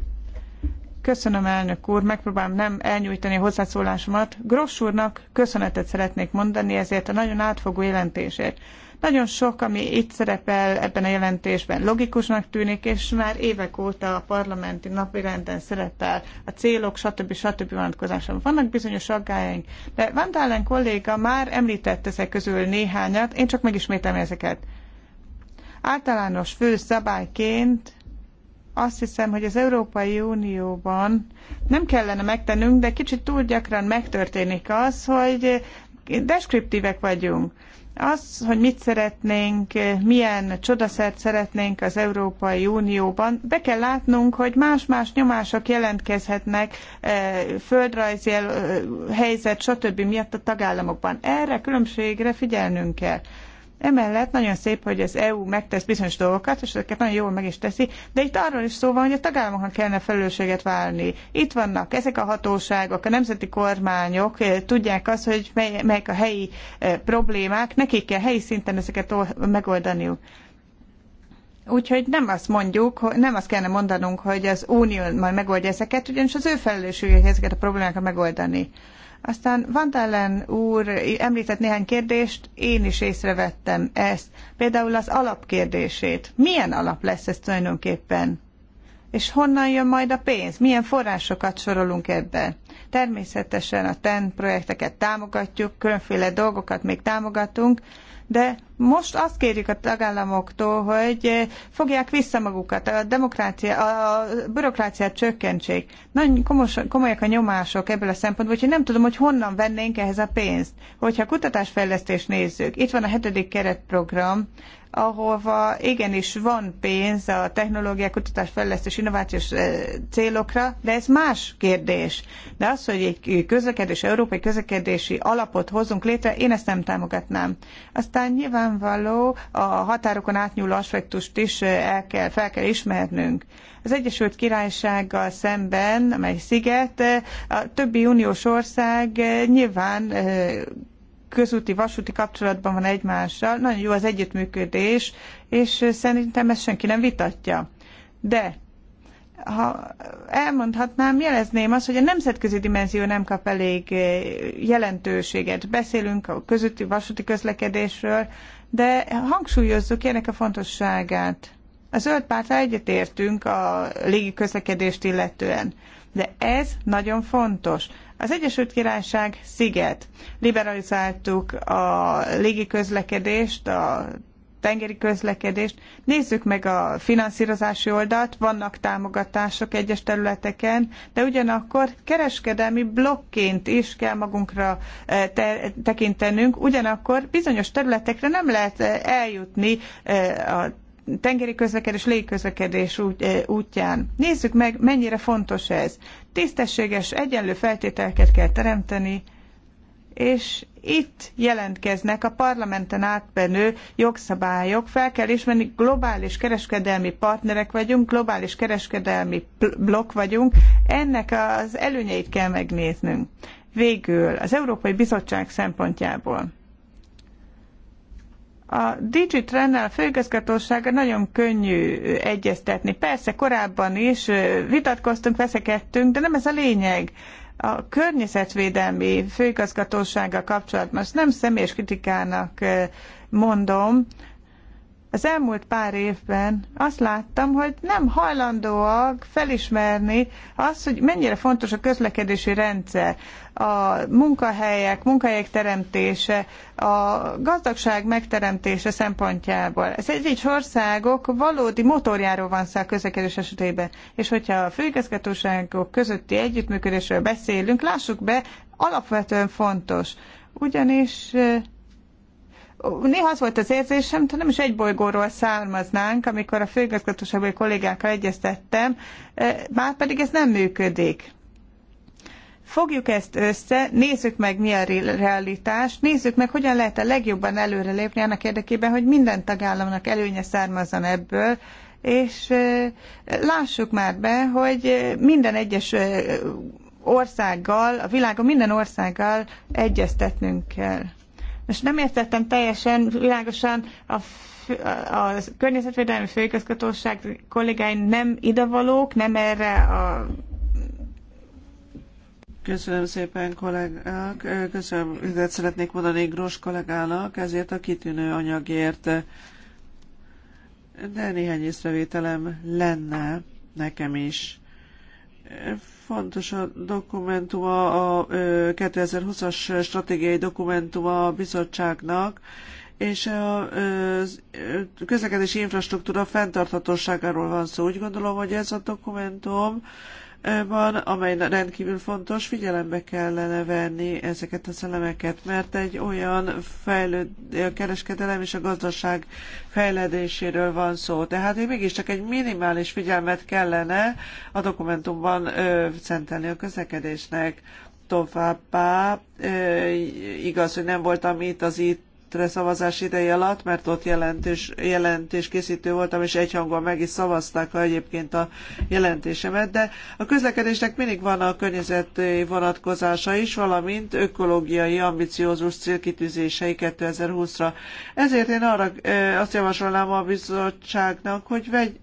Köszönöm, elnök úr, megpróbálom nem elnyújtani a hozzászólásomat. Gross úrnak köszönetet szeretnék mondani ezért a nagyon átfogó jelentésért. Nagyon sok, ami itt szerepel ebben a jelentésben logikusnak tűnik, és már évek óta a parlamenti napirenden szerepel a célok, stb. stb. vonatkozásában. Vannak bizonyos aggályaink, de Van Dalen kolléga már említett ezek közül néhányat, én csak megismétlem ezeket. Általános fő szabályként azt hiszem, hogy az Európai Unióban nem kellene megtennünk, de kicsit túl gyakran megtörténik az, hogy deskriptívek vagyunk. Az, hogy mit szeretnénk, milyen csodaszert szeretnénk az Európai Unióban, be kell látnunk, hogy más-más nyomások jelentkezhetnek eh, földrajzi eh, helyzet, stb. miatt a tagállamokban. Erre különbségre figyelnünk kell. Emellett nagyon szép, hogy az EU megtesz bizonyos dolgokat, és ezeket nagyon jól meg is teszi, de itt arról is szó van, hogy a tagállamoknak kellene felelősséget válni. Itt vannak ezek a hatóságok, a nemzeti kormányok, eh, tudják azt, hogy mely, melyek a helyi eh, problémák, nekik kell helyi szinten ezeket megoldaniuk. Úgyhogy nem azt mondjuk, nem azt kellene mondanunk, hogy az Unió majd megoldja ezeket, ugyanis az ő felelősségük ezeket a problémákat megoldani. Aztán Van Tellen úr említett néhány kérdést, én is észrevettem ezt. Például az alapkérdését. Milyen alap lesz ez tulajdonképpen? És honnan jön majd a pénz? Milyen forrásokat sorolunk ebbe? Természetesen a TEN projekteket támogatjuk, különféle dolgokat még támogatunk, de most azt kérjük a tagállamoktól, hogy eh, fogják vissza magukat, a demokrácia, a bürokráciát csökkentsék. Nagyon komos, komolyak a nyomások ebből a szempontból, úgyhogy nem tudom, hogy honnan vennénk ehhez a pénzt. Hogyha kutatásfejlesztést nézzük, itt van a hetedik keretprogram, ahova igenis van pénz a technológia, kutatás, fejlesztés, innovációs eh, célokra, de ez más kérdés. De az, hogy egy közlekedés, európai közlekedési alapot hozunk létre, én ezt nem támogatnám. Aztán nyilván nyilvánvaló a határokon átnyúló aspektust is el kell, fel kell ismernünk. Az Egyesült Királysággal szemben, amely sziget, a többi uniós ország nyilván közúti, vasúti kapcsolatban van egymással, nagyon jó az együttműködés, és szerintem ezt senki nem vitatja. De ha elmondhatnám, jelezném azt, hogy a nemzetközi dimenzió nem kap elég jelentőséget. Beszélünk a közúti vasúti közlekedésről, de hangsúlyozzuk ennek a fontosságát. A zöld pártra egyetértünk a légi közlekedést illetően, de ez nagyon fontos. Az Egyesült Királyság sziget. Liberalizáltuk a légi közlekedést, a tengeri közlekedést. Nézzük meg a finanszírozási oldalt, vannak támogatások egyes területeken, de ugyanakkor kereskedelmi blokként is kell magunkra eh, te- tekintenünk, ugyanakkor bizonyos területekre nem lehet eh, eljutni eh, a tengeri közlekedés, e, útján. Nézzük meg, mennyire fontos ez. Tisztességes, egyenlő feltételeket kell teremteni és itt jelentkeznek a parlamenten átmenő jogszabályok. Fel kell ismerni, globális kereskedelmi partnerek vagyunk, globális kereskedelmi blokk vagyunk, ennek az előnyeit kell megnéznünk. Végül az Európai Bizottság szempontjából. A a főigazgatósága nagyon könnyű egyeztetni. Persze korábban is vitatkoztunk, veszekedtünk, de nem ez a lényeg a környezetvédelmi főigazgatósággal kapcsolatban, most nem személyes kritikának eh, mondom, az elmúlt pár évben azt láttam, hogy nem hajlandóak felismerni azt, hogy mennyire fontos a közlekedési rendszer, a munkahelyek, munkahelyek teremtése, a gazdagság megteremtése szempontjából. Ez egyes országok valódi motorjáról van szó a közlekedés esetében. És hogyha a főigazgatóságok közötti együttműködésről beszélünk, lássuk be, alapvetően fontos. Ugyanis eh, Néha az volt az érzésem, hogy nem is egy bolygóról származnánk, amikor a főigazgatóságból kollégákkal egyeztettem, e, már pedig ez nem működik. Fogjuk ezt össze, nézzük meg mi a realitás, nézzük meg, hogyan lehet a legjobban előrelépni annak érdekében, hogy minden tagállamnak előnye származzon ebből, és e, lássuk már be, hogy minden egyes e, országgal, a világon minden országgal egyeztetnünk kell. Most nem értettem teljesen világosan a a környezetvédelmi főigazgatóság kollégái nem
idevalók, nem erre a Köszönöm szépen kollégák, köszönöm, üdvet szeretnék mondani Grós kollégának ezért a kitűnő anyagért. De néhány észrevételem lenne nekem is fontos a dokumentuma, a 2020-as stratégiai dokumentuma a bizottságnak, és a közlekedési infrastruktúra fenntarthatóságáról van szó. Úgy gondolom, hogy ez a dokumentum van, amely rendkívül fontos, figyelembe kellene venni ezeket a szellemeket, mert egy olyan fejlőd, a kereskedelem és a gazdaság fejledéséről van szó. Tehát még mégiscsak egy minimális figyelmet kellene a dokumentumban ö, szentelni a közlekedésnek. Továbbá ö, igaz, hogy nem voltam itt az itt szavazás ideje alatt, mert ott jelentés, jelentés készítő voltam, és egyhangon meg is szavazták egyébként a jelentésemet, de a közlekedésnek mindig van a környezeti vonatkozása is, valamint ökológiai ambiciózus célkitűzései 2020-ra. Ezért én arra azt javasolnám a bizottságnak, hogy vegy,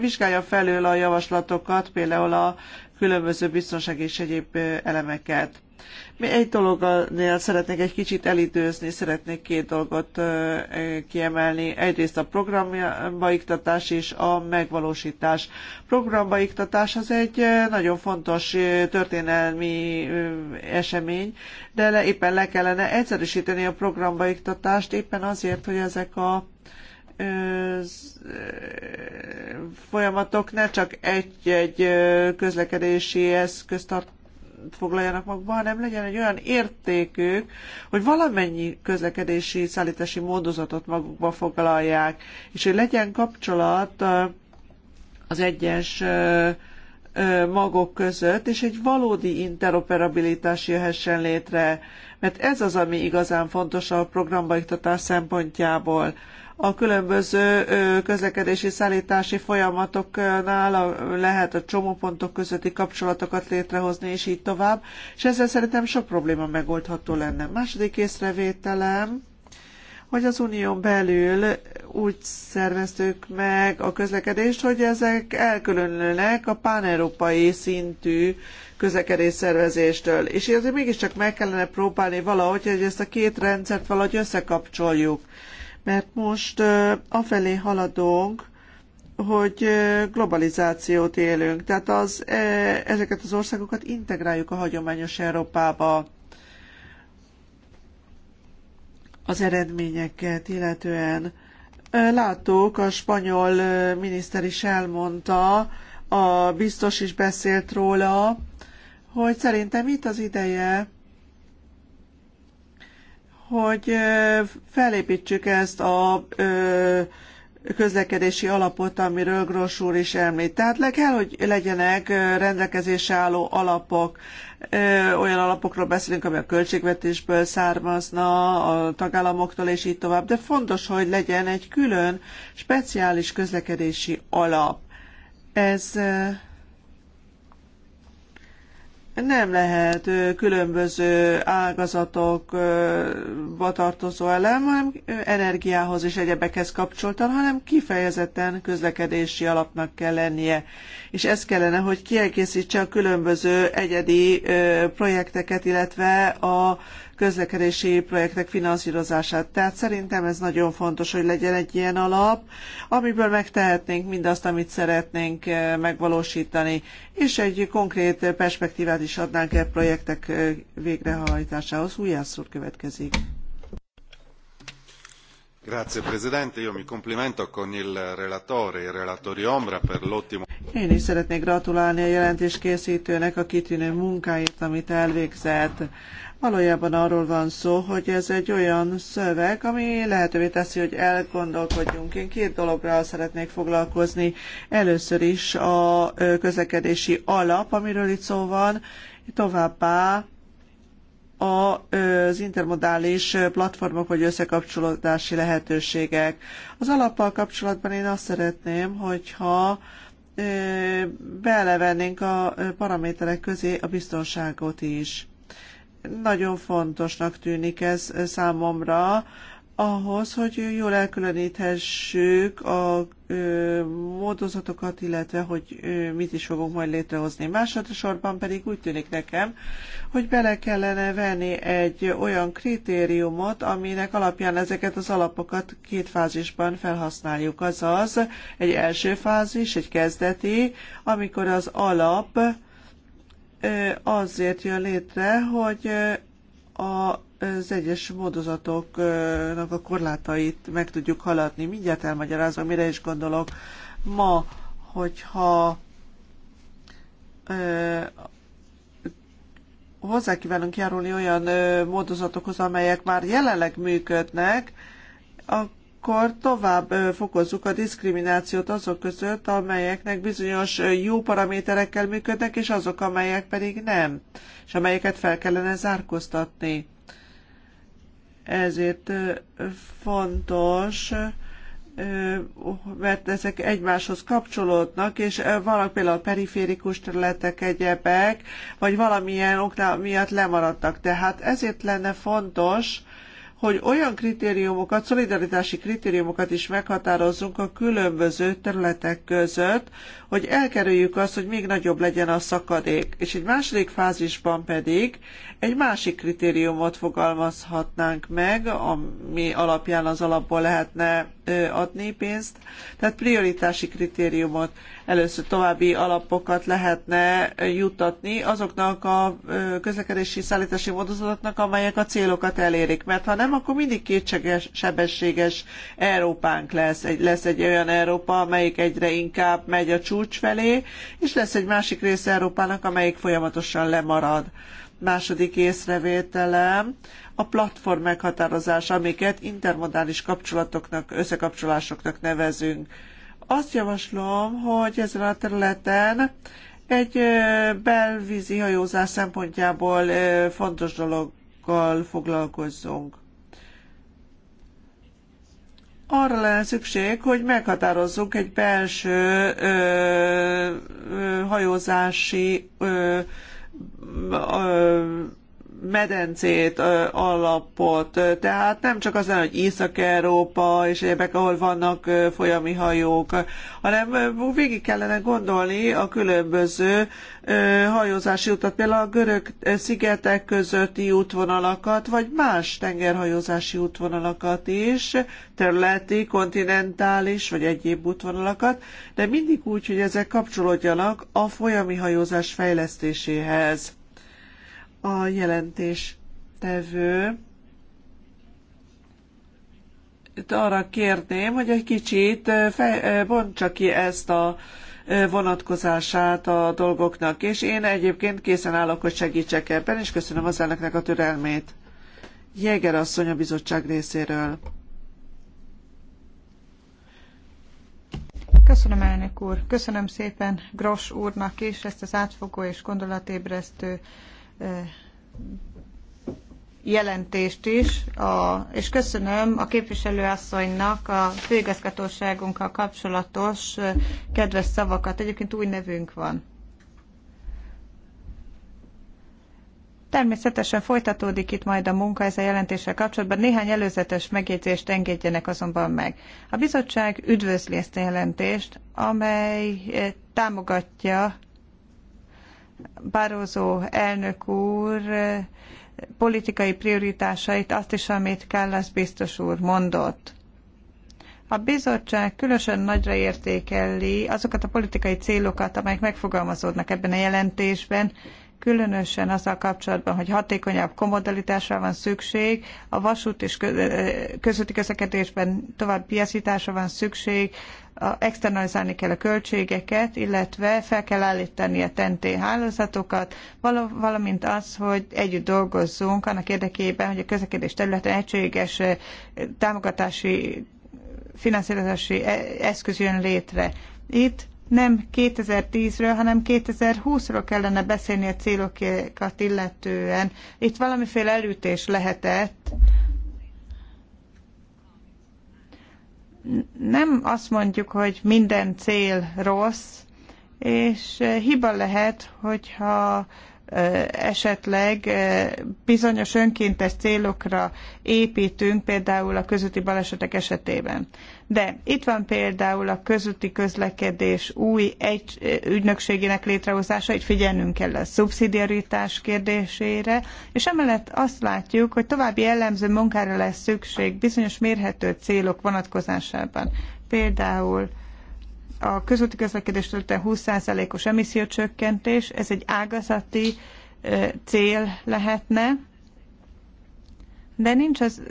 vizsgálja felül a javaslatokat, például a különböző biztonság és egyéb elemeket. Mi egy dolognél szeretnék egy kicsit elidőzni, szeretnék két dolgot kiemelni. Egyrészt a programbaiktatás és a megvalósítás. Programbaiktatás az egy nagyon fontos történelmi esemény, de le, éppen le kellene egyszerűsíteni a programbaiktatást, éppen azért, hogy ezek a folyamatok ne csak egy-egy közlekedési eszközt foglaljanak magukba, hanem legyen egy olyan értékük, hogy valamennyi közlekedési, szállítási módozatot magukba foglalják, és hogy legyen kapcsolat az egyes magok között, és egy valódi interoperabilitás jöhessen létre, mert ez az, ami igazán fontos a programbaiktatás szempontjából a különböző közlekedési szállítási folyamatoknál lehet a csomópontok közötti kapcsolatokat létrehozni, és így tovább, és ezzel szerintem sok probléma megoldható lenne. Második észrevételem, hogy az unión belül úgy szerveztük meg a közlekedést, hogy ezek elkülönülnek a páneurópai szintű közlekedés szervezéstől. És ezért mégiscsak meg kellene próbálni valahogy, hogy ezt a két rendszert valahogy összekapcsoljuk mert most afelé haladunk, hogy globalizációt élünk, tehát az, ezeket az országokat integráljuk a hagyományos Európába. Az eredményeket illetően láttuk, a spanyol miniszter is elmondta, a biztos is beszélt róla, hogy szerintem itt az ideje, hogy felépítsük ezt a közlekedési alapot, amiről Gross úr is említ. Tehát le kell, hogy legyenek rendelkezésre álló alapok. Olyan alapokról beszélünk, ami a költségvetésből származna, a tagállamoktól és így tovább, de fontos, hogy legyen egy külön, speciális közlekedési alap. Ez nem lehet különböző ágazatokba tartozó elem, hanem energiához és egyebekhez kapcsoltan, hanem kifejezetten közlekedési alapnak kell lennie. És ez kellene, hogy kiegészítse a különböző egyedi projekteket, illetve a közlekedési projektek finanszírozását. Tehát szerintem ez nagyon fontos, hogy legyen egy ilyen alap, amiből megtehetnénk mindazt, amit szeretnénk eh, megvalósítani, és egy konkrét perspektívát is adnánk e projektek eh, végrehajtásához. Újász következik.
Grazie Presidente, io mi complimento con il relatore e i relatori Ombra per l'ottimo.
Én is szeretnék gratulálni a jelentés jelentéskészítőnek a kitűnő munkáért, amit elvégzett. Valójában arról van szó, hogy ez egy olyan szöveg, ami lehetővé teszi, hogy elgondolkodjunk. Én két dologra szeretnék foglalkozni. Először is a közlekedési alap, amiről itt szó van, továbbá az intermodális platformok vagy összekapcsolódási lehetőségek. Az alappal kapcsolatban én azt szeretném, hogyha belevennénk a paraméterek közé a biztonságot is nagyon fontosnak tűnik ez számomra, ahhoz, hogy jól elkülöníthessük a ö, módozatokat, illetve hogy ö, mit is fogunk majd létrehozni. Másodszorban pedig úgy tűnik nekem, hogy bele kellene venni egy olyan kritériumot, aminek alapján ezeket az alapokat két fázisban felhasználjuk. Azaz egy első fázis, egy kezdeti, amikor az alap azért jön létre, hogy az egyes módozatoknak a korlátait meg tudjuk haladni. Mindjárt elmagyarázom, mire is gondolok. Ma, hogyha hozzá kívánunk járulni olyan módozatokhoz, amelyek már jelenleg működnek, akkor akkor tovább fokozzuk a diszkriminációt azok között, amelyeknek bizonyos jó paraméterekkel működnek, és azok, amelyek pedig nem, és amelyeket fel kellene zárkoztatni. Ezért fontos, mert ezek egymáshoz kapcsolódnak, és vannak például periférikus területek, egyebek, vagy valamilyen oknál miatt lemaradtak. Tehát ezért lenne fontos, hogy olyan kritériumokat, szolidaritási kritériumokat is meghatározzunk a különböző területek között, hogy elkerüljük azt, hogy még nagyobb legyen a szakadék. És egy második fázisban pedig egy másik kritériumot fogalmazhatnánk meg, ami alapján az alapból lehetne adni pénzt, tehát prioritási kritériumot először további alapokat lehetne juttatni azoknak a közlekedési szállítási módozatoknak, amelyek a célokat elérik. Mert ha nem, akkor mindig kétséges, sebességes Európánk lesz. Egy, lesz egy olyan Európa, amelyik egyre inkább megy a csúcs felé, és lesz egy másik része Európának, amelyik folyamatosan lemarad második észrevételem a platform meghatározása, amiket intermodális kapcsolatoknak, összekapcsolásoknak nevezünk azt javaslom, hogy ezen a területen egy belvízi hajózás szempontjából fontos dologgal foglalkozzunk. Arra lenne szükség, hogy meghatározzunk egy belső ö, ö, hajózási ö, ö, medencét, alapot, tehát nem csak az lenne, hogy Észak-Európa és egyébek, ahol vannak folyami hajók, hanem végig kellene gondolni a különböző hajózási utat, például a görög szigetek közötti útvonalakat, vagy más tengerhajózási útvonalakat is, területi, kontinentális, vagy egyéb útvonalakat, de mindig úgy, hogy ezek kapcsolódjanak a folyami hajózás fejlesztéséhez a jelentés tevő arra kérném, hogy egy kicsit bontsa ki ezt a vonatkozását a dolgoknak, és én egyébként készen állok, hogy segítsek ebben, és köszönöm az elnöknek a türelmét. Jéger asszony a bizottság részéről.
Köszönöm, elnök úr. Köszönöm szépen Gros úrnak is ezt az átfogó és gondolatébresztő jelentést is, a, és köszönöm a képviselőasszonynak a főigazgatóságunkkal kapcsolatos kedves szavakat. Egyébként új nevünk van. Természetesen folytatódik itt majd a munka ez a jelentéssel kapcsolatban. Néhány előzetes megjegyzést engedjenek azonban meg. A bizottság üdvözli ezt a jelentést, amely támogatja Barroso elnök úr politikai prioritásait, azt is, amit Kállász biztos úr mondott. A bizottság különösen nagyra értékeli azokat a politikai célokat, amelyek megfogalmazódnak ebben a jelentésben, különösen azzal kapcsolatban, hogy hatékonyabb komodalitásra van szükség, a vasút és közötti közlekedésben tovább piacításra van szükség, a, externalizálni kell a költségeket, illetve fel kell állítani a TNT hálózatokat, valamint az, hogy együtt dolgozzunk annak érdekében, hogy a közlekedés területen egységes eh, támogatási, finanszírozási eh, eszköz jön létre. Itt nem 2010-ről, hanem 2020-ról kellene beszélni a célokat illetően. Itt valamiféle elütés lehetett nem azt mondjuk, hogy minden cél rossz, és eh, hiba lehet, hogyha esetleg bizonyos önkéntes célokra építünk, például a közúti balesetek esetében. De itt van például a közúti közlekedés új egy, ügynökségének létrehozása, itt figyelnünk kell a szubszidiaritás kérdésére, és emellett azt látjuk, hogy további jellemző munkára lesz szükség bizonyos mérhető célok vonatkozásában. Például a közúti közlekedés területen 20%-os emissziócsökkentés, ez egy ágazati cél lehetne, de nincs az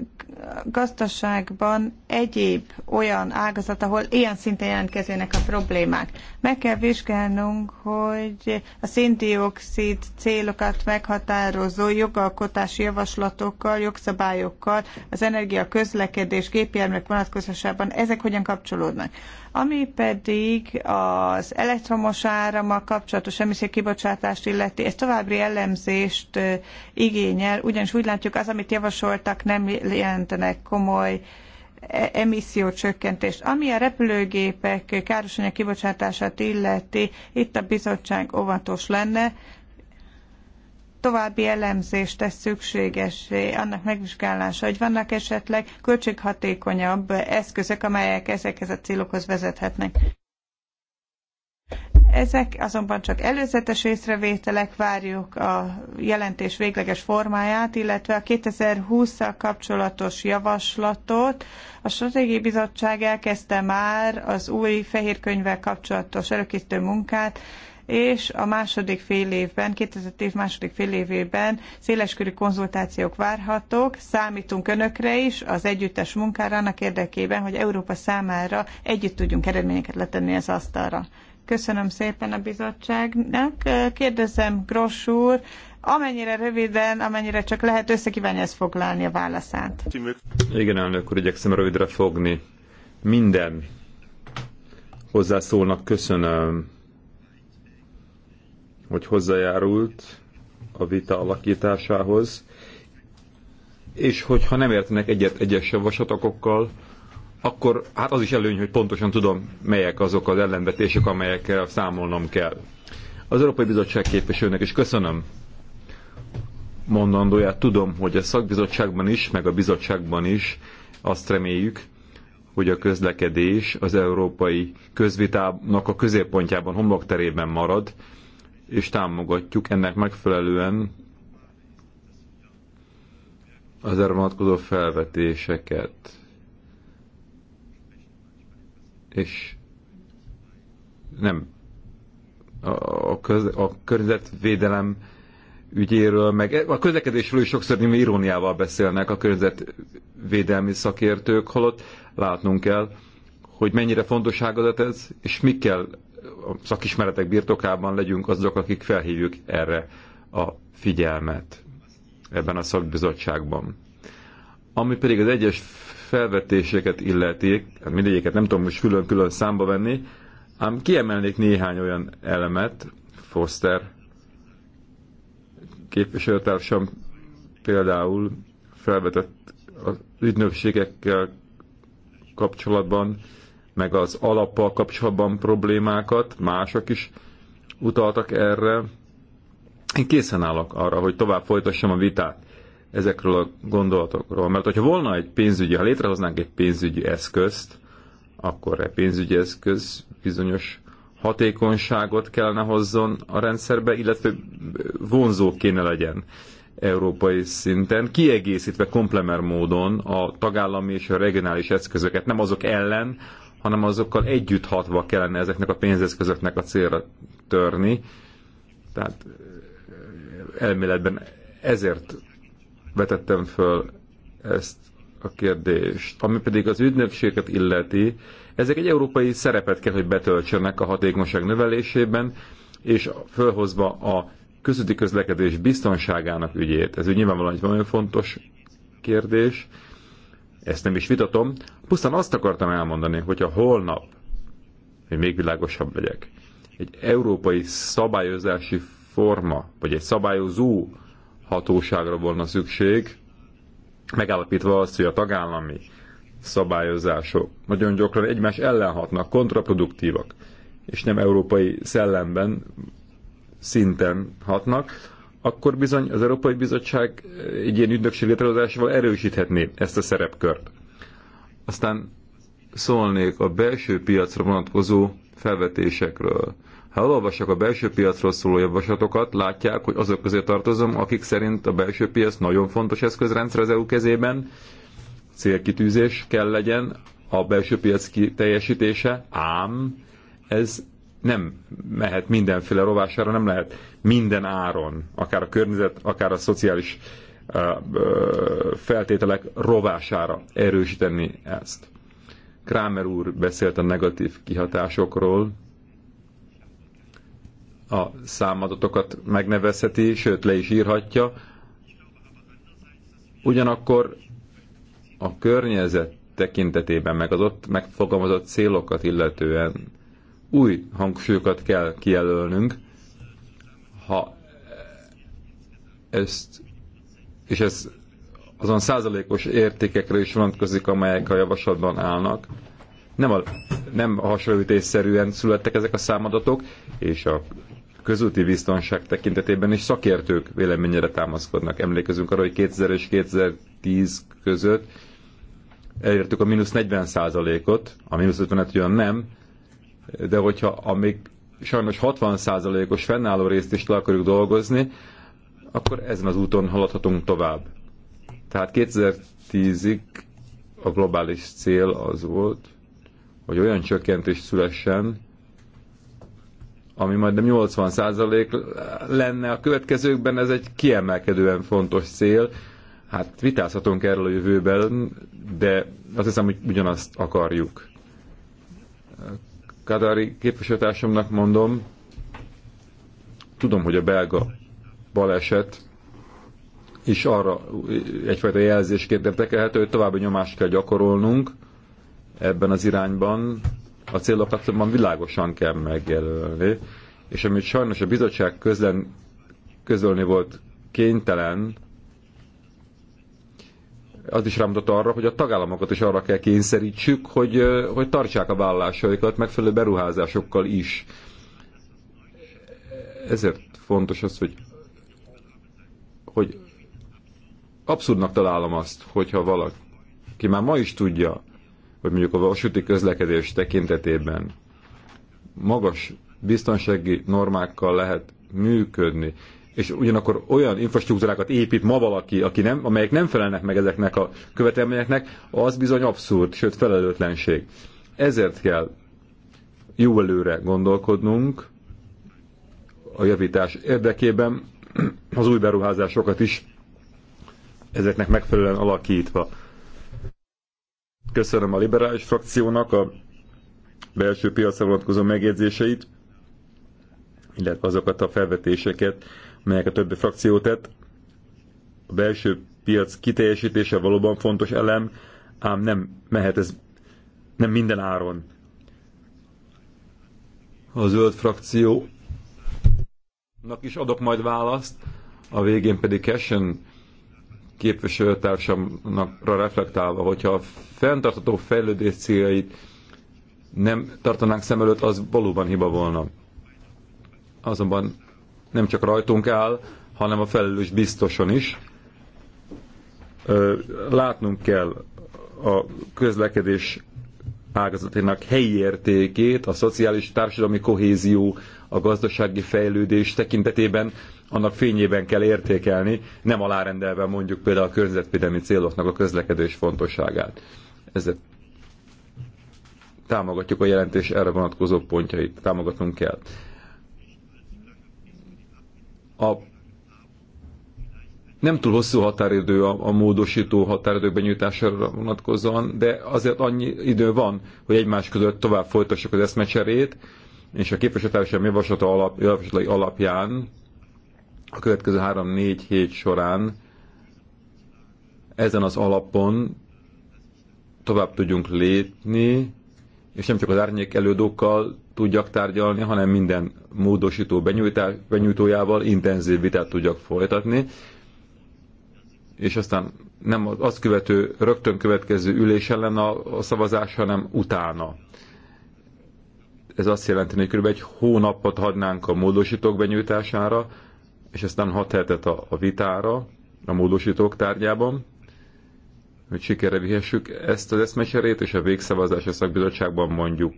gazdaságban egyéb olyan ágazat, ahol ilyen szinten jelentkezének a problémák. Meg kell vizsgálnunk, hogy a széndiokszid célokat meghatározó jogalkotási javaslatokkal, jogszabályokkal, az energia, közlekedés, gépjárművek vonatkozásában ezek hogyan kapcsolódnak. Ami pedig az elektromos árammal kapcsolatos emisszékibocsátást illeti, ez további elemzést igényel, ugyanis úgy látjuk, az, amit javasoltak, nem jelentenek komoly e, emissziócsökkentést. Ami a repülőgépek károsanyag kibocsátását illeti, itt a bizottság óvatos lenne, további elemzést tesz szükségesé, annak megvizsgálása, hogy vannak esetleg költséghatékonyabb eszközök, amelyek ezekhez a célokhoz vezethetnek. Ezek azonban csak előzetes észrevételek, várjuk a jelentés végleges formáját, illetve a 2020-szal kapcsolatos javaslatot. A Stratégiai Bizottság elkezdte már az új fehérkönyvvel kapcsolatos előkészítő munkát, és a második fél évben, 2010 második fél évében széleskörű konzultációk várhatók. Számítunk önökre is az együttes munkára annak érdekében, hogy Európa számára együtt tudjunk eredményeket letenni az asztalra. Köszönöm szépen a bizottságnak. Kérdezem, Gross úr, amennyire röviden, amennyire csak lehet, összekívánja ezt foglalni a válaszát.
Igen, elnök úr, igyekszem rövidre fogni. Minden hozzászólnak köszönöm hogy hozzájárult a vita alakításához, és hogyha nem értenek egyet egyes javaslatokkal, akkor hát az is előny, hogy pontosan tudom, melyek azok az ellenvetések, amelyekkel számolnom kell. Az Európai Bizottság képviselőnek is köszönöm mondandóját. Tudom, hogy a szakbizottságban is, meg a bizottságban is azt reméljük, hogy a közlekedés az európai közvitának a középpontjában, homlokterében marad, és támogatjuk ennek megfelelően az erre vonatkozó felvetéseket. És nem a, köz, a környezetvédelem ügyéről, meg a közlekedésről is sokszor némi iróniával beszélnek a környezetvédelmi szakértők, holott látnunk kell, hogy mennyire fontos ágazat ez, és mi kell a szakismeretek birtokában legyünk azok, akik felhívjuk erre a figyelmet ebben a szakbizottságban. Ami pedig az egyes felvetéseket illeti, hát mindegyiket nem tudom most külön-külön számba venni, ám kiemelnék néhány olyan elemet, Foster képviselőtársam például felvetett az ügynökségekkel kapcsolatban, meg az alappal kapcsolatban problémákat, mások is utaltak erre. Én készen állok arra, hogy tovább folytassam a vitát ezekről a gondolatokról. Mert hogyha volna egy pénzügyi, ha létrehoznánk egy pénzügyi eszközt, akkor egy pénzügyi eszköz bizonyos hatékonyságot kellene hozzon a rendszerbe, illetve vonzó kéne legyen európai szinten, kiegészítve komplemer módon a tagállami és a regionális eszközöket, nem azok ellen, hanem azokkal együtt hatva kellene ezeknek a pénzeszközöknek a célra törni. Tehát eh, elméletben ezért vetettem föl ezt a kérdést. Ami pedig az ügynökséget illeti, ezek egy európai szerepet kell, hogy betöltsenek a hatékonyság növelésében, és fölhozva a közüti közlekedés biztonságának ügyét. Ez úgy nyilvánvalóan egy nagyon fontos kérdés, ezt nem is vitatom, pusztán azt akartam elmondani, hogy a holnap, hogy még világosabb legyek, egy európai szabályozási forma, vagy egy szabályozó hatóságra volna szükség, megállapítva azt, hogy a tagállami szabályozások nagyon gyakran egymás ellen hatnak, kontraproduktívak, és nem európai szellemben szinten hatnak, akkor bizony az Európai Bizottság egy ilyen ügynökség létrehozásával erősíthetné ezt a szerepkört. Aztán szólnék a belső piacra vonatkozó felvetésekről. Ha elolvassák a belső piacról szóló javaslatokat, látják, hogy azok közé tartozom, akik szerint a belső piac nagyon fontos eszközrendszer az EU kezében, célkitűzés kell legyen, a belső piac teljesítése, ám ez nem mehet mindenféle rovására, nem lehet minden áron, akár a környezet, akár a szociális feltételek rovására erősíteni ezt. Kramer úr beszélt a negatív kihatásokról, a számadatokat megnevezheti, sőt le is írhatja. Ugyanakkor a környezet tekintetében, meg az ott megfogalmazott célokat illetően új hangsúlyokat kell kijelölnünk, ha ezt, és ez azon százalékos értékekre is vonatkozik, amelyek a javaslatban állnak. Nem, a, nem hasonlítésszerűen születtek ezek a számadatok, és a közúti biztonság tekintetében is szakértők véleményére támaszkodnak. Emlékezünk arra, hogy 2000 és 2010 között elértük a mínusz 40 százalékot, a mínusz 50 jön nem, de hogyha amíg sajnos 60%-os fennálló részt is le akarjuk dolgozni, akkor ezen az úton haladhatunk tovább. Tehát 2010-ig a globális cél az volt, hogy olyan csökkentés szülessen, ami majdnem 80% lenne a következőkben, ez egy kiemelkedően fontos cél. Hát vitázhatunk erről a jövőben, de azt hiszem, hogy ugyanazt akarjuk. Kadari képviselőtársamnak mondom, tudom, hogy a belga baleset is arra egyfajta jelzésként értekelhető, hogy további nyomást kell gyakorolnunk ebben az irányban, a célokat azonban világosan kell megjelölni, és amit sajnos a bizottság közlen, közölni volt kénytelen, az is rámutat arra, hogy a tagállamokat is arra kell kényszerítsük, hogy, hogy tartsák a vállalásaikat megfelelő beruházásokkal is. Ezért fontos az, hogy, hogy abszurdnak találom azt, hogyha valaki már ma is tudja, hogy mondjuk a vasúti közlekedés tekintetében magas biztonsági normákkal lehet működni, és ugyanakkor olyan infrastruktúrákat épít ma valaki, aki nem, amelyek nem felelnek meg ezeknek a követelményeknek, az bizony abszurd, sőt felelőtlenség. Ezért kell jó előre gondolkodnunk a javítás érdekében, az új beruházásokat is ezeknek megfelelően alakítva. Köszönöm a liberális frakciónak a belső piacra vonatkozó megjegyzéseit, illetve azokat a felvetéseket, melyek a többi frakció tett. A belső piac kiteljesítése valóban fontos elem, ám nem mehet ez nem minden áron. A zöld frakciónak is adok majd választ, a végén pedig Cashen képviselőtársamnak reflektálva, hogyha a fenntartató fejlődés céljait nem tartanánk szem előtt, az valóban hiba volna. Azonban nem csak rajtunk áll, hanem a felelős biztosan is. Látnunk kell a közlekedés ágazatának helyi értékét, a szociális társadalmi kohézió, a gazdasági fejlődés tekintetében annak fényében kell értékelni, nem alárendelve mondjuk például a környezetvédelmi céloknak a közlekedés fontosságát. Ezért támogatjuk a jelentés erre vonatkozó pontjait, támogatnunk kell a nem túl hosszú határidő a, a módosító határidők benyújtására vonatkozóan, de azért annyi idő van, hogy egymás között tovább folytassuk az eszmecserét, és a képviselőtársaság javaslata alap, javaslatai alapján a következő három-négy hét során ezen az alapon tovább tudjunk lépni, és nem csak az árnyék előadókkal tudjak tárgyalni, hanem minden módosító benyújtójával intenzív vitát tudjak folytatni, és aztán nem azt követő, rögtön következő ülés ellen a, a szavazás, hanem utána. Ez azt jelenti, hogy kb. egy hónapot hagynánk a módosítók benyújtására, és aztán hat hetet a, a vitára, a módosítók tárgyában, hogy sikerre vihessük ezt az eszmecserét, és a végszavazás a szakbizottságban mondjuk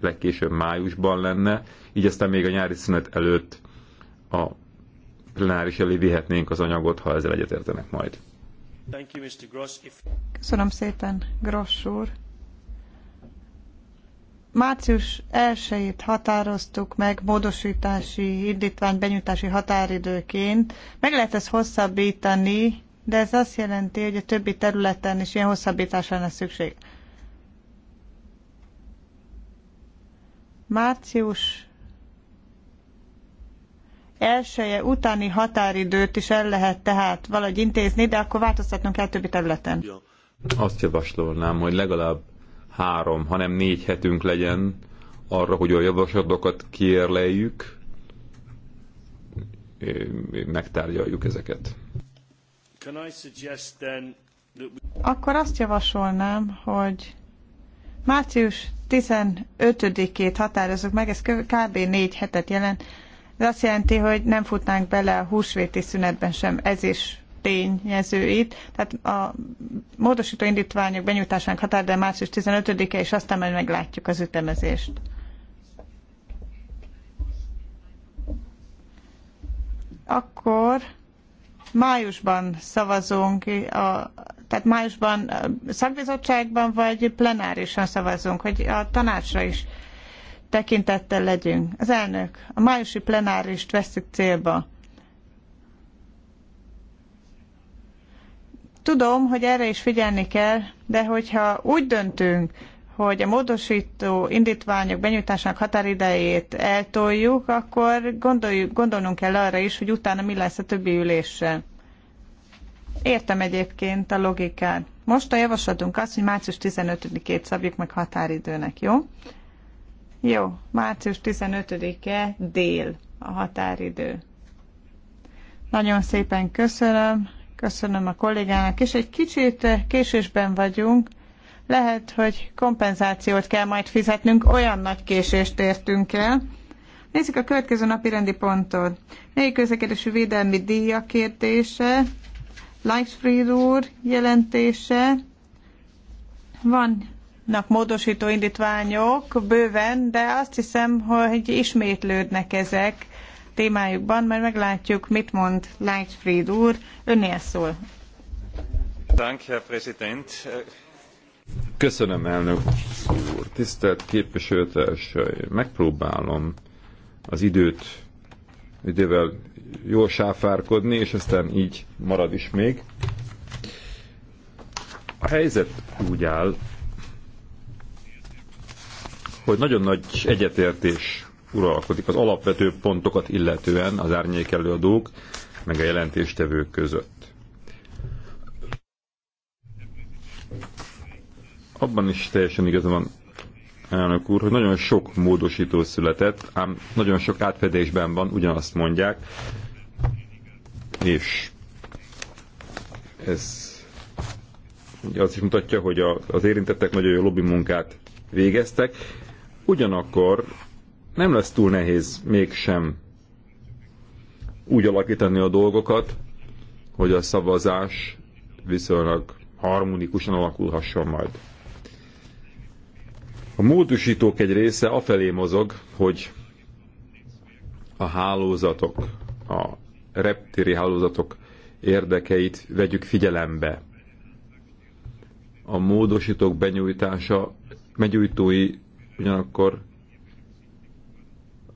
legkésőbb májusban lenne, így aztán még a nyári szünet előtt a plenáris elé vihetnénk az anyagot, ha ezzel egyetértenek majd.
Köszönöm szépen, Gross úr. Március 1-ét határoztuk meg módosítási indítvány benyújtási határidőként. Meg lehet ezt hosszabbítani, de ez azt jelenti, hogy a többi területen is ilyen hosszabbításra lenne szükség. március elsője utáni határidőt is el lehet tehát valahogy intézni, de akkor változtatnunk kell többi területen.
Azt javasolnám, hogy legalább három, hanem négy hetünk legyen arra, hogy a javaslatokat kérleljük, megtárgyaljuk ezeket.
Akkor azt javasolnám, hogy Március 15-ét határozzuk meg, ez kb. négy hetet jelent. Ez azt jelenti, hogy nem futnánk bele a húsvéti szünetben sem, ez is tényező itt. Tehát a módosító indítványok benyújtásának határideje március 15-e, és aztán majd meglátjuk az ütemezést. Akkor májusban szavazunk, a, tehát májusban szakbizottságban vagy plenárisan szavazunk, hogy a tanácsra is tekintettel legyünk. Az elnök, a májusi plenárist veszük célba. Tudom, hogy erre is figyelni kell, de hogyha úgy döntünk, hogy a módosító indítványok benyújtásának határidejét eltoljuk, akkor gondoljuk, gondolnunk kell arra is, hogy utána mi lesz a többi üléssel. Értem egyébként a logikát. Most a javaslatunk az, hogy március 15-ét szabjuk meg határidőnek, jó? Jó, március 15-e dél a határidő. Nagyon szépen köszönöm, köszönöm a kollégának, és egy kicsit késésben vagyunk, lehet, hogy kompenzációt kell majd fizetnünk, olyan nagy késést értünk el. Nézzük a következő napi rendi pontot. Helyi közlekedési védelmi díja kérdése, Lightfried úr jelentése, vannak módosító indítványok bőven, de azt hiszem, hogy ismétlődnek ezek témájukban, mert meglátjuk, mit mond Lightfried úr. Önnél szól.
Dank, Herr Präsident. Köszönöm, elnök úr. Tisztelt képviselőtársai, megpróbálom az időt idővel jól sáfárkodni, és aztán így marad is még. A helyzet úgy áll, hogy nagyon nagy egyetértés uralkodik az alapvető pontokat illetően az árnyék előadók, meg a jelentéstevők között. abban is teljesen igaza van, elnök úr, hogy nagyon sok módosító született, ám nagyon sok átfedésben van, ugyanazt mondják, és ez ugye azt is mutatja, hogy a, az érintettek nagyon jó lobby munkát végeztek, ugyanakkor nem lesz túl nehéz mégsem úgy alakítani a dolgokat, hogy a szavazás viszonylag harmonikusan alakulhasson majd. A módosítók egy része afelé mozog, hogy a hálózatok, a reptéri hálózatok érdekeit vegyük figyelembe. A módosítók benyújtása, megyújtói ugyanakkor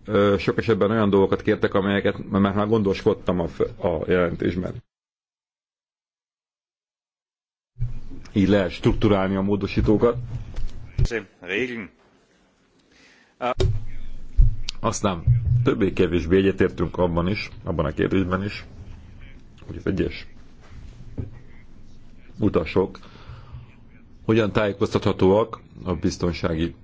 ö, sok esetben olyan dolgokat kértek, amelyeket már, már gondoskodtam a, a jelentésben. Így lehet strukturálni a módosítókat. Aztán többé-kevésbé egyetértünk abban is, abban a kérdésben is, hogy az egyes utasok hogyan tájékoztathatóak a biztonsági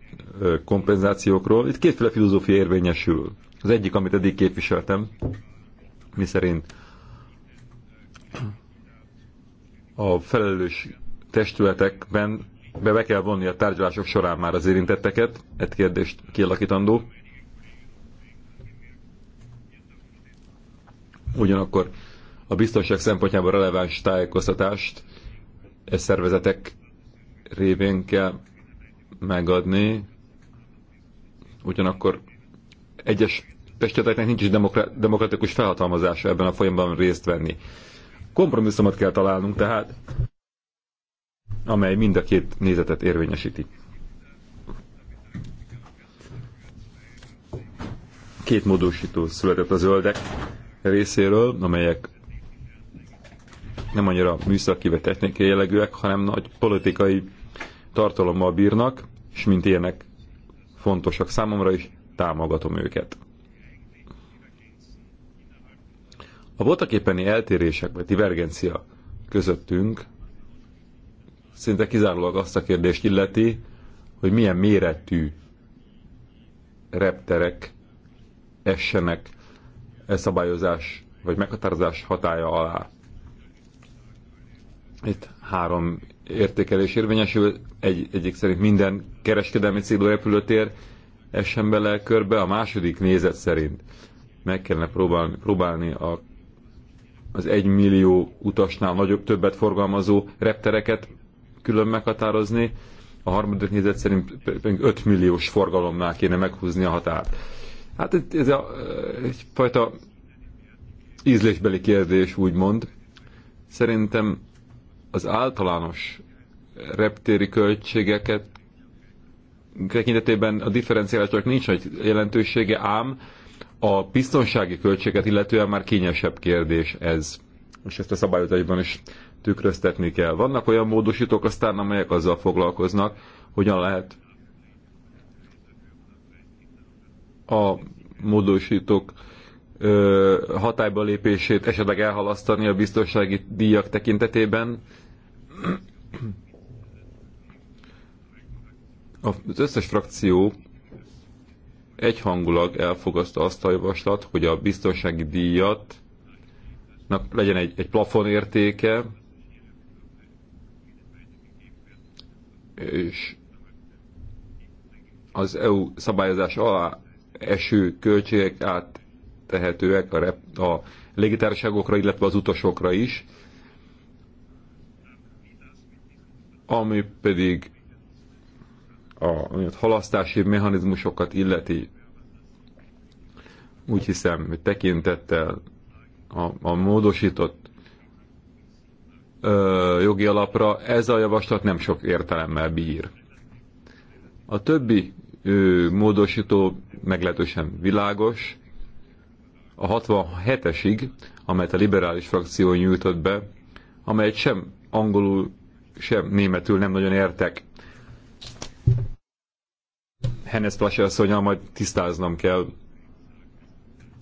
kompenzációkról. Itt kétféle filozófia érvényesül. Az egyik, amit eddig képviseltem, mi szerint a felelős testületekben be, be kell vonni a tárgyalások során már az érintetteket, egy kérdést kialakítandó. Ugyanakkor a biztonság szempontjából releváns tájékoztatást e szervezetek révén kell megadni. Ugyanakkor egyes testületeknek nincs is demokratikus felhatalmazása ebben a folyamban részt venni. Kompromisszumot kell találnunk tehát amely mind a két nézetet érvényesíti. Két módosító született a zöldek részéről, amelyek nem annyira műszaki vagy technikai jellegűek, hanem nagy politikai tartalommal bírnak, és mint ilyenek fontosak számomra is, támogatom őket. A voltaképpeni eltérések vagy divergencia közöttünk szinte kizárólag azt a kérdést illeti, hogy milyen méretű repterek essenek e szabályozás vagy meghatározás hatája alá. Itt három értékelés érvényesül, egy, egyik szerint minden kereskedelmi célú repülőtér essen bele körbe, a második nézet szerint meg kellene próbálni, próbálni a, az egy millió utasnál nagyobb, többet forgalmazó reptereket külön meghatározni, a harmadik nézet szerint 5 milliós forgalomnál kéne meghúzni a határt. Hát ez a, egyfajta ízlésbeli kérdés, úgymond. Szerintem az általános reptéri költségeket tekintetében a differenciálásnak nincs nagy jelentősége, ám a biztonsági költséget illetően már kényesebb kérdés ez. És ezt a szabályozásban is tükröztetni kell. Vannak olyan módosítók aztán, amelyek azzal foglalkoznak, hogyan lehet a módosítók ö, hatályba lépését esetleg elhalasztani a biztonsági díjak tekintetében. Az összes frakció egyhangulag elfogadta azt a javaslat, hogy a biztonsági díjat legyen egy, egy plafonértéke, és az EU szabályozás alá eső költségek áttehetőek a, rep- a légitársaságokra, illetve az utasokra is, ami pedig a halasztási mechanizmusokat illeti. Úgy hiszem, hogy tekintettel a, a módosított ö, jogi alapra, ez a javaslat nem sok értelemmel bír. A többi ö, módosító meglehetősen világos. A 67-esig, amelyet a liberális frakció nyújtott be, amelyet sem angolul, sem németül nem nagyon értek. Hennes azt asszonyal majd tisztáznom kell,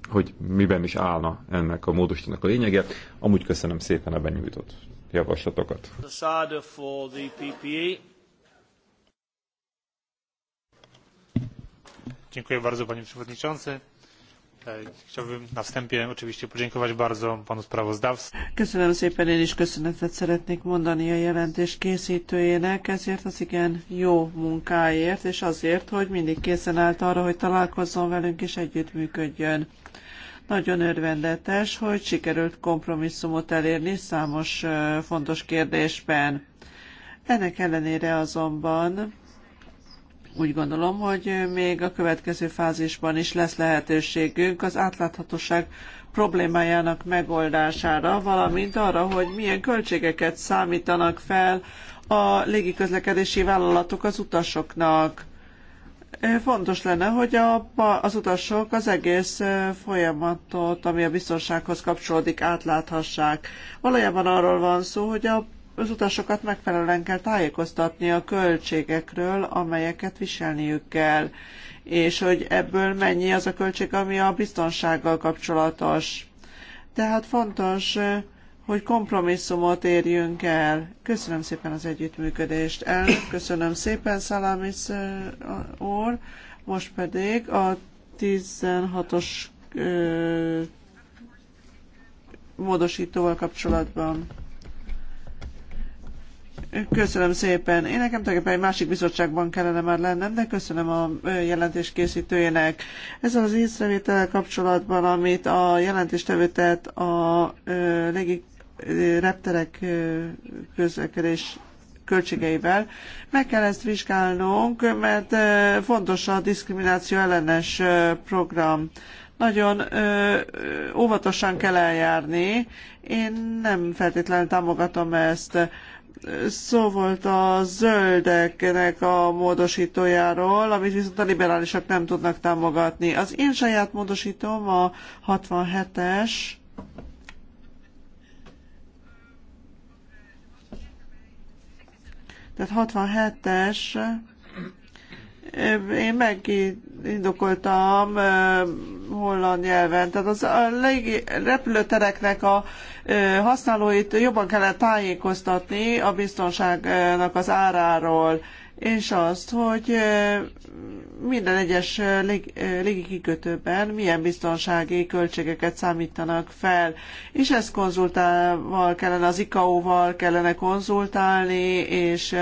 hogy miben is állna ennek a módosítónak a lényege. Amúgy köszönöm szépen a benyújtott javaslatokat.
E.
Dziękuję bardzo panie przewodniczący. E, chciałbym na wstępie oczywiście podziękować bardzo panu sprawozdawcy. Köszönöm szépen, én is köszönetet szeretnék mondani a jelentés készítőjének ezért az igen jó munkáért, és azért, hogy mindig készen állt arra, hogy találkozzon velünk és együttműködjön. Nagyon örvendetes, hogy sikerült kompromisszumot elérni számos fontos kérdésben. Ennek ellenére azonban úgy gondolom, hogy még a következő fázisban is lesz lehetőségünk az átláthatóság problémájának megoldására, valamint arra, hogy milyen költségeket számítanak fel a légiközlekedési vállalatok az utasoknak. Fontos lenne, hogy a, az utasok az egész folyamatot, ami a biztonsághoz kapcsolódik, átláthassák. Valójában arról van szó, hogy a, az utasokat megfelelően kell tájékoztatni a költségekről, amelyeket viselniük kell, és hogy ebből mennyi az a költség, ami a biztonsággal kapcsolatos. Tehát fontos hogy kompromisszumot érjünk el. Köszönöm szépen az együttműködést. Elnök, köszönöm szépen, Szalamis úr. Most pedig a 16-os módosítóval kapcsolatban. Köszönöm szépen. Én nekem tulajdonképpen egy másik bizottságban kellene már lennem, de köszönöm a jelentés készítőjének. Ezzel az észrevétel kapcsolatban, amit a jelentéstevő tett a légi repterek közlekedés költségeivel. Meg kell ezt vizsgálnunk, mert fontos a diszkrimináció ellenes program. Nagyon óvatosan kell eljárni. Én nem feltétlenül támogatom ezt. Szó volt a zöldeknek a módosítójáról, amit viszont a liberálisok nem tudnak támogatni. Az én saját módosítom a 67-es. Tehát 67-es én megindokoltam holland nyelven. Tehát az a légi repülőtereknek a használóit jobban kellett tájékoztatni a biztonságnak az áráról, és azt, hogy minden egyes légikikötőben milyen biztonsági költségeket számítanak fel, és ezt konzultálval kellene, az ICAO-val kellene konzultálni, és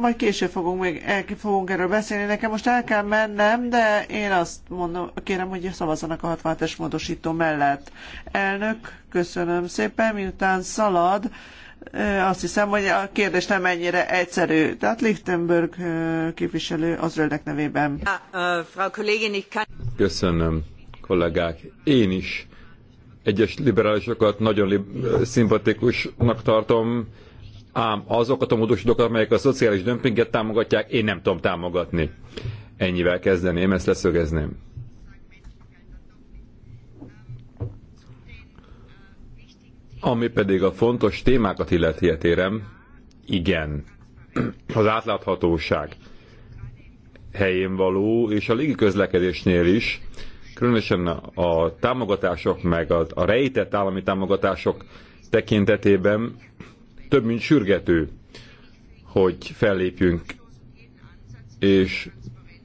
majd később fogunk még el, fogunk erről beszélni. Nekem most el kell mennem, de én azt mondom, kérem, hogy szavazzanak a 67-es módosító mellett. Elnök, köszönöm szépen, miután szalad, azt hiszem, hogy a kérdés nem ennyire egyszerű. Tehát Lichtenberg képviselő az zöldek nevében.
Köszönöm, kollégák. Én is egyes liberálisokat nagyon li szimpatikusnak tartom, ám azokat a módosítókat, amelyek a szociális dömpinget támogatják, én nem tudom támogatni. Ennyivel kezdeném, ezt leszögezném. Ami pedig a fontos témákat illeti hát érem, igen, az átláthatóság helyén való, és a közlekedésnél is, különösen a támogatások, meg a, a rejtett állami támogatások tekintetében több mint sürgető, hogy fellépjünk, és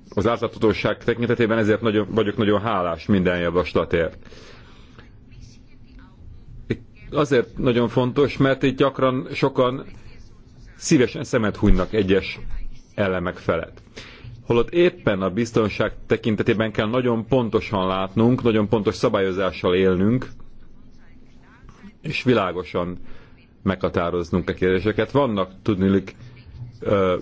az átláthatóság tekintetében ezért nagyon, vagyok nagyon hálás minden javaslatért. Azért nagyon fontos, mert itt gyakran sokan szívesen szemet hunynak egyes elemek felett. Holott éppen a biztonság tekintetében kell nagyon pontosan látnunk, nagyon pontos szabályozással élnünk, és világosan meghatároznunk a kérdéseket. Vannak tudnilik ö,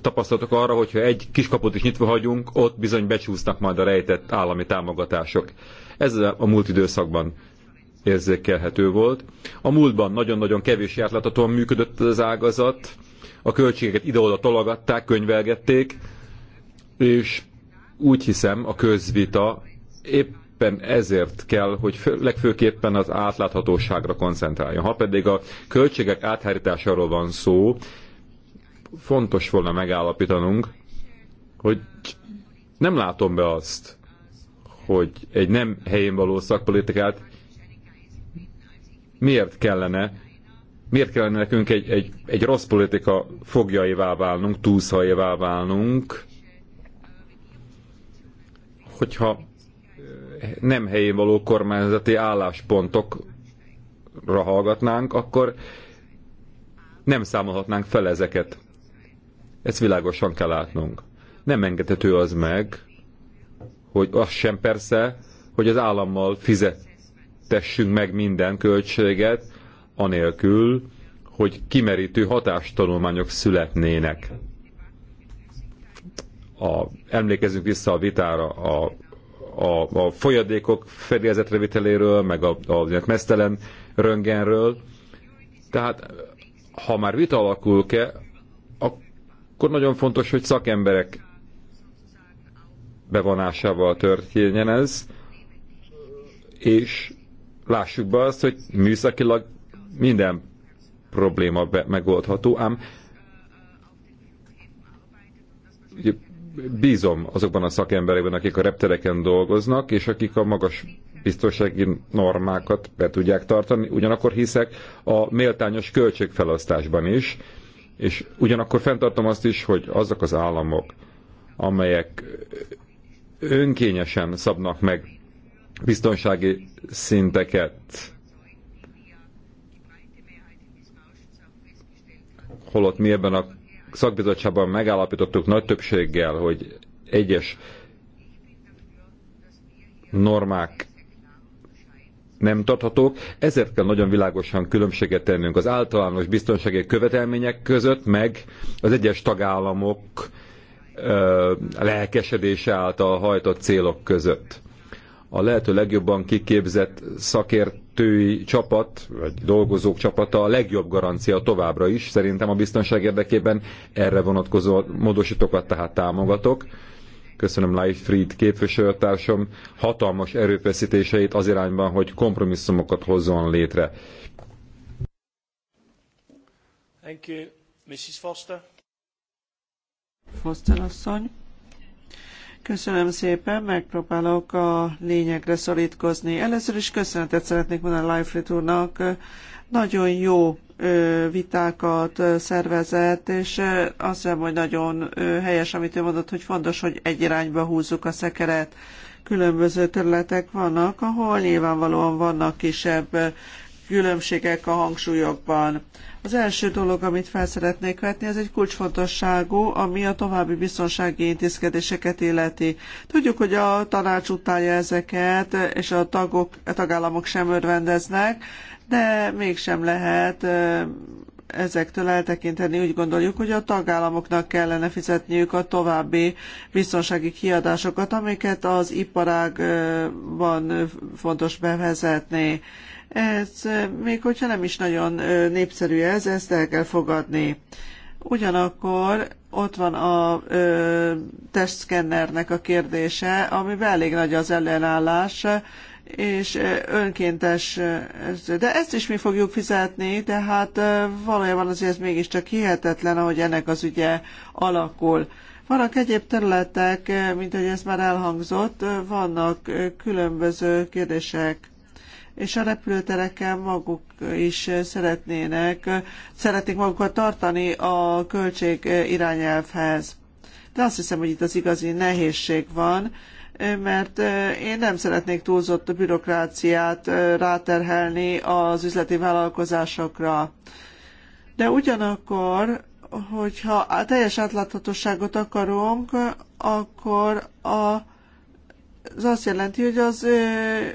tapasztalatok arra, hogyha egy kiskaput is nyitva hagyunk, ott bizony becsúsznak majd a rejtett állami támogatások. Ez a múlt időszakban érzékelhető volt. A múltban nagyon-nagyon kevés átláthatóan működött az ágazat, a költségeket ide-oda tologatták, könyvelgették, és úgy hiszem a közvita épp éppen ezért kell, hogy legfőképpen az átláthatóságra koncentráljon. Ha pedig a költségek áthárításáról van szó, fontos volna megállapítanunk, hogy nem látom be azt, hogy egy nem helyén való szakpolitikát miért kellene, miért kellene nekünk egy, egy, egy rossz politika fogjaivá válnunk, túlszaivá válnunk, hogyha nem helyén való kormányzati álláspontokra hallgatnánk, akkor nem számolhatnánk fel ezeket. Ezt világosan kell látnunk. Nem engedhető az meg, hogy az sem persze, hogy az állammal fizetessünk meg minden költséget, anélkül, hogy kimerítő hatástanulmányok születnének. A, emlékezzünk vissza a vitára a a, a folyadékok viteléről, meg a, a, a mesztelen röngenről. Tehát ha már vita alakul ki, akkor nagyon fontos, hogy szakemberek bevonásával történjen ez, és lássuk be azt, hogy műszakilag minden probléma megoldható, ám bízom azokban a szakemberekben, akik a reptereken dolgoznak, és akik a magas biztonsági normákat be tudják tartani. Ugyanakkor hiszek a méltányos költségfelosztásban is, és ugyanakkor fenntartom azt is, hogy azok az államok, amelyek önkényesen szabnak meg biztonsági szinteket, holott mi ebben a szakbizottságban megállapítottuk nagy többséggel, hogy egyes normák nem tarthatók, ezért kell nagyon világosan különbséget tennünk az általános biztonsági követelmények között, meg az egyes tagállamok lelkesedése által hajtott célok között a lehető legjobban kiképzett szakértői csapat, vagy dolgozók csapata a legjobb garancia továbbra is. Szerintem a biztonság érdekében erre vonatkozó módosítókat tehát támogatok. Köszönöm Fried képviselőtársam hatalmas erőfeszítéseit az irányban, hogy kompromisszumokat hozzon létre.
Thank you. Mrs. Foster.
Foster asszony. Köszönöm szépen, megpróbálok a lényegre szorítkozni. Először is köszönetet szeretnék mondani Life úrnak. Nagyon jó vitákat szervezett, és azt hiszem, hogy nagyon helyes, amit ő mondott, hogy fontos, hogy egy irányba húzzuk a szekeret. Különböző területek vannak, ahol nyilvánvalóan vannak kisebb különbségek a hangsúlyokban. Az első dolog, amit fel szeretnék vetni, ez egy kulcsfontosságú, ami a további biztonsági intézkedéseket illeti. Tudjuk, hogy a tanács utálja ezeket, és a, tagok, a tagállamok sem örvendeznek, de mégsem lehet ezektől eltekinteni, úgy gondoljuk, hogy a tagállamoknak kellene fizetniük a további biztonsági kiadásokat, amiket az iparágban fontos bevezetni ez, még hogyha nem is nagyon népszerű ez, ezt el kell fogadni. Ugyanakkor ott van a ö, testszkennernek a kérdése, amiben elég nagy az ellenállás, és önkéntes, de ezt is mi fogjuk fizetni, tehát valójában azért ez mégiscsak hihetetlen, ahogy ennek az ügye alakul. Vannak egyéb területek, mint hogy ez már elhangzott, vannak különböző kérdések és a repülőtereken maguk is szeretnének, szeretnék magukat tartani a költség irányelvhez. De azt hiszem, hogy itt az igazi nehézség van, mert én nem szeretnék túlzott bürokráciát ráterhelni az üzleti vállalkozásokra. De ugyanakkor, hogyha teljes átláthatóságot akarunk, akkor a az azt jelenti, hogy az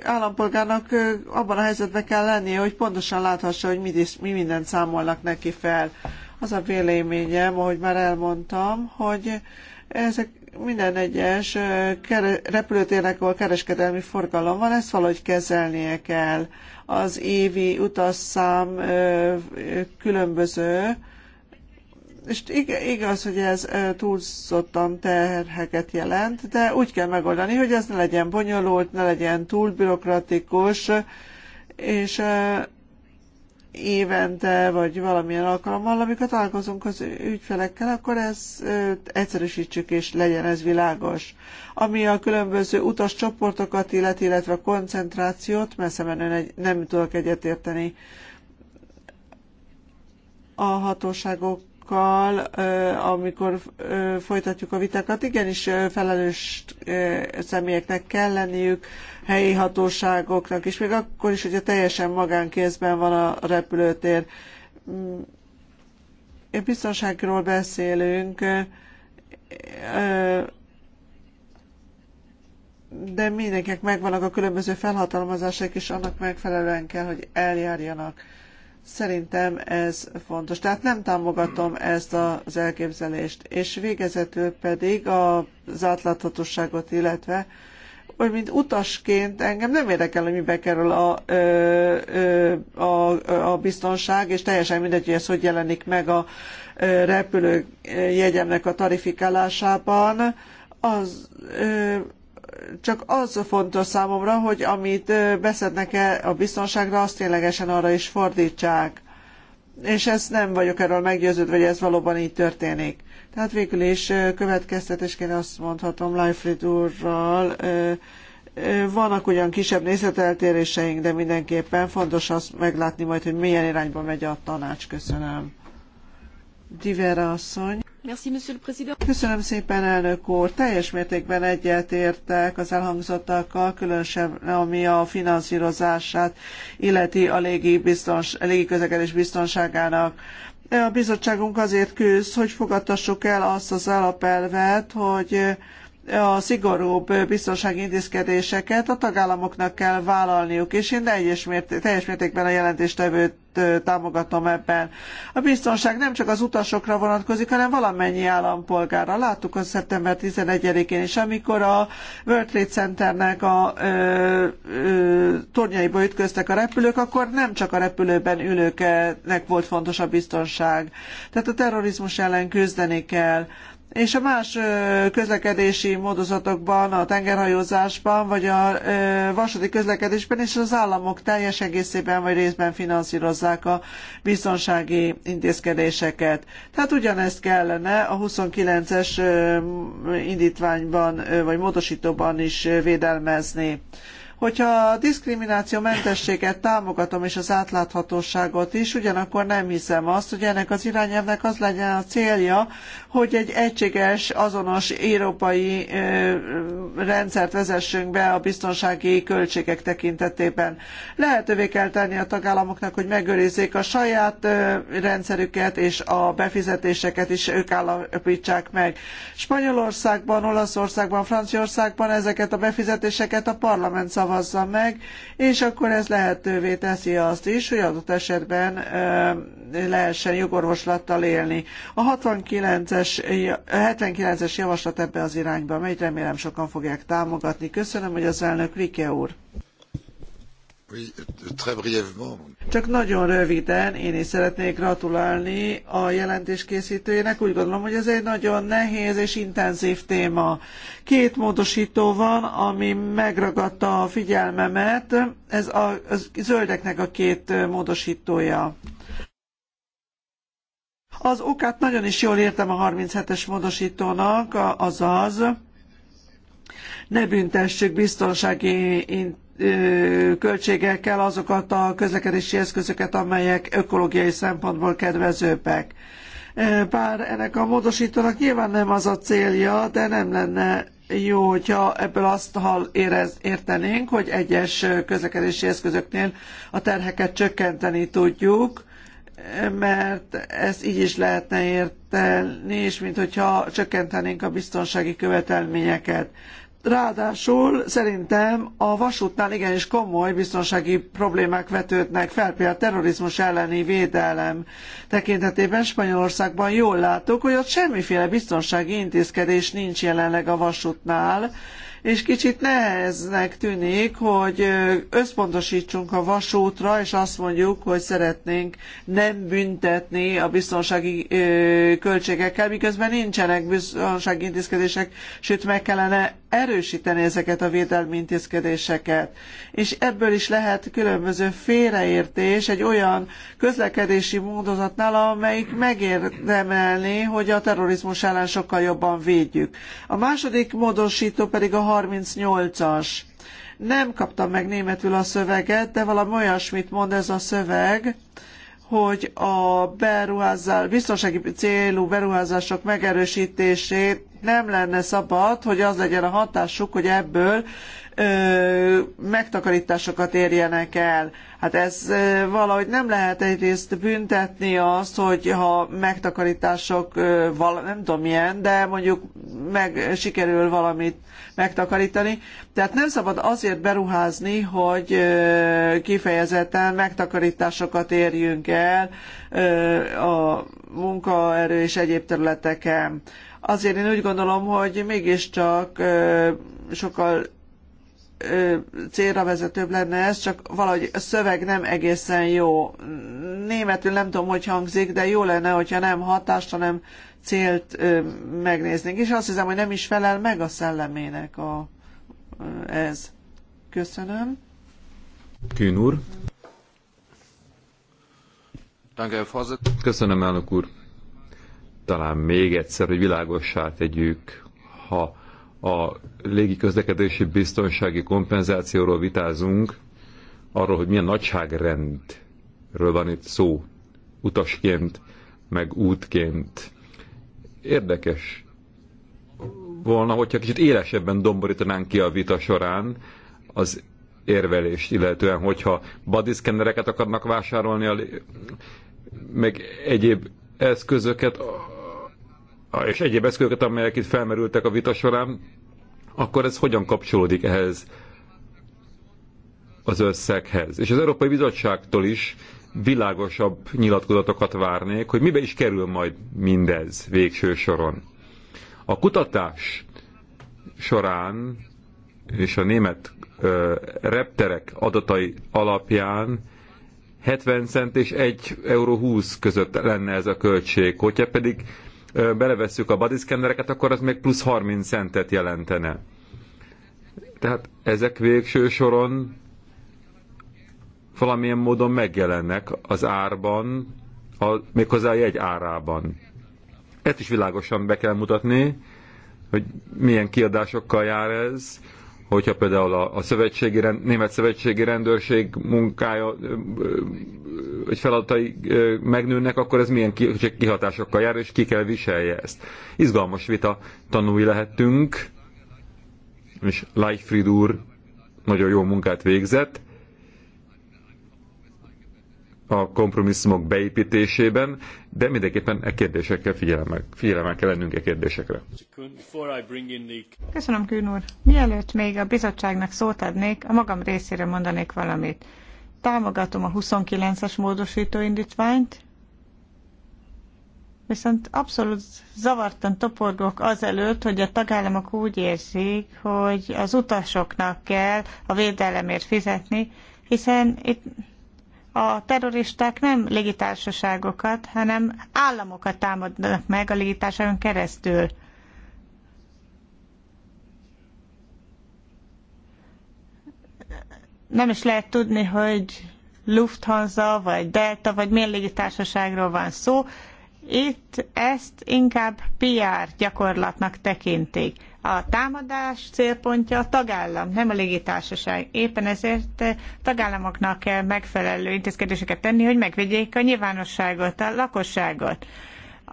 állampolgárnak abban a helyzetben kell lennie, hogy pontosan láthassa, hogy mit is, mi mindent számolnak neki fel. Az a véleményem, ahogy már elmondtam, hogy ezek minden egyes repülőtérnek, ahol kereskedelmi forgalom van, ezt valahogy kezelnie kell. Az évi utasszám különböző, és igaz, hogy ez túlzottan terheket jelent, de úgy kell megoldani, hogy ez ne legyen bonyolult, ne legyen túl bürokratikus, és évente, vagy valamilyen alkalommal, amikor találkozunk az ügyfelekkel, akkor ez egyszerűsítsük, és legyen ez világos. Ami a különböző utas csoportokat illeti, illetve koncentrációt, messze menően egy, nem tudok egyetérteni. A hatóságok kollégákkal, amikor folytatjuk a vitákat, igenis felelős személyeknek kell lenniük, helyi hatóságoknak is, még akkor is, hogyha teljesen magánkézben van a repülőtér. Mm, biztonságról beszélünk, de mindenkinek megvannak a különböző felhatalmazások, és annak megfelelően kell, hogy eljárjanak Szerintem ez fontos. Tehát nem támogatom ezt az elképzelést. És végezetül pedig az átláthatóságot, illetve hogy mint utasként engem nem érdekel, hogy mibe kerül a, a, a, a biztonság, és teljesen mindegy, hogy ez hogy jelenik meg a repülőjegyemnek a tarifikálásában. Az, csak az fontos számomra, hogy amit beszednek -e a biztonságra, azt ténylegesen arra is fordítsák. És ezt nem vagyok erről meggyőződve, hogy ez valóban így történik. Tehát végül is következtetésként azt mondhatom Leifrid úrral, vannak ugyan kisebb nézeteltéréseink, de mindenképpen fontos azt meglátni majd, hogy milyen irányba megy a tanács. Köszönöm. Divera asszony. Köszönöm szépen, elnök úr. Teljes mértékben egyetértek az elhangzottakkal, különösen ami a finanszírozását illeti a légi, biztons, légi közlekedés biztonságának. A bizottságunk azért küzd, hogy fogadtassuk el azt az alapelvet, hogy a szigorúbb biztonsági intézkedéseket a tagállamoknak kell vállalniuk, és én teljes, mért, teljes mértékben a jelentéstevőt támogatom ebben. A biztonság nem csak az utasokra vonatkozik, hanem valamennyi állampolgára. Láttuk az szeptember 11-én is, amikor a World Trade Centernek a ö, ö, tornyaiba ütköztek a repülők, akkor nem csak a repülőben ülőknek volt fontos a biztonság. Tehát a terrorizmus ellen küzdeni kell és a más közlekedési módozatokban, a tengerhajózásban, vagy a vasúti közlekedésben is az államok teljes egészében vagy részben finanszírozzák a biztonsági intézkedéseket. Tehát ugyanezt kellene a 29-es indítványban vagy módosítóban is védelmezni. Hogyha a diszkrimináció mentességet támogatom és az átláthatóságot is, ugyanakkor nem hiszem azt, hogy ennek az irányelvnek az legyen a célja, hogy egy egységes, azonos európai rendszert vezessünk be a biztonsági költségek tekintetében. Lehetővé kell tenni a tagállamoknak, hogy megőrizzék a saját rendszerüket és a befizetéseket is ők állapítsák meg. Spanyolországban, Olaszországban, Franciaországban ezeket a befizetéseket a parlament szab szavazza meg, és akkor ez lehetővé teszi azt is, hogy adott esetben lehessen jogorvoslattal élni. A 69-es, 79-es javaslat ebbe az irányba megy, remélem sokan fogják támogatni. Köszönöm, hogy az elnök Rike úr. Csak nagyon röviden én is szeretnék gratulálni a jelentés készítőjének. Úgy gondolom, hogy ez egy nagyon nehéz és intenzív téma. Két módosító van, ami megragadta a figyelmemet. Ez a, a zöldeknek a két módosítója. Az okát nagyon is jól értem a 37-es módosítónak, azaz ne büntessük biztonsági költségekkel azokat a közlekedési eszközöket, amelyek ökológiai szempontból kedvezőbbek. Bár ennek a módosítónak nyilván nem az a célja, de nem lenne jó, hogyha ebből azt érez, értenénk, hogy egyes közlekedési eszközöknél a terheket csökkenteni tudjuk, mert ezt így is lehetne érteni, és mint hogyha csökkentenénk a biztonsági követelményeket. Ráadásul szerintem a vasútnál igenis komoly biztonsági problémák vetődnek fel, például a terrorizmus elleni védelem tekintetében Spanyolországban jól láttuk, hogy ott semmiféle biztonsági intézkedés nincs jelenleg a vasútnál, és kicsit neheznek tűnik, hogy összpontosítsunk a vasútra, és azt mondjuk, hogy szeretnénk nem büntetni a biztonsági költségekkel, miközben nincsenek biztonsági intézkedések, sőt meg kellene erősíteni ezeket a védelmi intézkedéseket. És ebből is lehet különböző félreértés egy olyan közlekedési módozatnál, amelyik megérdemelné, hogy a terrorizmus ellen sokkal jobban védjük. A második módosító pedig a 38-as. Nem kaptam meg németül a szöveget, de valami olyasmit mond ez a szöveg, hogy a beruházás, biztonsági célú beruházások megerősítését nem lenne szabad, hogy az legyen a hatásuk, hogy ebből ö, megtakarításokat érjenek el. Hát ez ö, valahogy nem lehet egyrészt büntetni azt, hogy ha megtakarítások, ö, nem tudom milyen, de mondjuk meg sikerül valamit megtakarítani. Tehát nem szabad azért beruházni, hogy ö, kifejezetten megtakarításokat érjünk el ö, a munkaerő és egyéb területeken. Azért én úgy gondolom, hogy mégiscsak ö, sokkal célra vezetőbb lenne ez, csak valahogy a szöveg nem egészen jó. Németül nem tudom, hogy hangzik, de jó lenne, hogyha nem hatást, hanem célt ö, megnéznénk. És azt hiszem, hogy nem is felel meg a szellemének a, ö, ez. Köszönöm.
Kűn úr. Köszönöm, elnök úr. Talán még egyszer, hogy világossá tegyük, ha a légi közlekedési biztonsági kompenzációról vitázunk, arról, hogy milyen nagyságrendről van itt szó, utasként, meg útként. Érdekes volna, hogyha kicsit élesebben domborítanánk ki a vita során az érvelést, illetően, hogyha bodyszkennereket akarnak vásárolni, meg egyéb eszközöket, és egyéb eszközöket, amelyek itt felmerültek a vita során, akkor ez hogyan kapcsolódik ehhez az összeghez? És az Európai Bizottságtól is világosabb nyilatkozatokat várnék, hogy mibe is kerül majd mindez végső soron. A kutatás során és a német ö, repterek adatai alapján 70 cent és 1,20 euró között lenne ez a költség. Hogyha pedig belevesszük a badiszkennereket, akkor az még plusz 30 centet jelentene. Tehát ezek végső soron valamilyen módon megjelennek az árban, a, méghozzá a jegy árában. Ezt is világosan be kell mutatni, hogy milyen kiadásokkal jár ez, hogyha például a, a szövetségi rend, német szövetségi rendőrség munkája vagy feladatai megnőnek, akkor ez milyen kihatásokkal jár, és ki kell viselje ezt. Izgalmas vita tanulni lehetünk. és Leichfried úr nagyon jó munkát végzett, a kompromisszumok beépítésében, de mindenképpen e kérdésekkel figyelemmel, figyelemmel kell lennünk e kérdésekre.
Köszönöm, Kűn úr. Mielőtt még a bizottságnak szót adnék, a magam részére mondanék valamit. Támogatom a 29-es módosítóindítványt, viszont abszolút zavartan toporgok azelőtt, hogy a tagállamok úgy érzik, hogy az utasoknak kell a védelemért fizetni, hiszen itt a terroristák nem légitársaságokat, hanem államokat támadnak meg a légitársaságon keresztül. Nem is lehet tudni, hogy Lufthansa, vagy Delta, vagy milyen légitársaságról van szó. Itt ezt inkább PR gyakorlatnak tekintik. A támadás célpontja a tagállam, nem a légitársaság. Éppen ezért tagállamoknak kell megfelelő intézkedéseket tenni, hogy megvédjék a nyilvánosságot, a lakosságot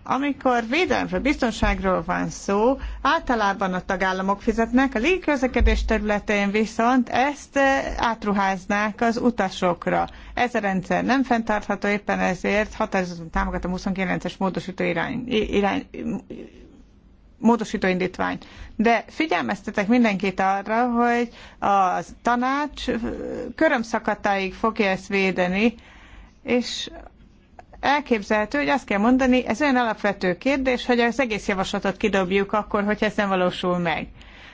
amikor védelemről, biztonságról van szó, általában a tagállamok fizetnek, a légiközlekedés területén viszont ezt eh, átruháznák az utasokra. Ez a rendszer nem fenntartható, éppen ezért határozottan támogatom 29-es módosító irány, irány módosító indítvány. De figyelmeztetek mindenkit arra, hogy a tanács körömszakatáig fogja ezt védeni, és elképzelhető, hogy azt kell mondani, ez olyan alapvető kérdés, hogy az egész javaslatot kidobjuk akkor, hogyha ez nem valósul meg.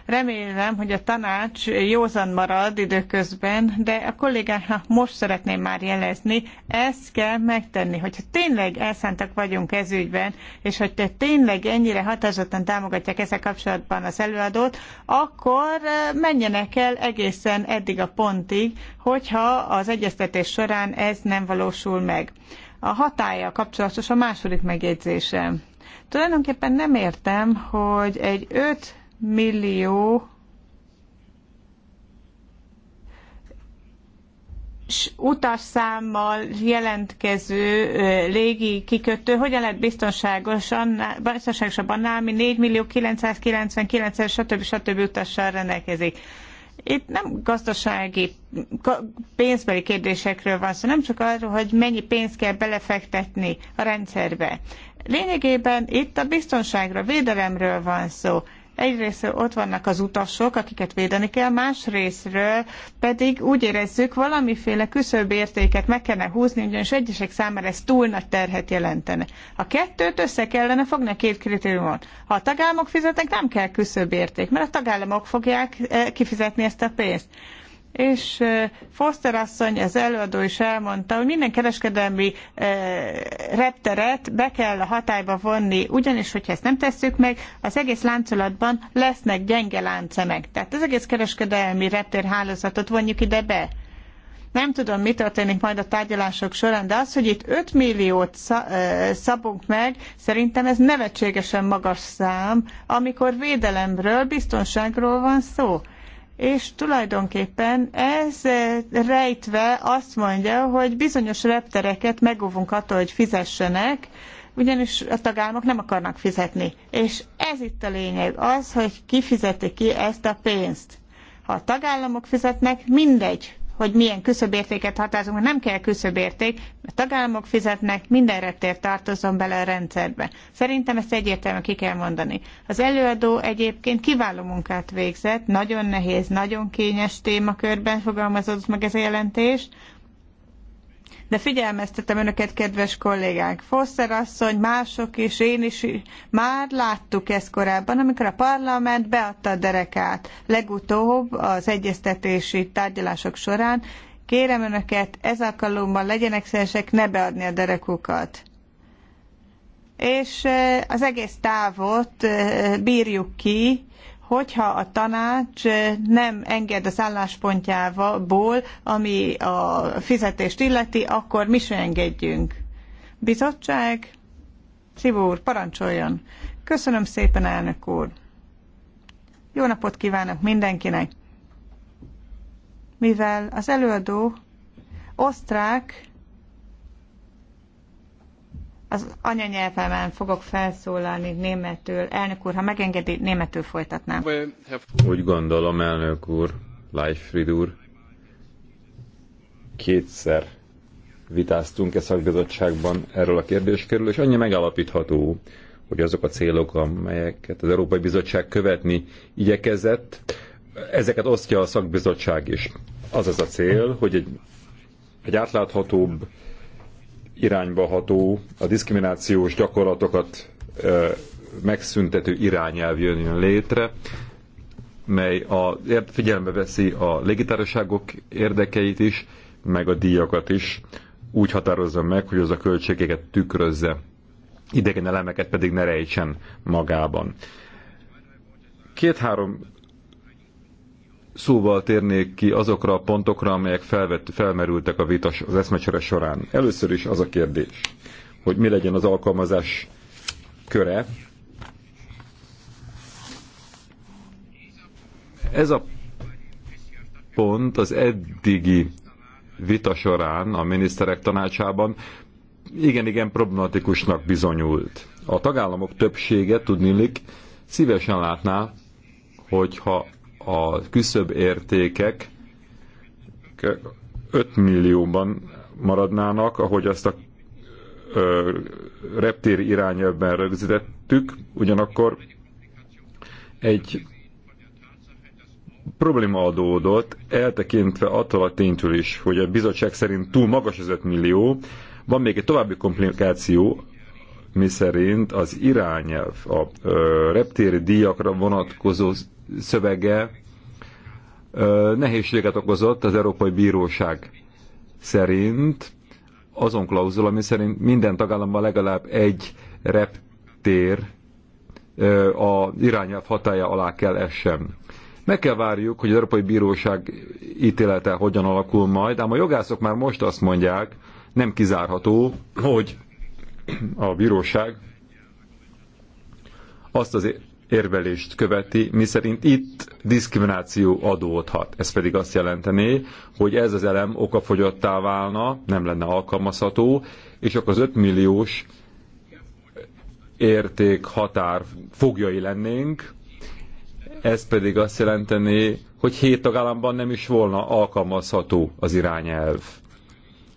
Remélem, hogy a tanács józan marad időközben, de a kollégáknak most szeretném már jelezni, ezt kell megtenni, hogyha tényleg elszántak vagyunk ez ügyben, és hogyha tényleg ennyire határozottan támogatják ezzel kapcsolatban az előadót, akkor eh, menjenek el egészen eddig a pontig, hogyha az egyeztetés során ez nem valósul meg. A hatája kapcsolatos a második megjegyzésem. Tulajdonképpen nem értem, hogy egy öt millió utasszámmal jelentkező légi kikötő hogyan lehet biztonságosan, biztonságosabb annál, ami 4 millió 999 stb. stb. utassal rendelkezik. Itt nem gazdasági, pénzbeli kérdésekről van szó, nem csak arról, hogy mennyi pénzt kell belefektetni a rendszerbe. Lényegében itt a biztonságra, védelemről van szó egyrészt ott vannak az utasok, akiket védeni kell, másrésztről pedig úgy érezzük, valamiféle küszöbb értéket meg kellene húzni, ugyanis egyesek számára ez túl nagy terhet jelentene. A kettőt össze kellene fogni a két kritériumot. Ha a tagállamok fizetnek, nem kell küszöbb érték, mert a tagállamok fogják eh, kifizetni ezt a pénzt és Foster asszony, az előadó is elmondta, hogy minden kereskedelmi repteret be kell a hatályba vonni, ugyanis, hogyha ezt nem tesszük meg, az egész láncolatban lesznek gyenge láncemek. Tehát az egész kereskedelmi reptérhálózatot vonjuk ide be. Nem tudom, mi történik majd a tárgyalások során, de az, hogy itt 5 milliót szabunk meg, szerintem ez nevetségesen magas szám, amikor védelemről, biztonságról van szó és tulajdonképpen ez eh, rejtve azt mondja, hogy bizonyos reptereket megóvunk attól, hogy fizessenek, ugyanis a tagállamok nem akarnak fizetni. És ez itt a lényeg, az, hogy ki fizeti ki ezt a pénzt. Ha a tagállamok fizetnek, mindegy, hogy milyen küszöbértéket határozunk, nem kell küszöbérték, mert tagállamok fizetnek, minden rettér tartozom bele a rendszerbe. Szerintem ezt egyértelműen ki kell mondani. Az előadó egyébként kiváló munkát végzett, nagyon nehéz, nagyon kényes témakörben fogalmazott meg ez a jelentés, de figyelmeztetem önöket, kedves kollégák, Foster asszony, mások is, én is már láttuk ezt korábban, amikor a parlament beadta a derekát legutóbb az egyeztetési tárgyalások során. Kérem önöket, ez alkalommal legyenek szeresek ne beadni a derekukat és eh, az egész távot eh, bírjuk ki, hogyha a tanács nem enged az álláspontjából, ami a fizetést illeti, akkor mi se engedjünk. Bizottság? Szivó úr, parancsoljon. Köszönöm szépen, elnök úr. Jó napot kívánok mindenkinek. Mivel az előadó osztrák, az anyanyelvemen fogok felszólalni németül. Elnök úr, ha megengedi, németül folytatnám.
Úgy gondolom, elnök úr, Leifrid úr, kétszer vitáztunk e szakbizottságban erről a kérdéskörül, és annyi megállapítható, hogy azok a célok, amelyeket az Európai Bizottság követni igyekezett, ezeket osztja a szakbizottság is. Az az a cél, hogy egy, egy átláthatóbb, irányba ható, a diszkriminációs gyakorlatokat megszüntető irányelv jön létre, mely a, figyelembe veszi a légitársaságok érdekeit is, meg a díjakat is, úgy határozza meg, hogy az a költségeket tükrözze, idegen elemeket pedig ne rejtsen magában. Két-három szóval térnék ki azokra a pontokra, amelyek felvett, felmerültek a vita az eszmecsere során. Először is az a kérdés, hogy mi legyen az alkalmazás köre. Ez a pont az eddigi vita során a miniszterek tanácsában igen-igen problematikusnak bizonyult. A tagállamok többsége, tudnilik, szívesen látná, hogyha a küszöb értékek 5 millióban maradnának, ahogy azt a ö, reptér irányelvben rögzítettük, ugyanakkor egy probléma adódott, eltekintve attól a ténytől is, hogy a bizottság szerint túl magas az 5 millió, van még egy további komplikáció, miszerint az irányelv, a ö, reptéri díjakra vonatkozó szövege nehézséget okozott az Európai Bíróság szerint azon klauzul, ami szerint minden tagállamban legalább egy reptér a irányelv hatája alá kell essen. Meg kell várjuk, hogy az Európai Bíróság ítélete hogyan alakul majd, ám a jogászok már most azt mondják, nem kizárható, hogy a bíróság azt az érvelést követi, miszerint itt diszkrimináció adódhat. Ez pedig azt jelentené, hogy ez az elem okafogyottá válna, nem lenne alkalmazható, és akkor az 5 milliós érték határ fogjai lennénk, ez pedig azt jelenteni, hogy hét tagállamban nem is volna alkalmazható az irányelv.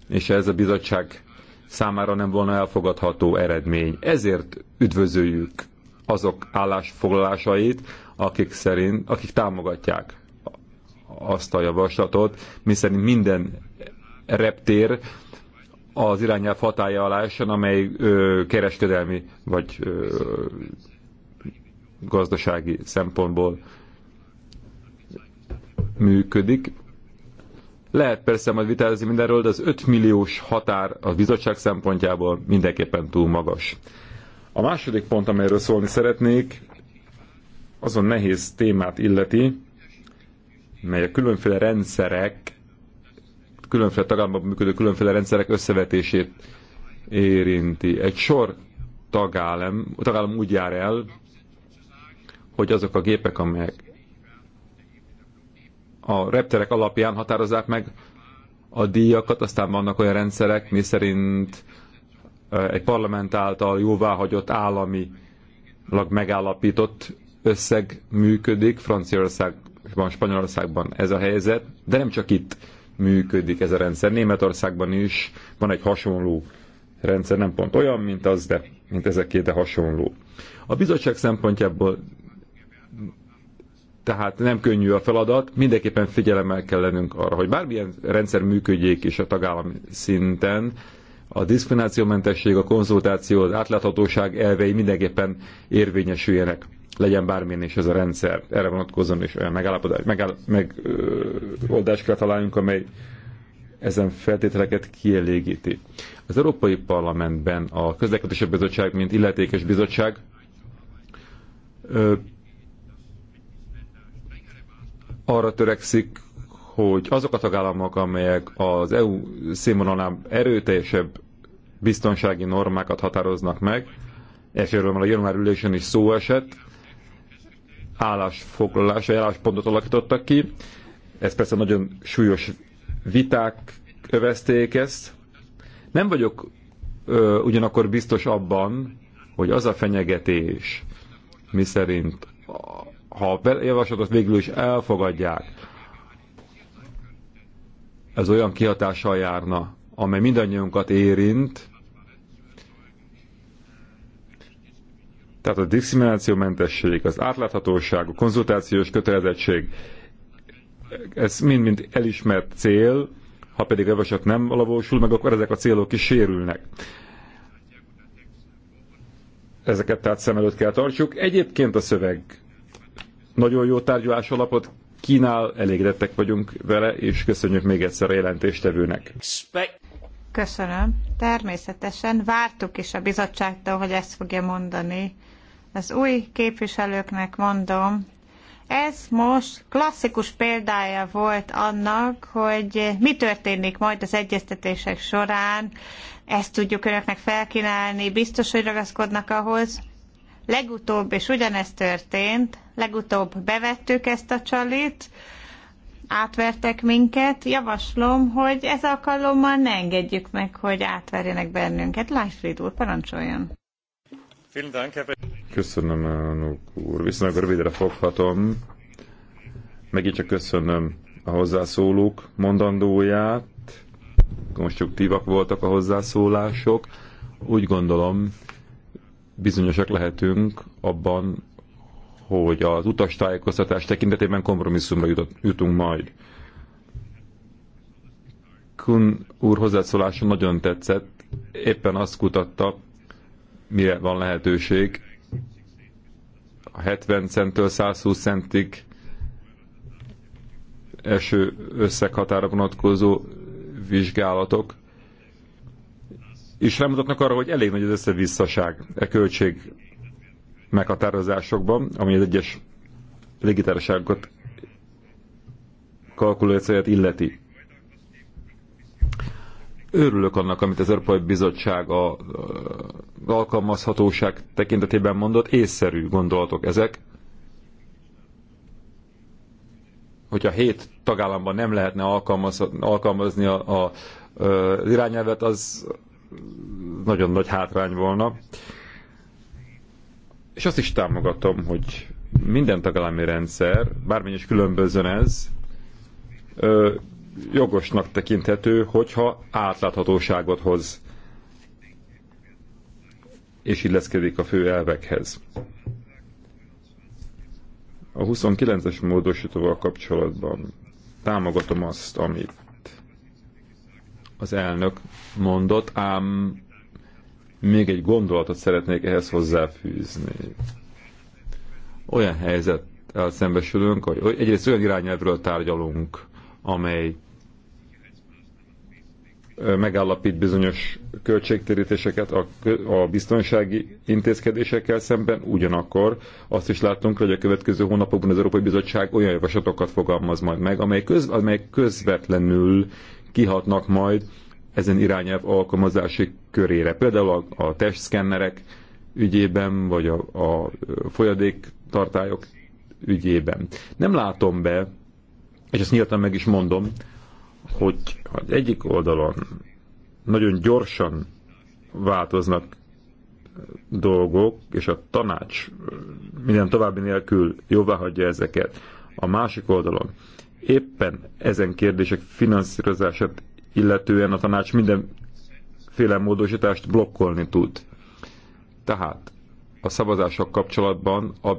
És ez a bizottság számára nem volna elfogadható eredmény. Ezért üdvözöljük azok állásfoglalásait, akik, szerint, akik támogatják azt a javaslatot, miszerint minden reptér az irányelv hatája alá esen, amely ö, kereskedelmi vagy ö, gazdasági szempontból működik. Lehet persze majd vitázni mindenről, de az 5 milliós határ a bizottság szempontjából mindenképpen túl magas. A második pont, amelyről szólni szeretnék, azon nehéz témát illeti, mely a különféle rendszerek, különféle tagállamban működő különféle rendszerek összevetését érinti. Egy sor tagállam, tagállam úgy jár el, hogy azok a gépek, amelyek a repterek alapján határozzák meg a díjakat, aztán vannak olyan rendszerek, mi szerint egy parlament által jóváhagyott állami megállapított összeg működik, Franciaországban, Spanyolországban ez a helyzet, de nem csak itt működik ez a rendszer. Németországban is van egy hasonló rendszer, nem pont olyan, mint az, de mint ezeké, de hasonló. A bizottság szempontjából tehát nem könnyű a feladat, mindenképpen figyelemmel kell lennünk arra, hogy bármilyen rendszer működjék is a tagállami szinten, a diszkriminációmentesség, a konzultáció, az átláthatóság elvei mindenképpen érvényesüljenek, legyen bármilyen is ez a rendszer. Erre vonatkozom is olyan megállapodás, megáll, meg, ö, kell találjunk, amely ezen feltételeket kielégíti. Az Európai Parlamentben a Közlekedési Bizottság, mint illetékes bizottság ö, arra törekszik, hogy azok a tagállamok, amelyek az EU színvonalán erőteljesebb biztonsági normákat határoznak meg, és erről már a január ülésen is szó esett, állásfoglalása, álláspontot alakítottak ki. Ez persze nagyon súlyos viták övezték ezt. Nem vagyok ö, ugyanakkor biztos abban, hogy az a fenyegetés, miszerint ha a javaslatot végül is elfogadják, ez olyan kihatással járna, amely mindannyiunkat érint, tehát a diszkriminációmentesség, az átláthatóság, a konzultációs kötelezettség, ez mind-mind elismert cél, ha pedig javaslat nem valósul meg, akkor ezek a célok is sérülnek. Ezeket tehát szem előtt kell tartsuk. Egyébként a szöveg nagyon jó tárgyalás alapot kínál, elégedettek vagyunk vele, és köszönjük még egyszer a jelentéstevőnek.
Köszönöm. Természetesen vártuk is a bizottságtól, hogy ezt fogja mondani. Az új képviselőknek mondom, ez most klasszikus példája volt annak, hogy mi történik majd az egyeztetések során, ezt tudjuk önöknek felkínálni, biztos, hogy ragaszkodnak ahhoz, Legutóbb, és ugyanezt történt, legutóbb bevettük ezt a csalit, átvertek minket. Javaslom, hogy ez alkalommal ne engedjük meg, hogy átverjenek bennünket. Leifrid úr, parancsoljon!
Köszönöm, elnök úr. Viszonylag rövidre foghatom. Megint csak köszönöm a hozzászólók mondandóját. Konstruktívak voltak a hozzászólások. Úgy gondolom, bizonyosak lehetünk abban, hogy az utas tájékoztatás tekintetében kompromisszumra jutott, jutunk majd. Kun úr hozzászólása nagyon tetszett, éppen azt kutatta, mire van lehetőség. A 70 centtől 120 centig eső összeghatára vonatkozó vizsgálatok is rámutatnak arra, hogy elég nagy az összevisszaság e költség meghatározásokban, ami az egyes légitársaságokat kalkulációját illeti. Örülök annak, amit az Európai Bizottság a, a, alkalmazhatóság tekintetében mondott, észszerű gondolatok ezek. Hogyha hét tagállamban nem lehetne alkalmazni a, a, a irányelvet, az, nagyon nagy hátrány volna. És azt is támogatom, hogy minden tagállami rendszer, bármilyen is különbözön ez, jogosnak tekinthető, hogyha átláthatóságot hoz és illeszkedik a fő elvekhez. A 29-es módosítóval kapcsolatban támogatom azt, amit az elnök mondott, ám még egy gondolatot szeretnék ehhez hozzáfűzni. Olyan helyzet elszembesülünk, hogy egyrészt olyan irányelvről tárgyalunk, amely megállapít bizonyos költségtérítéseket a, a biztonsági intézkedésekkel szemben, ugyanakkor azt is látunk, hogy a következő hónapokban az Európai Bizottság olyan javaslatokat fogalmaz majd meg, amely, amely közvetlenül kihatnak majd ezen irányelv alkalmazási körére. Például a, a testszkennerek ügyében, vagy a, a folyadéktartályok ügyében. Nem látom be, és ezt nyíltan meg is mondom, hogy az egyik oldalon nagyon gyorsan változnak dolgok, és a tanács minden további nélkül jóvá hagyja ezeket. A másik oldalon Éppen ezen kérdések finanszírozását illetően a tanács mindenféle módosítást blokkolni tud. Tehát a szavazások kapcsolatban a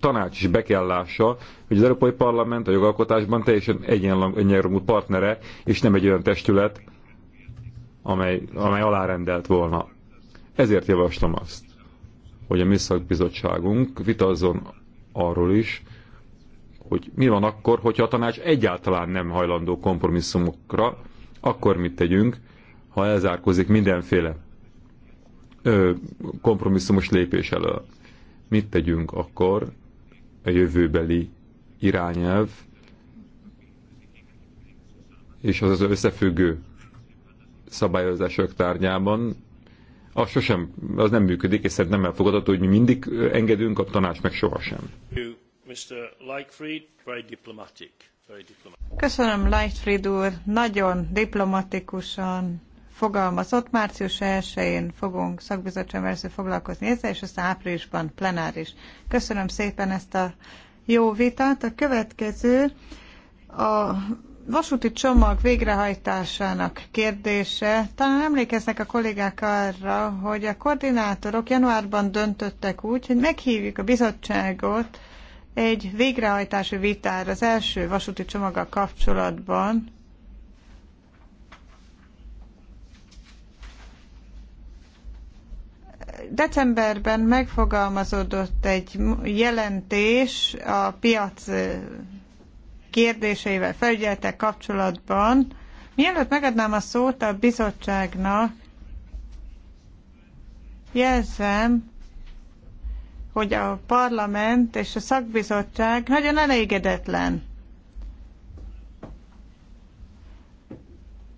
tanács is be kell lássa, hogy az Európai Parlament a jogalkotásban teljesen egyenlangú partnere, és nem egy olyan testület, amely, amely alárendelt volna. Ezért javaslom azt, hogy a Műszakbizottságunk vitazzon arról is, hogy mi van akkor, hogyha a tanács egyáltalán nem hajlandó kompromisszumokra, akkor mit tegyünk, ha elzárkozik mindenféle ö, kompromisszumos lépés elől. Mit tegyünk akkor a jövőbeli irányelv és az az összefüggő szabályozások tárgyában, az sosem, az nem működik, és szerintem nem elfogadható, hogy mi mindig engedünk, a tanács meg sohasem.
Köszönöm, Leichtfried úr. Nagyon diplomatikusan fogalmazott. Március 1-én fogunk először foglalkozni ezzel, és aztán áprilisban plenáris. Köszönöm szépen ezt a jó vitát. A következő a vasúti csomag végrehajtásának kérdése. Talán emlékeznek a kollégák arra, hogy a koordinátorok januárban döntöttek úgy, hogy meghívjuk a bizottságot egy végrehajtási vitára az első vasúti csomaggal kapcsolatban decemberben megfogalmazódott egy jelentés a piac kérdéseivel, felügyeltek kapcsolatban. Mielőtt megadnám a szót a bizottságnak, jelzem, hogy a parlament és a szakbizottság nagyon elégedetlen.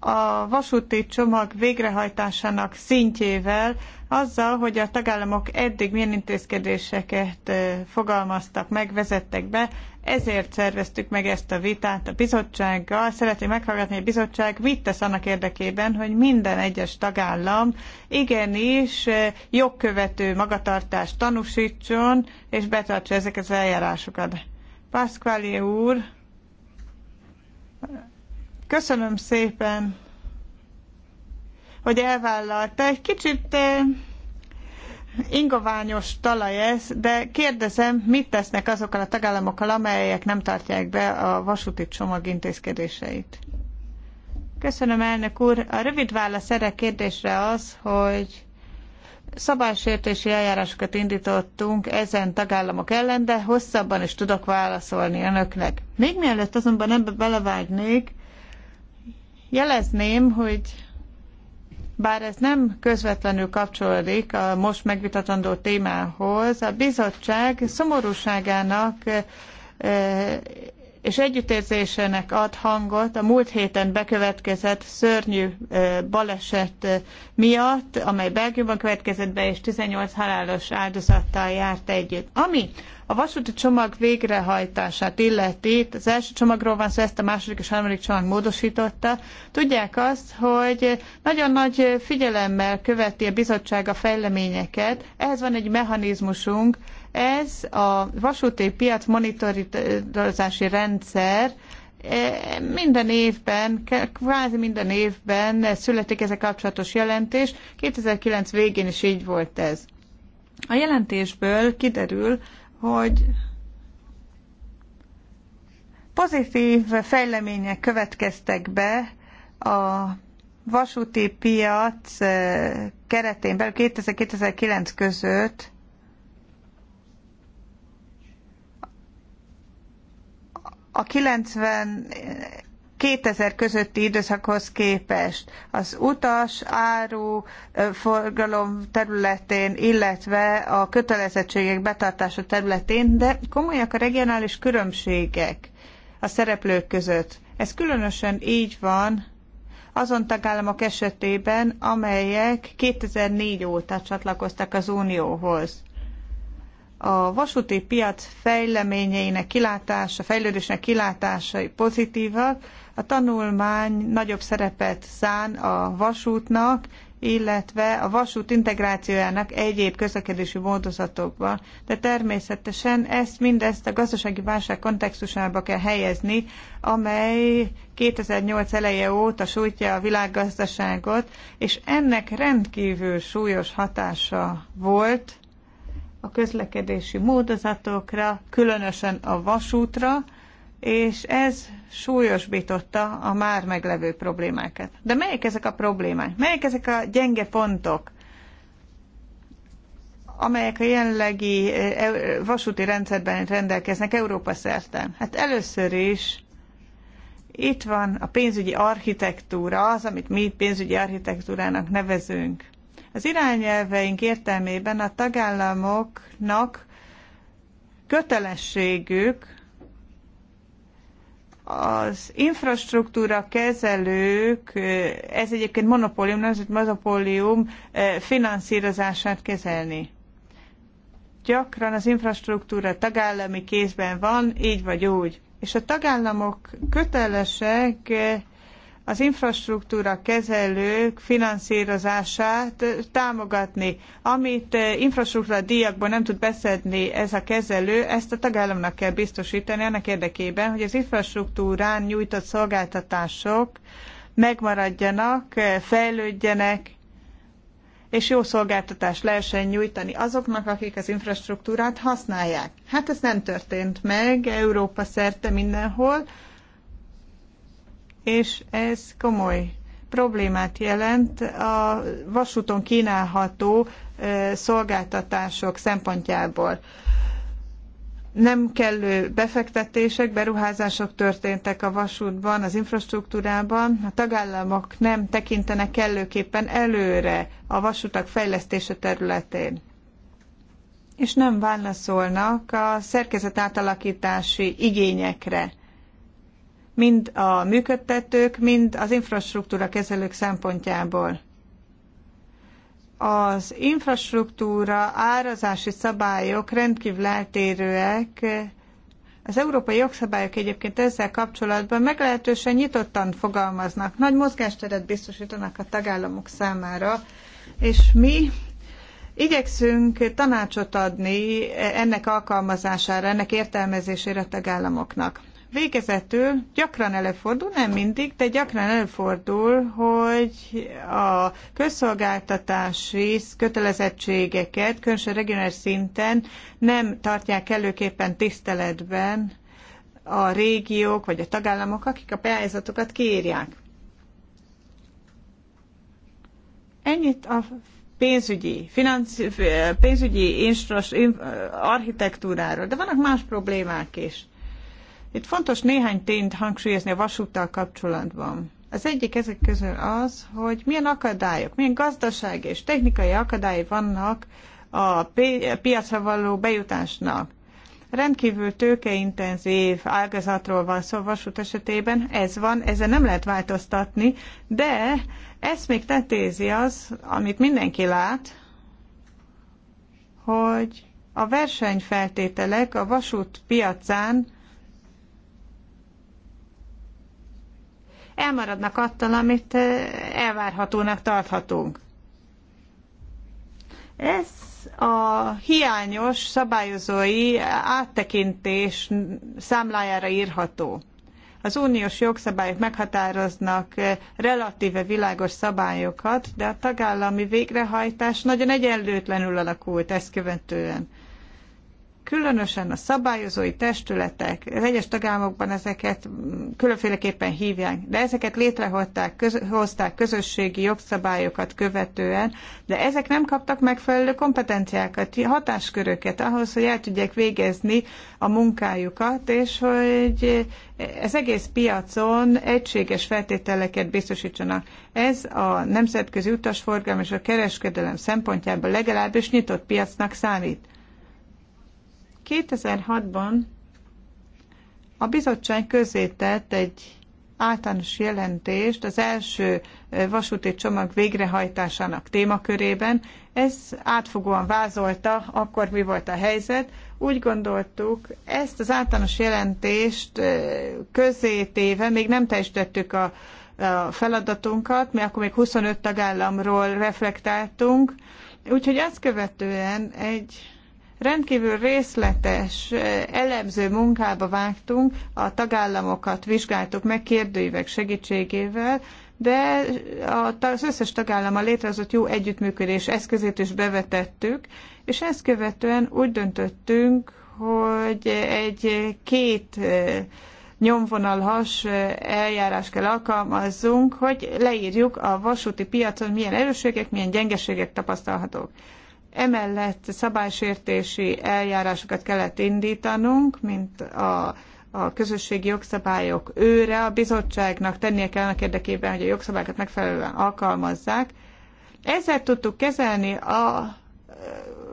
a vasúti csomag végrehajtásának szintjével, azzal, hogy a tagállamok eddig milyen intézkedéseket eh, fogalmaztak meg, vezettek be, ezért szerveztük meg ezt a vitát a bizottsággal. Szeretném meghallgatni, hogy a bizottság mit tesz annak érdekében, hogy minden egyes tagállam igenis eh, jogkövető magatartást tanúsítson, és betartsa ezeket az eljárásokat. Pasquali úr, köszönöm szépen, hogy elvállalta. Egy kicsit eh, ingoványos talaj ez, de kérdezem, mit tesznek azokkal a tagállamokkal, amelyek nem tartják be a vasúti csomag intézkedéseit? Köszönöm, elnök úr. A rövid válasz erre kérdésre az, hogy szabálysértési eljárásokat indítottunk ezen tagállamok ellen, de hosszabban is tudok válaszolni önöknek. Még mielőtt azonban ebbe belevágnék, jelezném, hogy bár ez nem közvetlenül kapcsolódik a most megvitatandó témához, a bizottság szomorúságának eh, és együttérzésének ad hangot a múlt héten bekövetkezett szörnyű baleset miatt, amely Belgiumban következett be, és 18 halálos áldozattal járt együtt. Ami a vasúti csomag végrehajtását illeti, itt az első csomagról van szó, ezt a második és harmadik csomag módosította, tudják azt, hogy nagyon nagy figyelemmel követi a bizottság a fejleményeket, ehhez van egy mechanizmusunk, ez a vasúti piac monitorozási rendszer e, minden évben, kvázi minden évben születik ezek kapcsolatos jelentés. 2009 végén is így volt ez. A jelentésből kiderül, hogy pozitív fejlemények következtek be a vasúti piac e, keretén belül 2009 között a 90 2000 közötti időszakhoz képest az utas áru forgalom területén, illetve a kötelezettségek betartása területén, de komolyak a regionális különbségek a szereplők között. Ez különösen így van azon tagállamok esetében, amelyek 2004 óta csatlakoztak az Unióhoz a vasúti piac fejleményeinek kilátása, fejlődésnek kilátásai pozitívak, a tanulmány nagyobb szerepet szán a vasútnak, illetve a vasút integrációjának egyéb közlekedési módozatokban. De természetesen ezt mindezt a gazdasági válság kontextusába kell helyezni, amely 2008 eleje óta sújtja a világgazdaságot, és ennek rendkívül súlyos hatása volt a közlekedési módozatokra, különösen a vasútra, és ez súlyosbította a már meglevő problémákat. De melyek ezek a problémák? Melyek ezek a gyenge pontok, amelyek a jelenlegi vasúti rendszerben rendelkeznek Európa szerte? Hát először is itt van a pénzügyi architektúra, az, amit mi pénzügyi architektúrának nevezünk. Az irányelveink értelmében a tagállamoknak kötelességük az infrastruktúra kezelők, ez egyébként monopólium, nem monopólium eh, finanszírozását kezelni. Gyakran az infrastruktúra tagállami kézben van, így vagy úgy. És a tagállamok kötelesek eh, az infrastruktúra kezelők finanszírozását támogatni. Amit eh, infrastruktúra díjakból nem tud beszedni ez a kezelő, ezt a tagállamnak kell biztosítani annak érdekében, hogy az infrastruktúrán nyújtott szolgáltatások megmaradjanak, eh, fejlődjenek, és jó szolgáltatást lehessen nyújtani azoknak, akik az infrastruktúrát használják. Hát ez nem történt meg Európa szerte mindenhol, és ez komoly problémát jelent a vasúton kínálható szolgáltatások szempontjából. Nem kellő befektetések, beruházások történtek a vasútban, az infrastruktúrában. A tagállamok nem tekintenek kellőképpen előre a vasútak fejlesztése területén és nem válaszolnak a szerkezet átalakítási igényekre mind a működtetők, mind az infrastruktúra kezelők szempontjából. Az infrastruktúra árazási szabályok rendkívül eltérőek. Az európai jogszabályok egyébként ezzel kapcsolatban meglehetősen nyitottan fogalmaznak, nagy mozgásteret biztosítanak a tagállamok számára, és mi Igyekszünk tanácsot adni ennek alkalmazására, ennek értelmezésére a tagállamoknak. Végezetül gyakran előfordul, nem mindig, de gyakran előfordul, hogy a közszolgáltatási kötelezettségeket, különösen regionális szinten nem tartják előképpen tiszteletben a régiók vagy a tagállamok, akik a pályázatokat kiírják. Ennyit a pénzügyi, finansz, pénzügyi instros, in, architektúráról, de vannak más problémák is. Itt fontos néhány tényt hangsúlyozni a vasúttal kapcsolatban. Az egyik ezek közül az, hogy milyen akadályok, milyen gazdasági és technikai akadályok vannak a piacra való bejutásnak. Rendkívül tőkeintenzív ágazatról van szó vasút esetében, ez van, ezzel nem lehet változtatni, de ezt még tetézi az, amit mindenki lát, hogy a versenyfeltételek a vasút piacán elmaradnak attól, amit elvárhatónak tarthatunk. Ez a hiányos szabályozói áttekintés számlájára írható. Az uniós jogszabályok meghatároznak relatíve világos szabályokat, de a tagállami végrehajtás nagyon egyenlőtlenül alakult ezt követően különösen a szabályozói testületek, az egyes tagállamokban ezeket különféleképpen hívják, de ezeket létrehozták, köz, hozták közösségi jogszabályokat követően, de ezek nem kaptak megfelelő kompetenciákat, hatásköröket ahhoz, hogy el tudják végezni a munkájukat, és hogy ez egész piacon egységes feltételeket biztosítsanak. Ez a nemzetközi utasforgalom és a kereskedelem szempontjából legalábbis nyitott piacnak számít. 2006-ban a bizottság közzétett egy általános jelentést az első vasúti csomag végrehajtásának témakörében. Ez átfogóan vázolta, akkor mi volt a helyzet. Úgy gondoltuk, ezt az általános jelentést közzétéve még nem teljesítettük a, a feladatunkat, mi akkor még 25 tagállamról reflektáltunk, úgyhogy ezt követően egy rendkívül részletes elemző munkába vágtunk, a tagállamokat vizsgáltuk meg kérdőívek segítségével, de az összes tagállammal létrehozott jó együttműködés eszközét is bevetettük, és ezt követően úgy döntöttünk, hogy egy két nyomvonalhas eljárás kell alkalmazzunk, hogy leírjuk a vasúti piacon milyen erősségek, milyen gyengeségek tapasztalhatók. Emellett szabálysértési eljárásokat kellett indítanunk, mint a a közösségi jogszabályok őre, a bizottságnak tennie kell annak érdekében, hogy a jogszabályokat megfelelően alkalmazzák. Ezzel tudtuk kezelni a e,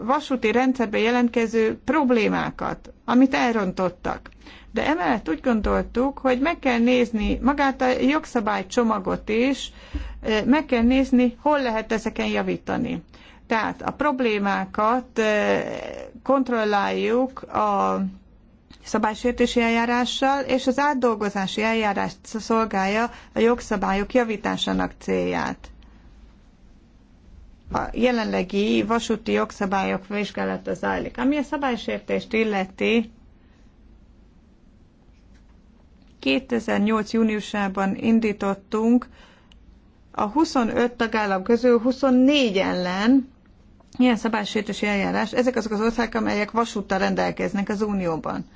vasúti rendszerbe jelentkező problémákat, amit elrontottak. De emellett úgy gondoltuk, hogy meg kell nézni magát a jogszabálycsomagot is, e, meg kell nézni, hol lehet ezeken javítani. Tehát a problémákat kontrolláljuk a szabálysértési eljárással, és az átdolgozási eljárást szolgálja a jogszabályok javításának célját. A jelenlegi vasúti jogszabályok vizsgálata zajlik. Ami a szabálysértést illeti, 2008. júniusában indítottunk a 25 tagállam közül 24 ellen ilyen szabálysértési eljárás, ezek azok az országok, amelyek vasúttal rendelkeznek az Unióban.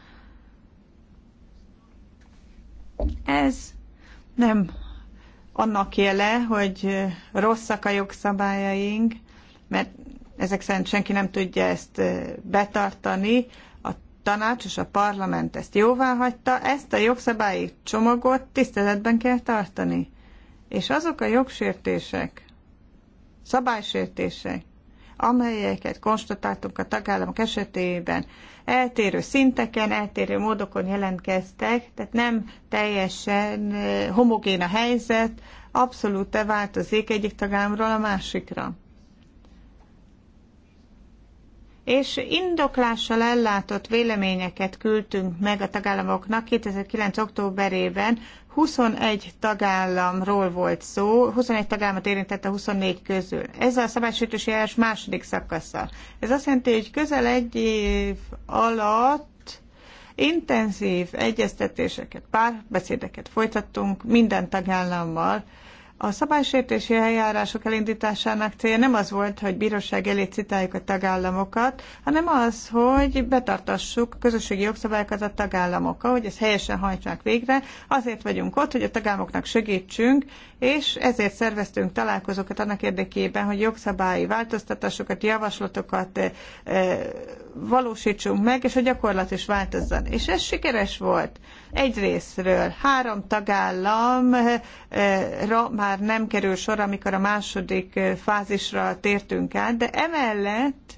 Ez nem annak jele, hogy rosszak a jogszabályaink, mert ezek szerint senki nem tudja ezt betartani. A tanács és a parlament ezt jóvá hagyta, ezt a jogszabályi csomagot tiszteletben kell tartani. És azok a jogsértések, szabálysértések, amelyeket konstatáltunk a tagállamok esetében, eltérő szinteken, eltérő módokon jelentkeztek, tehát nem teljesen eh, homogén a helyzet, abszolút változik egyik tagállamról a másikra. És indoklással ellátott véleményeket küldtünk meg a tagállamoknak 2009. októberében 21 tagállamról volt szó, 21 tagállamot érintette 24 közül. Ez a szabálysütős eljárás második szakasza. Ez azt jelenti, hogy közel egy év alatt intenzív egyeztetéseket, párbeszédeket folytattunk minden tagállammal, a szabálysértési eljárások elindításának célja nem az volt, hogy bíróság elé citáljuk a tagállamokat, hanem az, hogy betartassuk a közösségi jogszabályokat a tagállamokkal, hogy ezt helyesen hajtsák végre. Azért vagyunk ott, hogy a tagállamoknak segítsünk, és ezért szerveztünk találkozókat annak érdekében, hogy jogszabályi változtatásokat, javaslatokat e, valósítsunk meg, és a gyakorlat is változzon. És ez sikeres volt. Egy három tagállamra már nem kerül sor, amikor a második fázisra tértünk át, de emellett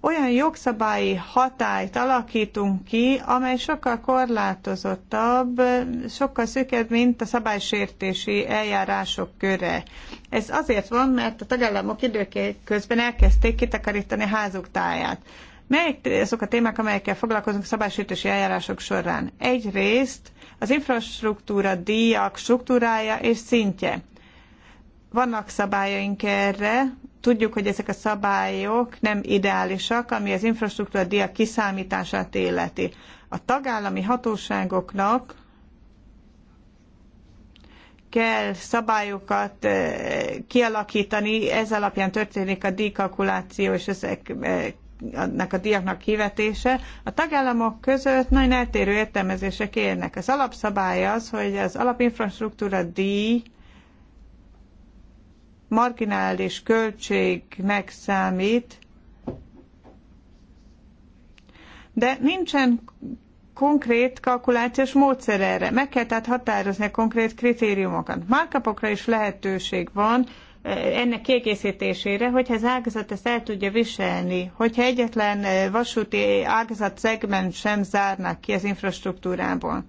olyan jogszabályi hatályt alakítunk ki, amely sokkal korlátozottabb, sokkal szükebb, mint a szabálysértési eljárások köre. Ez azért van, mert a tagállamok időközben elkezdték kitakarítani házuk táját. Melyek azok a témák, amelyekkel foglalkozunk szabálysítési eljárások során? Egyrészt az infrastruktúra díjak struktúrája és szintje. Vannak szabályaink erre, tudjuk, hogy ezek a szabályok nem ideálisak, ami az infrastruktúra díjak kiszámítását életi. A tagállami hatóságoknak kell szabályokat eh, kialakítani, ez alapján történik a díjkalkuláció, és ezek eh, ennek a diaknak hivetése, a tagállamok között nagy eltérő értelmezések érnek. Az alapszabály az, hogy az alapinfrastruktúra díj marginális költségnek számít, de nincsen konkrét kalkulációs módszer erre. Meg kell tehát határozni a konkrét kritériumokat. Márkapokra is lehetőség van, Eh, ennek kiegészítésére, hogyha az ágazat ezt el tudja viselni, hogyha egyetlen eh, vasúti ágazat szegment sem zárnak ki az infrastruktúrából,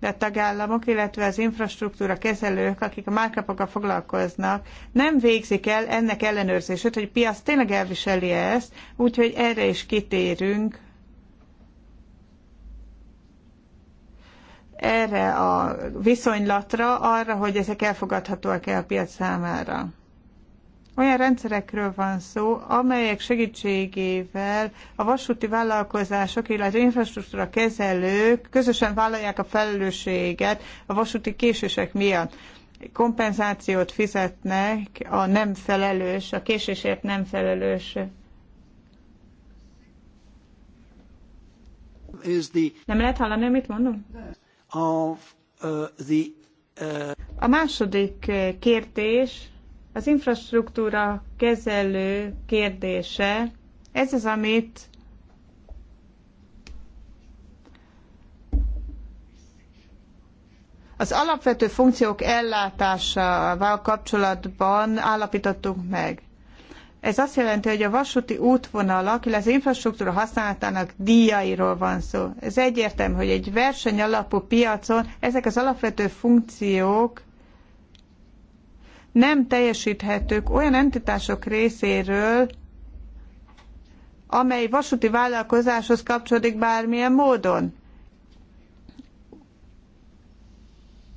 de a tagállamok, illetve az infrastruktúra kezelők, akik a márkapokkal foglalkoznak, nem végzik el ennek ellenőrzését, hogy a piac tényleg elviseli -e ezt, úgyhogy erre is kitérünk. Erre a viszonylatra, arra, hogy ezek elfogadhatóak-e a piac számára. Olyan rendszerekről van szó, amelyek segítségével a vasúti vállalkozások, illetve infrastruktúra kezelők közösen vállalják a felelősséget a vasúti késések miatt kompenzációt fizetnek a nem felelős, a késésért nem felelős. Nem lehet hallani, mit mondom? Of, uh, the, uh... A második eh, kérdés az infrastruktúra kezelő kérdése, ez az, amit az alapvető funkciók ellátásával kapcsolatban állapítottunk meg. Ez azt jelenti, hogy a vasúti útvonalak, illetve az infrastruktúra használatának díjairól van szó. Ez egyértelmű, hogy egy verseny alapú piacon ezek az alapvető funkciók nem teljesíthetők olyan entitások részéről, amely vasúti vállalkozáshoz kapcsolódik bármilyen módon.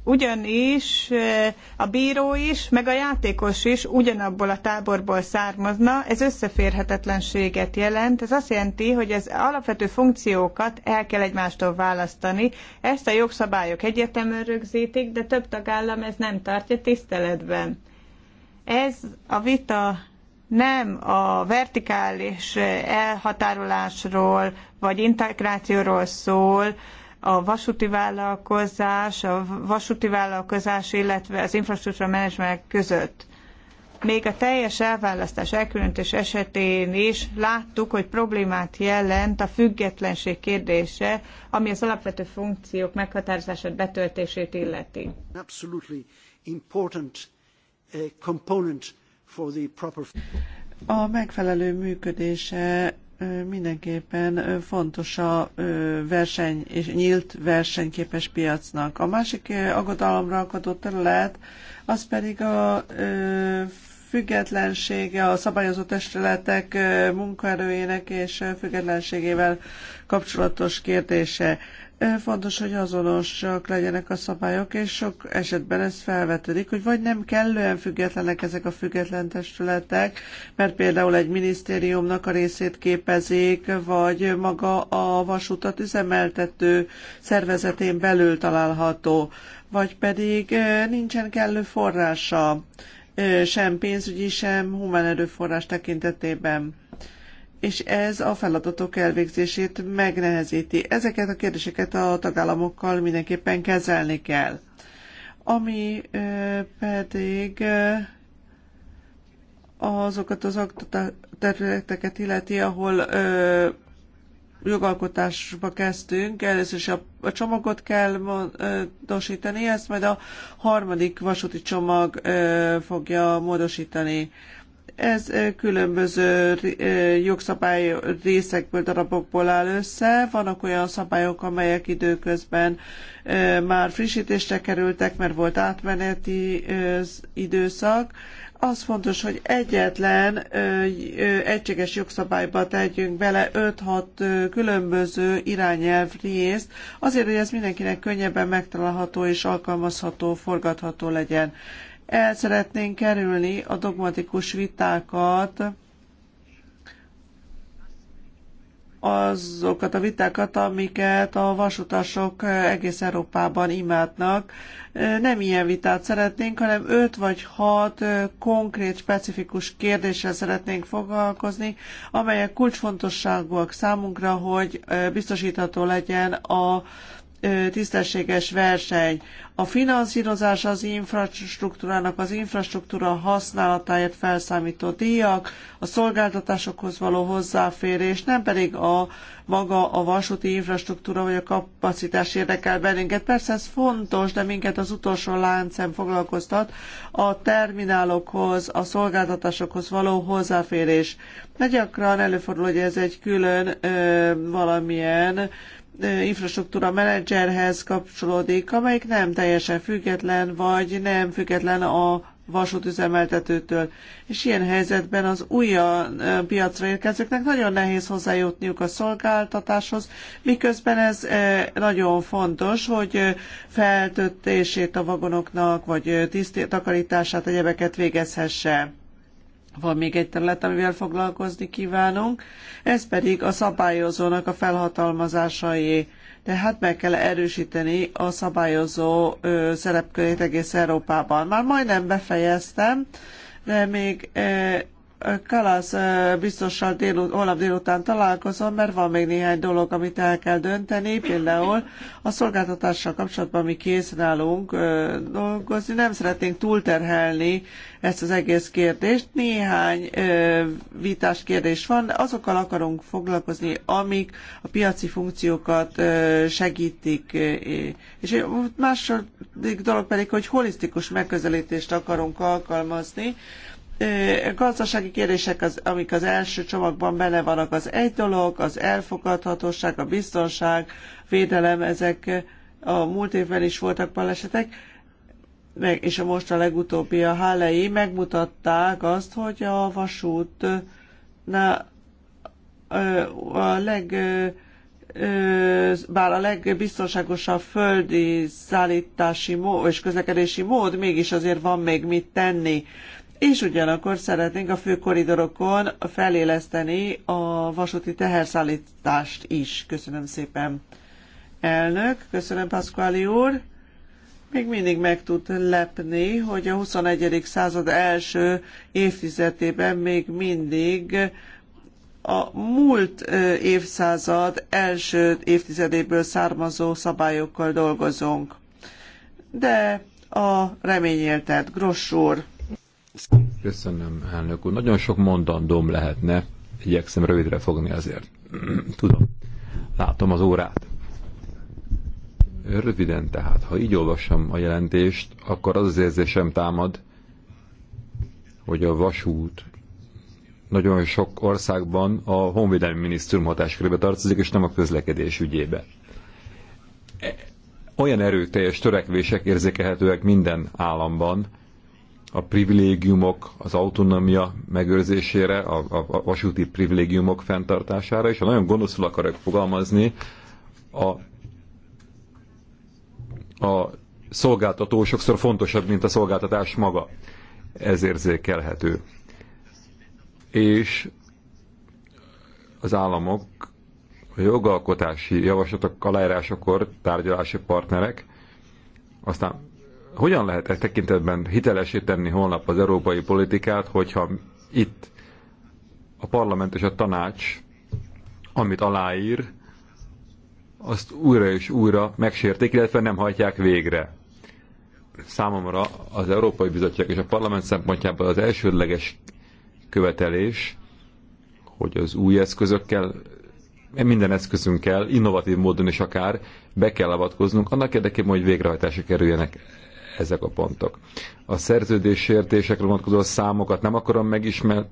Ugyanis eh, a bíró is, meg a játékos is ugyanabból a táborból származna, ez összeférhetetlenséget jelent. Ez azt jelenti, hogy az alapvető funkciókat el kell egymástól választani. Ezt a jogszabályok egyértelműen rögzítik, de több tagállam ez nem tartja tiszteletben ez a vita nem a vertikális elhatárolásról vagy integrációról szól, a vasúti vállalkozás, a vasúti vállalkozás, illetve az infrastruktúra menedzsment között. Még a teljes elválasztás, elkülönítés esetén is láttuk, hogy problémát jelent a függetlenség kérdése, ami az alapvető funkciók meghatározását, betöltését illeti.
Absolutely important component for the proper... A megfelelő működése mindenképpen fontos a verseny és nyílt versenyképes piacnak. A másik aggodalomra akadó terület az pedig a függetlensége a szabályozó testületek munkaerőjének és függetlenségével kapcsolatos kérdése. Fontos, hogy azonosak legyenek a szabályok, és sok esetben ez felvetődik, hogy vagy nem kellően függetlenek ezek a független testületek, mert például egy minisztériumnak a részét képezik, vagy maga a vasutat üzemeltető szervezetén belül található, vagy pedig nincsen kellő forrása, sem pénzügyi, sem humán erőforrás tekintetében és ez a feladatok elvégzését megnehezíti. Ezeket a kérdéseket a tagállamokkal mindenképpen kezelni kell. Ami pedig azokat az területeket illeti, ahol jogalkotásba kezdtünk, először is a, a csomagot kell módosítani, ezt majd a harmadik vasúti csomag ö, fogja módosítani. Ez különböző jogszabály részekből, darabokból áll össze. Vannak olyan szabályok, amelyek időközben már frissítésre kerültek, mert volt átmeneti időszak. Az fontos, hogy egyetlen egységes jogszabályba tegyünk bele 5-6 különböző irányelv részt, azért, hogy ez mindenkinek könnyebben megtalálható és alkalmazható, forgatható legyen. El szeretnénk kerülni a dogmatikus vitákat, azokat a vitákat, amiket a vasutasok egész Európában imádnak. Nem ilyen vitát szeretnénk, hanem öt vagy hat konkrét, specifikus kérdéssel szeretnénk foglalkozni, amelyek kulcsfontosságúak számunkra, hogy biztosítható legyen a tisztességes verseny. A finanszírozás az infrastruktúrának, az infrastruktúra használatáért felszámító díjak, a szolgáltatásokhoz való hozzáférés, nem pedig a maga a vasúti infrastruktúra vagy a kapacitás érdekel bennünket. Persze ez fontos, de minket az utolsó láncem foglalkoztat a terminálokhoz, a szolgáltatásokhoz való hozzáférés. Nagyon gyakran előfordul, hogy ez egy külön ö, valamilyen infrastruktúra menedzserhez kapcsolódik, amelyik nem teljesen független, vagy nem független a vasútüzemeltetőtől. És ilyen helyzetben az újabb piacra érkezőknek nagyon nehéz hozzájutniuk a szolgáltatáshoz, miközben ez nagyon fontos, hogy feltöltését a vagonoknak, vagy tisztítását, egyebeket végezhesse. Van még egy terület, amivel foglalkozni kívánunk, ez pedig a szabályozónak a felhatalmazásai. Tehát meg kell erősíteni a szabályozó ö, szerepkörét egész Európában. Már majdnem befejeztem, de még Kalasz eh, biztosan délut, holnap délután találkozom, mert van még néhány dolog, amit el kell dönteni, például a szolgáltatással kapcsolatban mi készen állunk eh, dolgozni, nem szeretnénk túlterhelni ezt az egész kérdést. Néhány eh, vitás kérdés van, azokkal akarunk foglalkozni, amik a piaci funkciókat segítik, és második dolog pedig, hogy holisztikus megközelítést akarunk alkalmazni, gazdasági kérdések, az, amik az első csomagban benne vannak, az egy dolog, az elfogadhatóság, a biztonság, védelem, ezek a múlt évben is voltak balesetek, meg, és a most a legutóbbi a hálei megmutatták azt, hogy a vasút na, a leg bár a legbiztonságosabb földi szállítási mód és közlekedési mód, mégis azért van még mit tenni és ugyanakkor szeretnénk a fő koridorokon feléleszteni a vasúti teherszállítást is. Köszönöm szépen, elnök, köszönöm Pasquali úr. Még mindig meg tud lepni, hogy a 21. század első évtizedében még mindig a múlt évszázad első évtizedéből származó szabályokkal dolgozunk. De a reményéltet, Gross úr,
Köszönöm, elnök úr. Nagyon sok mondandóm lehetne, igyekszem rövidre fogni azért. Tudom, látom az órát. Röviden tehát, ha így olvasom a jelentést, akkor az az érzésem támad, hogy a vasút nagyon sok országban a honvédelmi minisztérium hatáskörébe tartozik, és nem a közlekedés ügyébe. E, olyan erőteljes törekvések érzékelhetőek minden államban, a privilégiumok, az autonómia megőrzésére, a, a, a vasúti privilégiumok fenntartására, és ha nagyon gonoszul akarok fogalmazni, a, a szolgáltató sokszor fontosabb, mint a szolgáltatás maga. Ez érzékelhető. És az államok a jogalkotási javaslatok aláírásakor tárgyalási partnerek, aztán hogyan lehet e tekintetben hitelesíteni holnap az európai politikát, hogyha itt a parlament és a tanács, amit aláír, azt újra és újra megsértik, illetve nem hajtják végre. Számomra az Európai Bizottság és a parlament szempontjából az elsődleges követelés, hogy az új eszközökkel, minden eszközünkkel, innovatív módon is akár be kell avatkoznunk, annak érdekében, hogy végrehajtásra kerüljenek ezek a pontok. A szerződéssértésekre vonatkozó számokat nem akarom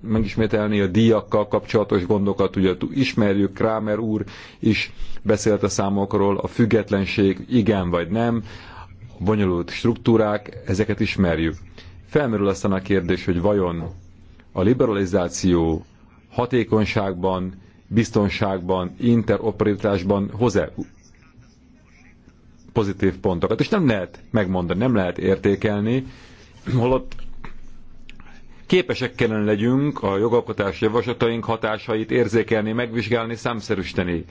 megismételni, a díjakkal kapcsolatos gondokat ugye ismerjük, Kramer úr is beszélt a számokról, a függetlenség igen vagy nem, a bonyolult struktúrák, ezeket ismerjük. Felmerül aztán a kérdés, hogy vajon a liberalizáció hatékonyságban, biztonságban, interoperitásban hoz-e pozitív pontokat, és nem lehet megmondani, nem lehet értékelni, holott képesek kellene legyünk a jogalkotás javaslataink hatásait érzékelni, megvizsgálni, számszerűsíteni.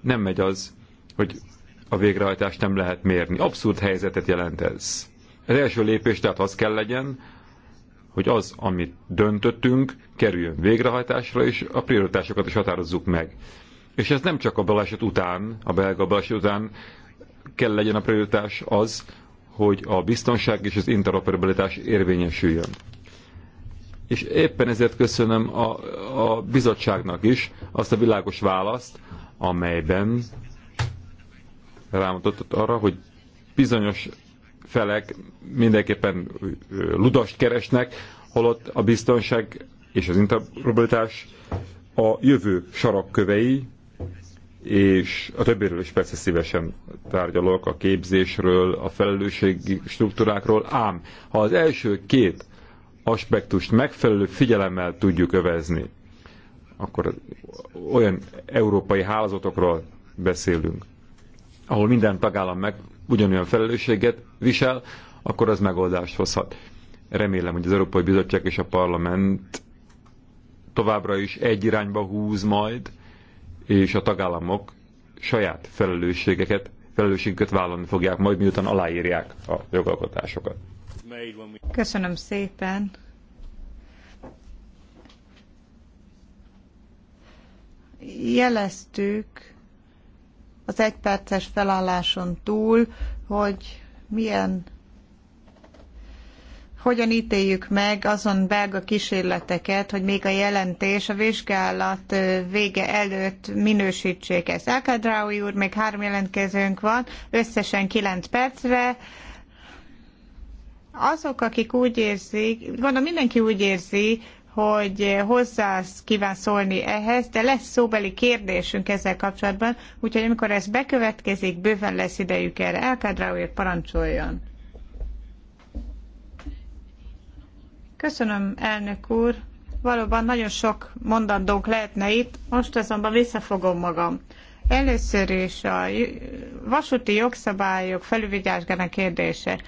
Nem megy az, hogy a végrehajtást nem lehet mérni. Abszurd helyzetet jelent ez. Az első lépés tehát az kell legyen, hogy az, amit döntöttünk, kerüljön végrehajtásra, és a prioritásokat is határozzuk meg. És ez nem csak a baleset után, a belga baleset után kell legyen a prioritás az, hogy a biztonság és az interoperabilitás érvényesüljön. És éppen ezért köszönöm a, a bizottságnak is azt a világos választ, amelyben rámutatott arra, hogy bizonyos felek mindenképpen ludast keresnek, holott a biztonság és az interoperabilitás a jövő sarokkövei, és a többiről is persze szívesen tárgyalok, a képzésről, a felelősségi struktúrákról, ám ha az első két aspektust megfelelő figyelemmel tudjuk övezni, akkor olyan európai hálózatokról beszélünk, ahol minden tagállam meg ugyanolyan felelősséget visel, akkor az megoldást hozhat. Remélem, hogy az Európai Bizottság és a Parlament továbbra is egy irányba húz majd, és a tagállamok saját felelősségeket, felelősségüket vállalni fogják majd, miután aláírják a jogalkotásokat.
Köszönöm szépen. Jeleztük az egyperces felálláson túl, hogy milyen hogyan ítéljük meg azon belga kísérleteket, hogy még a jelentés a vizsgálat vége előtt minősítsék ezt. Elkadraui úr, még három jelentkezőnk van, összesen kilenc percre. Azok, akik úgy érzik, gondolom mindenki úgy érzi, hogy hozzá kíván szólni ehhez, de lesz szóbeli kérdésünk ezzel kapcsolatban, úgyhogy amikor ez bekövetkezik, bőven lesz idejük erre. Elkadraui úr, parancsoljon! Köszönöm, elnök úr. Valóban nagyon sok mondandónk lehetne itt, most azonban visszafogom magam. Először is a vasúti jogszabályok felülvizsgálásgának kérdése.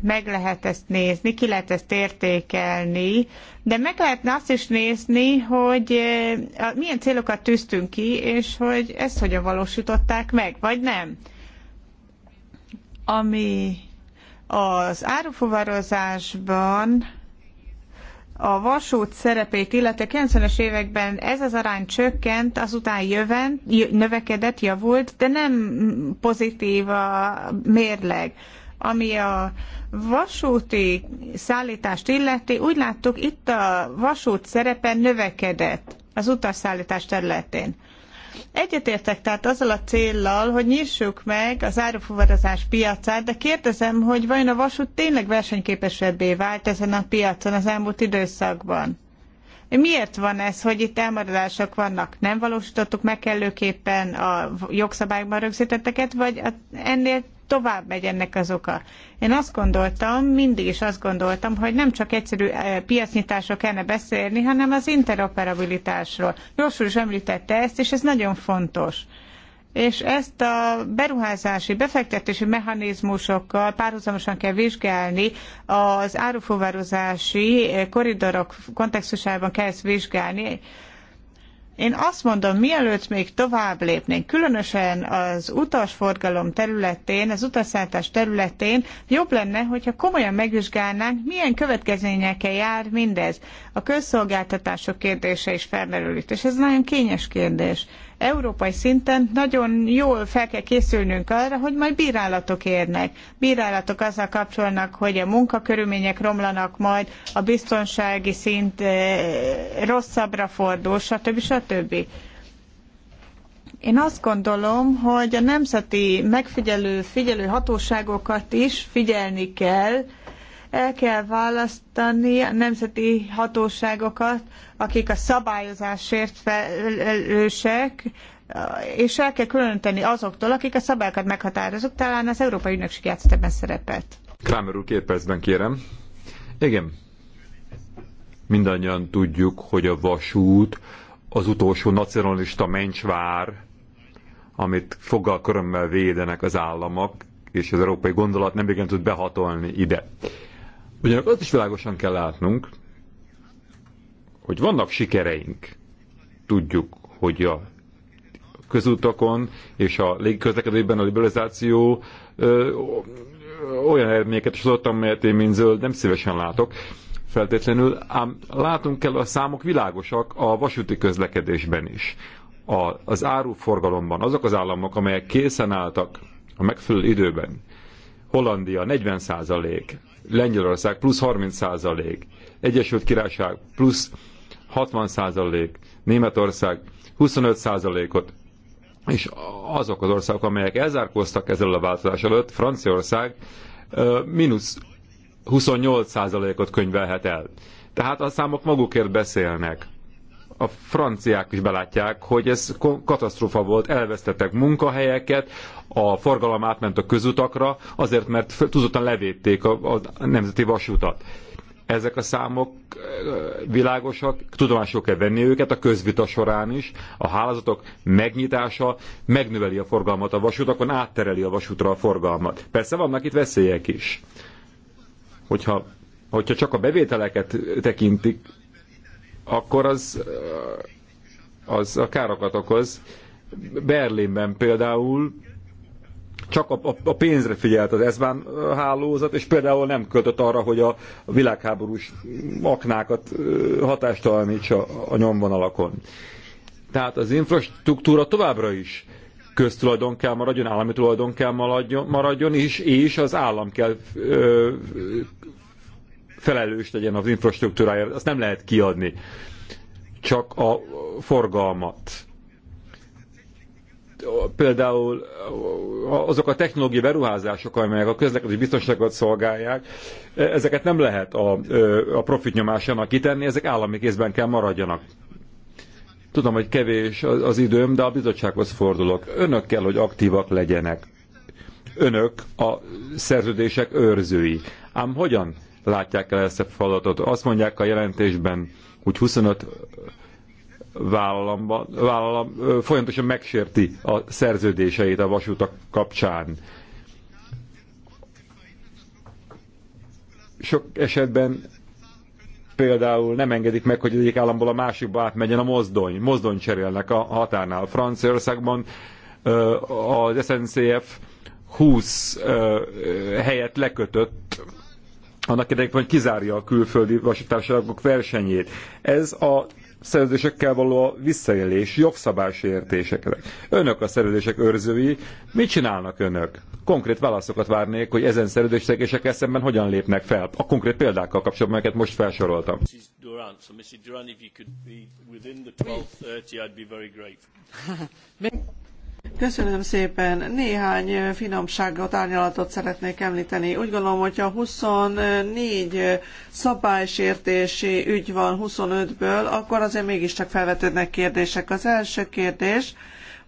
Meg lehet ezt nézni, ki lehet ezt értékelni, de meg lehetne azt is nézni, hogy eh, milyen célokat tűztünk ki, és hogy ezt hogyan valósították meg, vagy nem. Ami az árufuvarozásban a vasút szerepét illetve 90-es években ez az arány csökkent, azután jöven, növekedett, javult, de nem pozitív a mérleg. Ami a vasúti szállítást illeti, úgy láttuk, itt a vasút szerepe növekedett az utasszállítás területén. Egyetértek tehát azzal a céllal, hogy nyissuk meg az árufuvarozás piacát, de kérdezem, hogy vajon a vasút tényleg versenyképesebbé vált ezen a piacon az elmúlt időszakban? Miért van ez, hogy itt elmaradások vannak? Nem valósítottuk meg kellőképpen a jogszabályban rögzítetteket, vagy ennél tovább megy ennek az oka. Én azt gondoltam, mindig is azt gondoltam, hogy nem csak egyszerű eh, piacnyitásról kellene beszélni, hanem az interoperabilitásról. Gyorsul is említette ezt, és ez nagyon fontos és ezt a beruházási, befektetési mechanizmusokkal párhuzamosan kell vizsgálni, az árufuvarozási eh, koridorok kontextusában kell ezt vizsgálni, én azt mondom, mielőtt még tovább lépnénk, különösen az utasforgalom területén, az utasszállítás területén, jobb lenne, hogyha komolyan megvizsgálnánk, milyen következményekkel jár mindez. A közszolgáltatások kérdése is felmerül itt, és ez nagyon kényes kérdés európai szinten nagyon jól fel kell készülnünk arra, hogy majd bírálatok érnek. Bírálatok azzal kapcsolnak, hogy a munkakörülmények romlanak majd, a biztonsági szint eh, rosszabbra fordul, stb. stb. Én azt gondolom, hogy a nemzeti megfigyelő figyelő hatóságokat is figyelni kell, el kell választani a nemzeti hatóságokat, akik a szabályozásért felelősek, és el kell különíteni azoktól, akik a szabályokat meghatározók, talán az Európai Ügynökség játszott ebben szerepet.
Kramer úr, két percben kérem. Igen. Mindannyian tudjuk, hogy a vasút az utolsó nacionalista mencsvár, amit fogal körömmel védenek az államok, és az európai gondolat nem igen tud behatolni ide. Ugyanakkor azt is világosan kell látnunk, hogy vannak sikereink. Tudjuk, hogy a közutakon és a légiközlekedésben a liberalizáció ö, olyan eredményeket is adott, amelyet én, mint zöld, nem szívesen látok feltétlenül, ám látunk kell, a számok világosak a vasúti közlekedésben is. A, az áruforgalomban azok az államok, amelyek készen álltak a megfelelő időben, Hollandia 40 Lengyelország plusz 30 százalék, Egyesült Királyság plusz 60 százalék, Németország 25 százalékot, és azok az országok, amelyek elzárkóztak ezzel a változás előtt, Franciaország mínusz 28 százalékot könyvelhet el. Tehát a számok magukért beszélnek a franciák is belátják, hogy ez katasztrófa volt, elvesztettek munkahelyeket, a forgalom átment a közutakra, azért mert tudottan levédték a, a nemzeti vasutat. Ezek a számok eh, világosak, tudomásul kell venni őket a közvita során is. A hálózatok megnyitása megnöveli a forgalmat a vasutakon, áttereli a vasútra a forgalmat. Persze vannak itt veszélyek is. Hogyha, hogyha csak a bevételeket tekintik, akkor az, az a károkat okoz. Berlinben például csak a, a, a pénzre figyelt az ESBAN hálózat, és például nem költött arra, hogy a világháborús aknákat hatástalanítsa a nyomvonalakon. Tehát az infrastruktúra továbbra is köztulajdon kell maradjon, állami tulajdon kell maradjon, maradjon is, és az állam kell ö, felelős legyen az infrastruktúrája, azt nem lehet kiadni, csak a forgalmat. Például azok a technológiai beruházások, amelyek a közlekedés biztonságot szolgálják, ezeket nem lehet a, a profit nyomásának kitenni, ezek állami kézben kell maradjanak. Tudom, hogy kevés az időm, de a bizottsághoz fordulok. Önök kell, hogy aktívak legyenek. Önök a szerződések őrzői. Ám hogyan látják el ezt a feladatot. Azt mondják a jelentésben, hogy 25 vállalamban, vállalam folyamatosan megsérti a szerződéseit a vasútak kapcsán. Sok esetben például nem engedik meg, hogy egyik államból a másikba átmenjen a mozdony. Mozdony cserélnek a határnál. Franciaországban az SNCF 20 helyet lekötött annak érdekében, hogy kizárja a külföldi vasútársaságok versenyét. Ez a szerződésekkel való a visszaélés, értésekre. Önök a szerződések őrzői, mit csinálnak önök? Konkrét válaszokat várnék, hogy ezen szerződésszegésekkel szemben hogyan lépnek fel. A konkrét példákkal kapcsolatban, amelyeket most felsoroltam.
Köszönöm szépen. Néhány finomságot, árnyalatot szeretnék említeni. Úgy gondolom, hogy hogyha 24 szabálysértési ügy van 25-ből, akkor azért mégiscsak felvetődnek kérdések. Az első kérdés,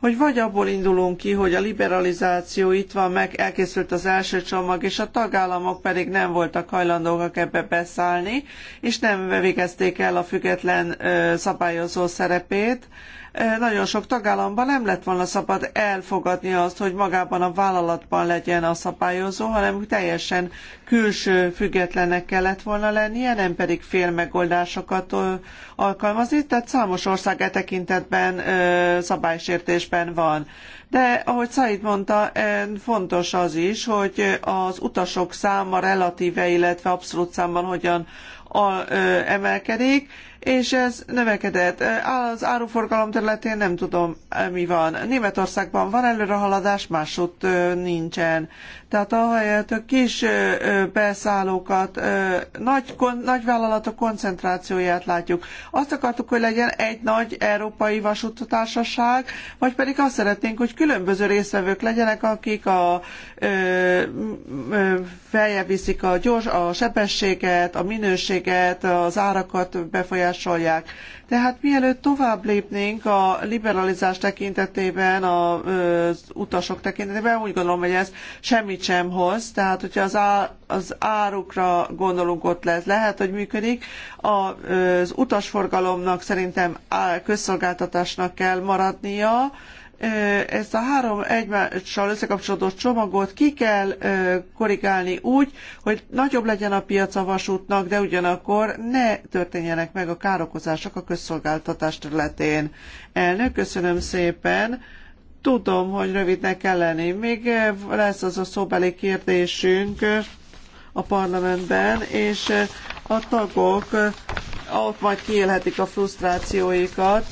hogy vagy abból indulunk ki, hogy a liberalizáció itt van, meg elkészült az első csomag, és a tagállamok pedig nem voltak hajlandóak ebbe beszállni, és nem végezték el a független szabályozó szerepét, nagyon sok tagállamban nem lett volna szabad elfogadni azt, hogy magában a vállalatban legyen a szabályozó, hanem teljesen külső függetlennek kellett volna lennie, nem pedig félmegoldásokat alkalmazni, tehát számos ország e tekintetben szabálysértésben van. De ahogy Said mondta, fontos az is, hogy az utasok száma relatíve, illetve abszolút számban hogyan emelkedik, és ez növekedett. Az áruforgalom területén nem tudom, mi van. Németországban van előrehaladás, másutt nincsen. Tehát ahelyett a kis beszállókat, nagy, nagy vállalatok koncentrációját látjuk. Azt akartuk, hogy legyen egy nagy európai vasútársaság, vagy pedig azt szeretnénk, hogy különböző részvevők legyenek, akik a feljebb viszik a gyors, a sebességet, a minőséget, az árakat befolyásolják, befolyásolják. Tehát mielőtt tovább lépnénk a liberalizás tekintetében, az utasok tekintetében, úgy gondolom, hogy ez semmit sem hoz. Tehát, hogyha az, á, az árukra gondolunk, ott lesz, lehet, hogy működik. az utasforgalomnak szerintem közszolgáltatásnak kell maradnia, ezt a három egymással összekapcsolódó csomagot ki kell korrigálni úgy, hogy nagyobb legyen a piac a vasútnak, de ugyanakkor ne történjenek meg a károkozások a közszolgáltatás területén. Elnök, köszönöm szépen. Tudom, hogy rövidnek kell lenni. Még lesz az a szóbeli kérdésünk a parlamentben, és a tagok ott majd kiélhetik a frusztrációikat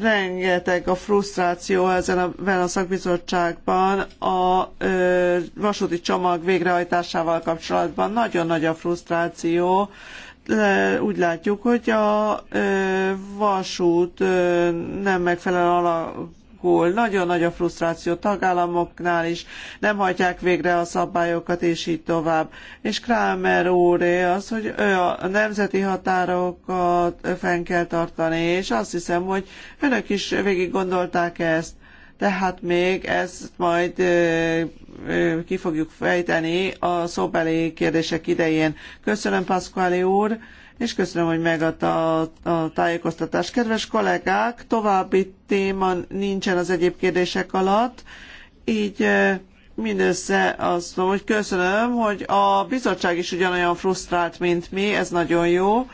rengeteg a frusztráció ezen a, ebben a szakbizottságban a ö, vasúti csomag végrehajtásával kapcsolatban. Nagyon nagy a frusztráció. Le, úgy látjuk, hogy a ö, vasút ö, nem megfelelő alap alakul. Nagyon nagy a frusztráció tagállamoknál is, nem hagyják végre a szabályokat, és így tovább. És Kramer úré az, hogy ő a nemzeti határokat fenn kell tartani, és azt hiszem, hogy önök is végig gondolták ezt tehát még ezt majd ki fogjuk fejteni a szóbeli kérdések idején. Köszönöm, Pasquali úr! és köszönöm, hogy megadta a, a tájékoztatást. Kedves kollégák, további téma nincsen az egyéb kérdések alatt, így mindössze azt mondom, hogy köszönöm, hogy a bizottság is ugyanolyan frusztrált, mint mi, ez nagyon jó.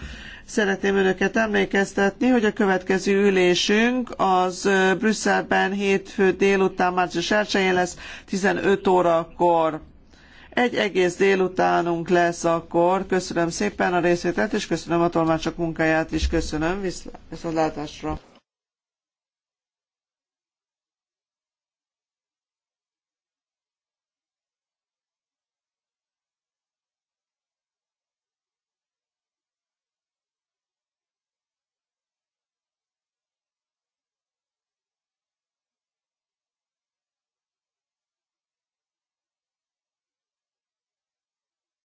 Szeretném önöket emlékeztetni, hogy a következő ülésünk az Brüsszelben hétfő délután, március 1-én lesz 15 órakor egy egész délutánunk lesz akkor. Köszönöm szépen a részvételt, és köszönöm a tolmácsok munkáját is. Köszönöm, viszontlátásra!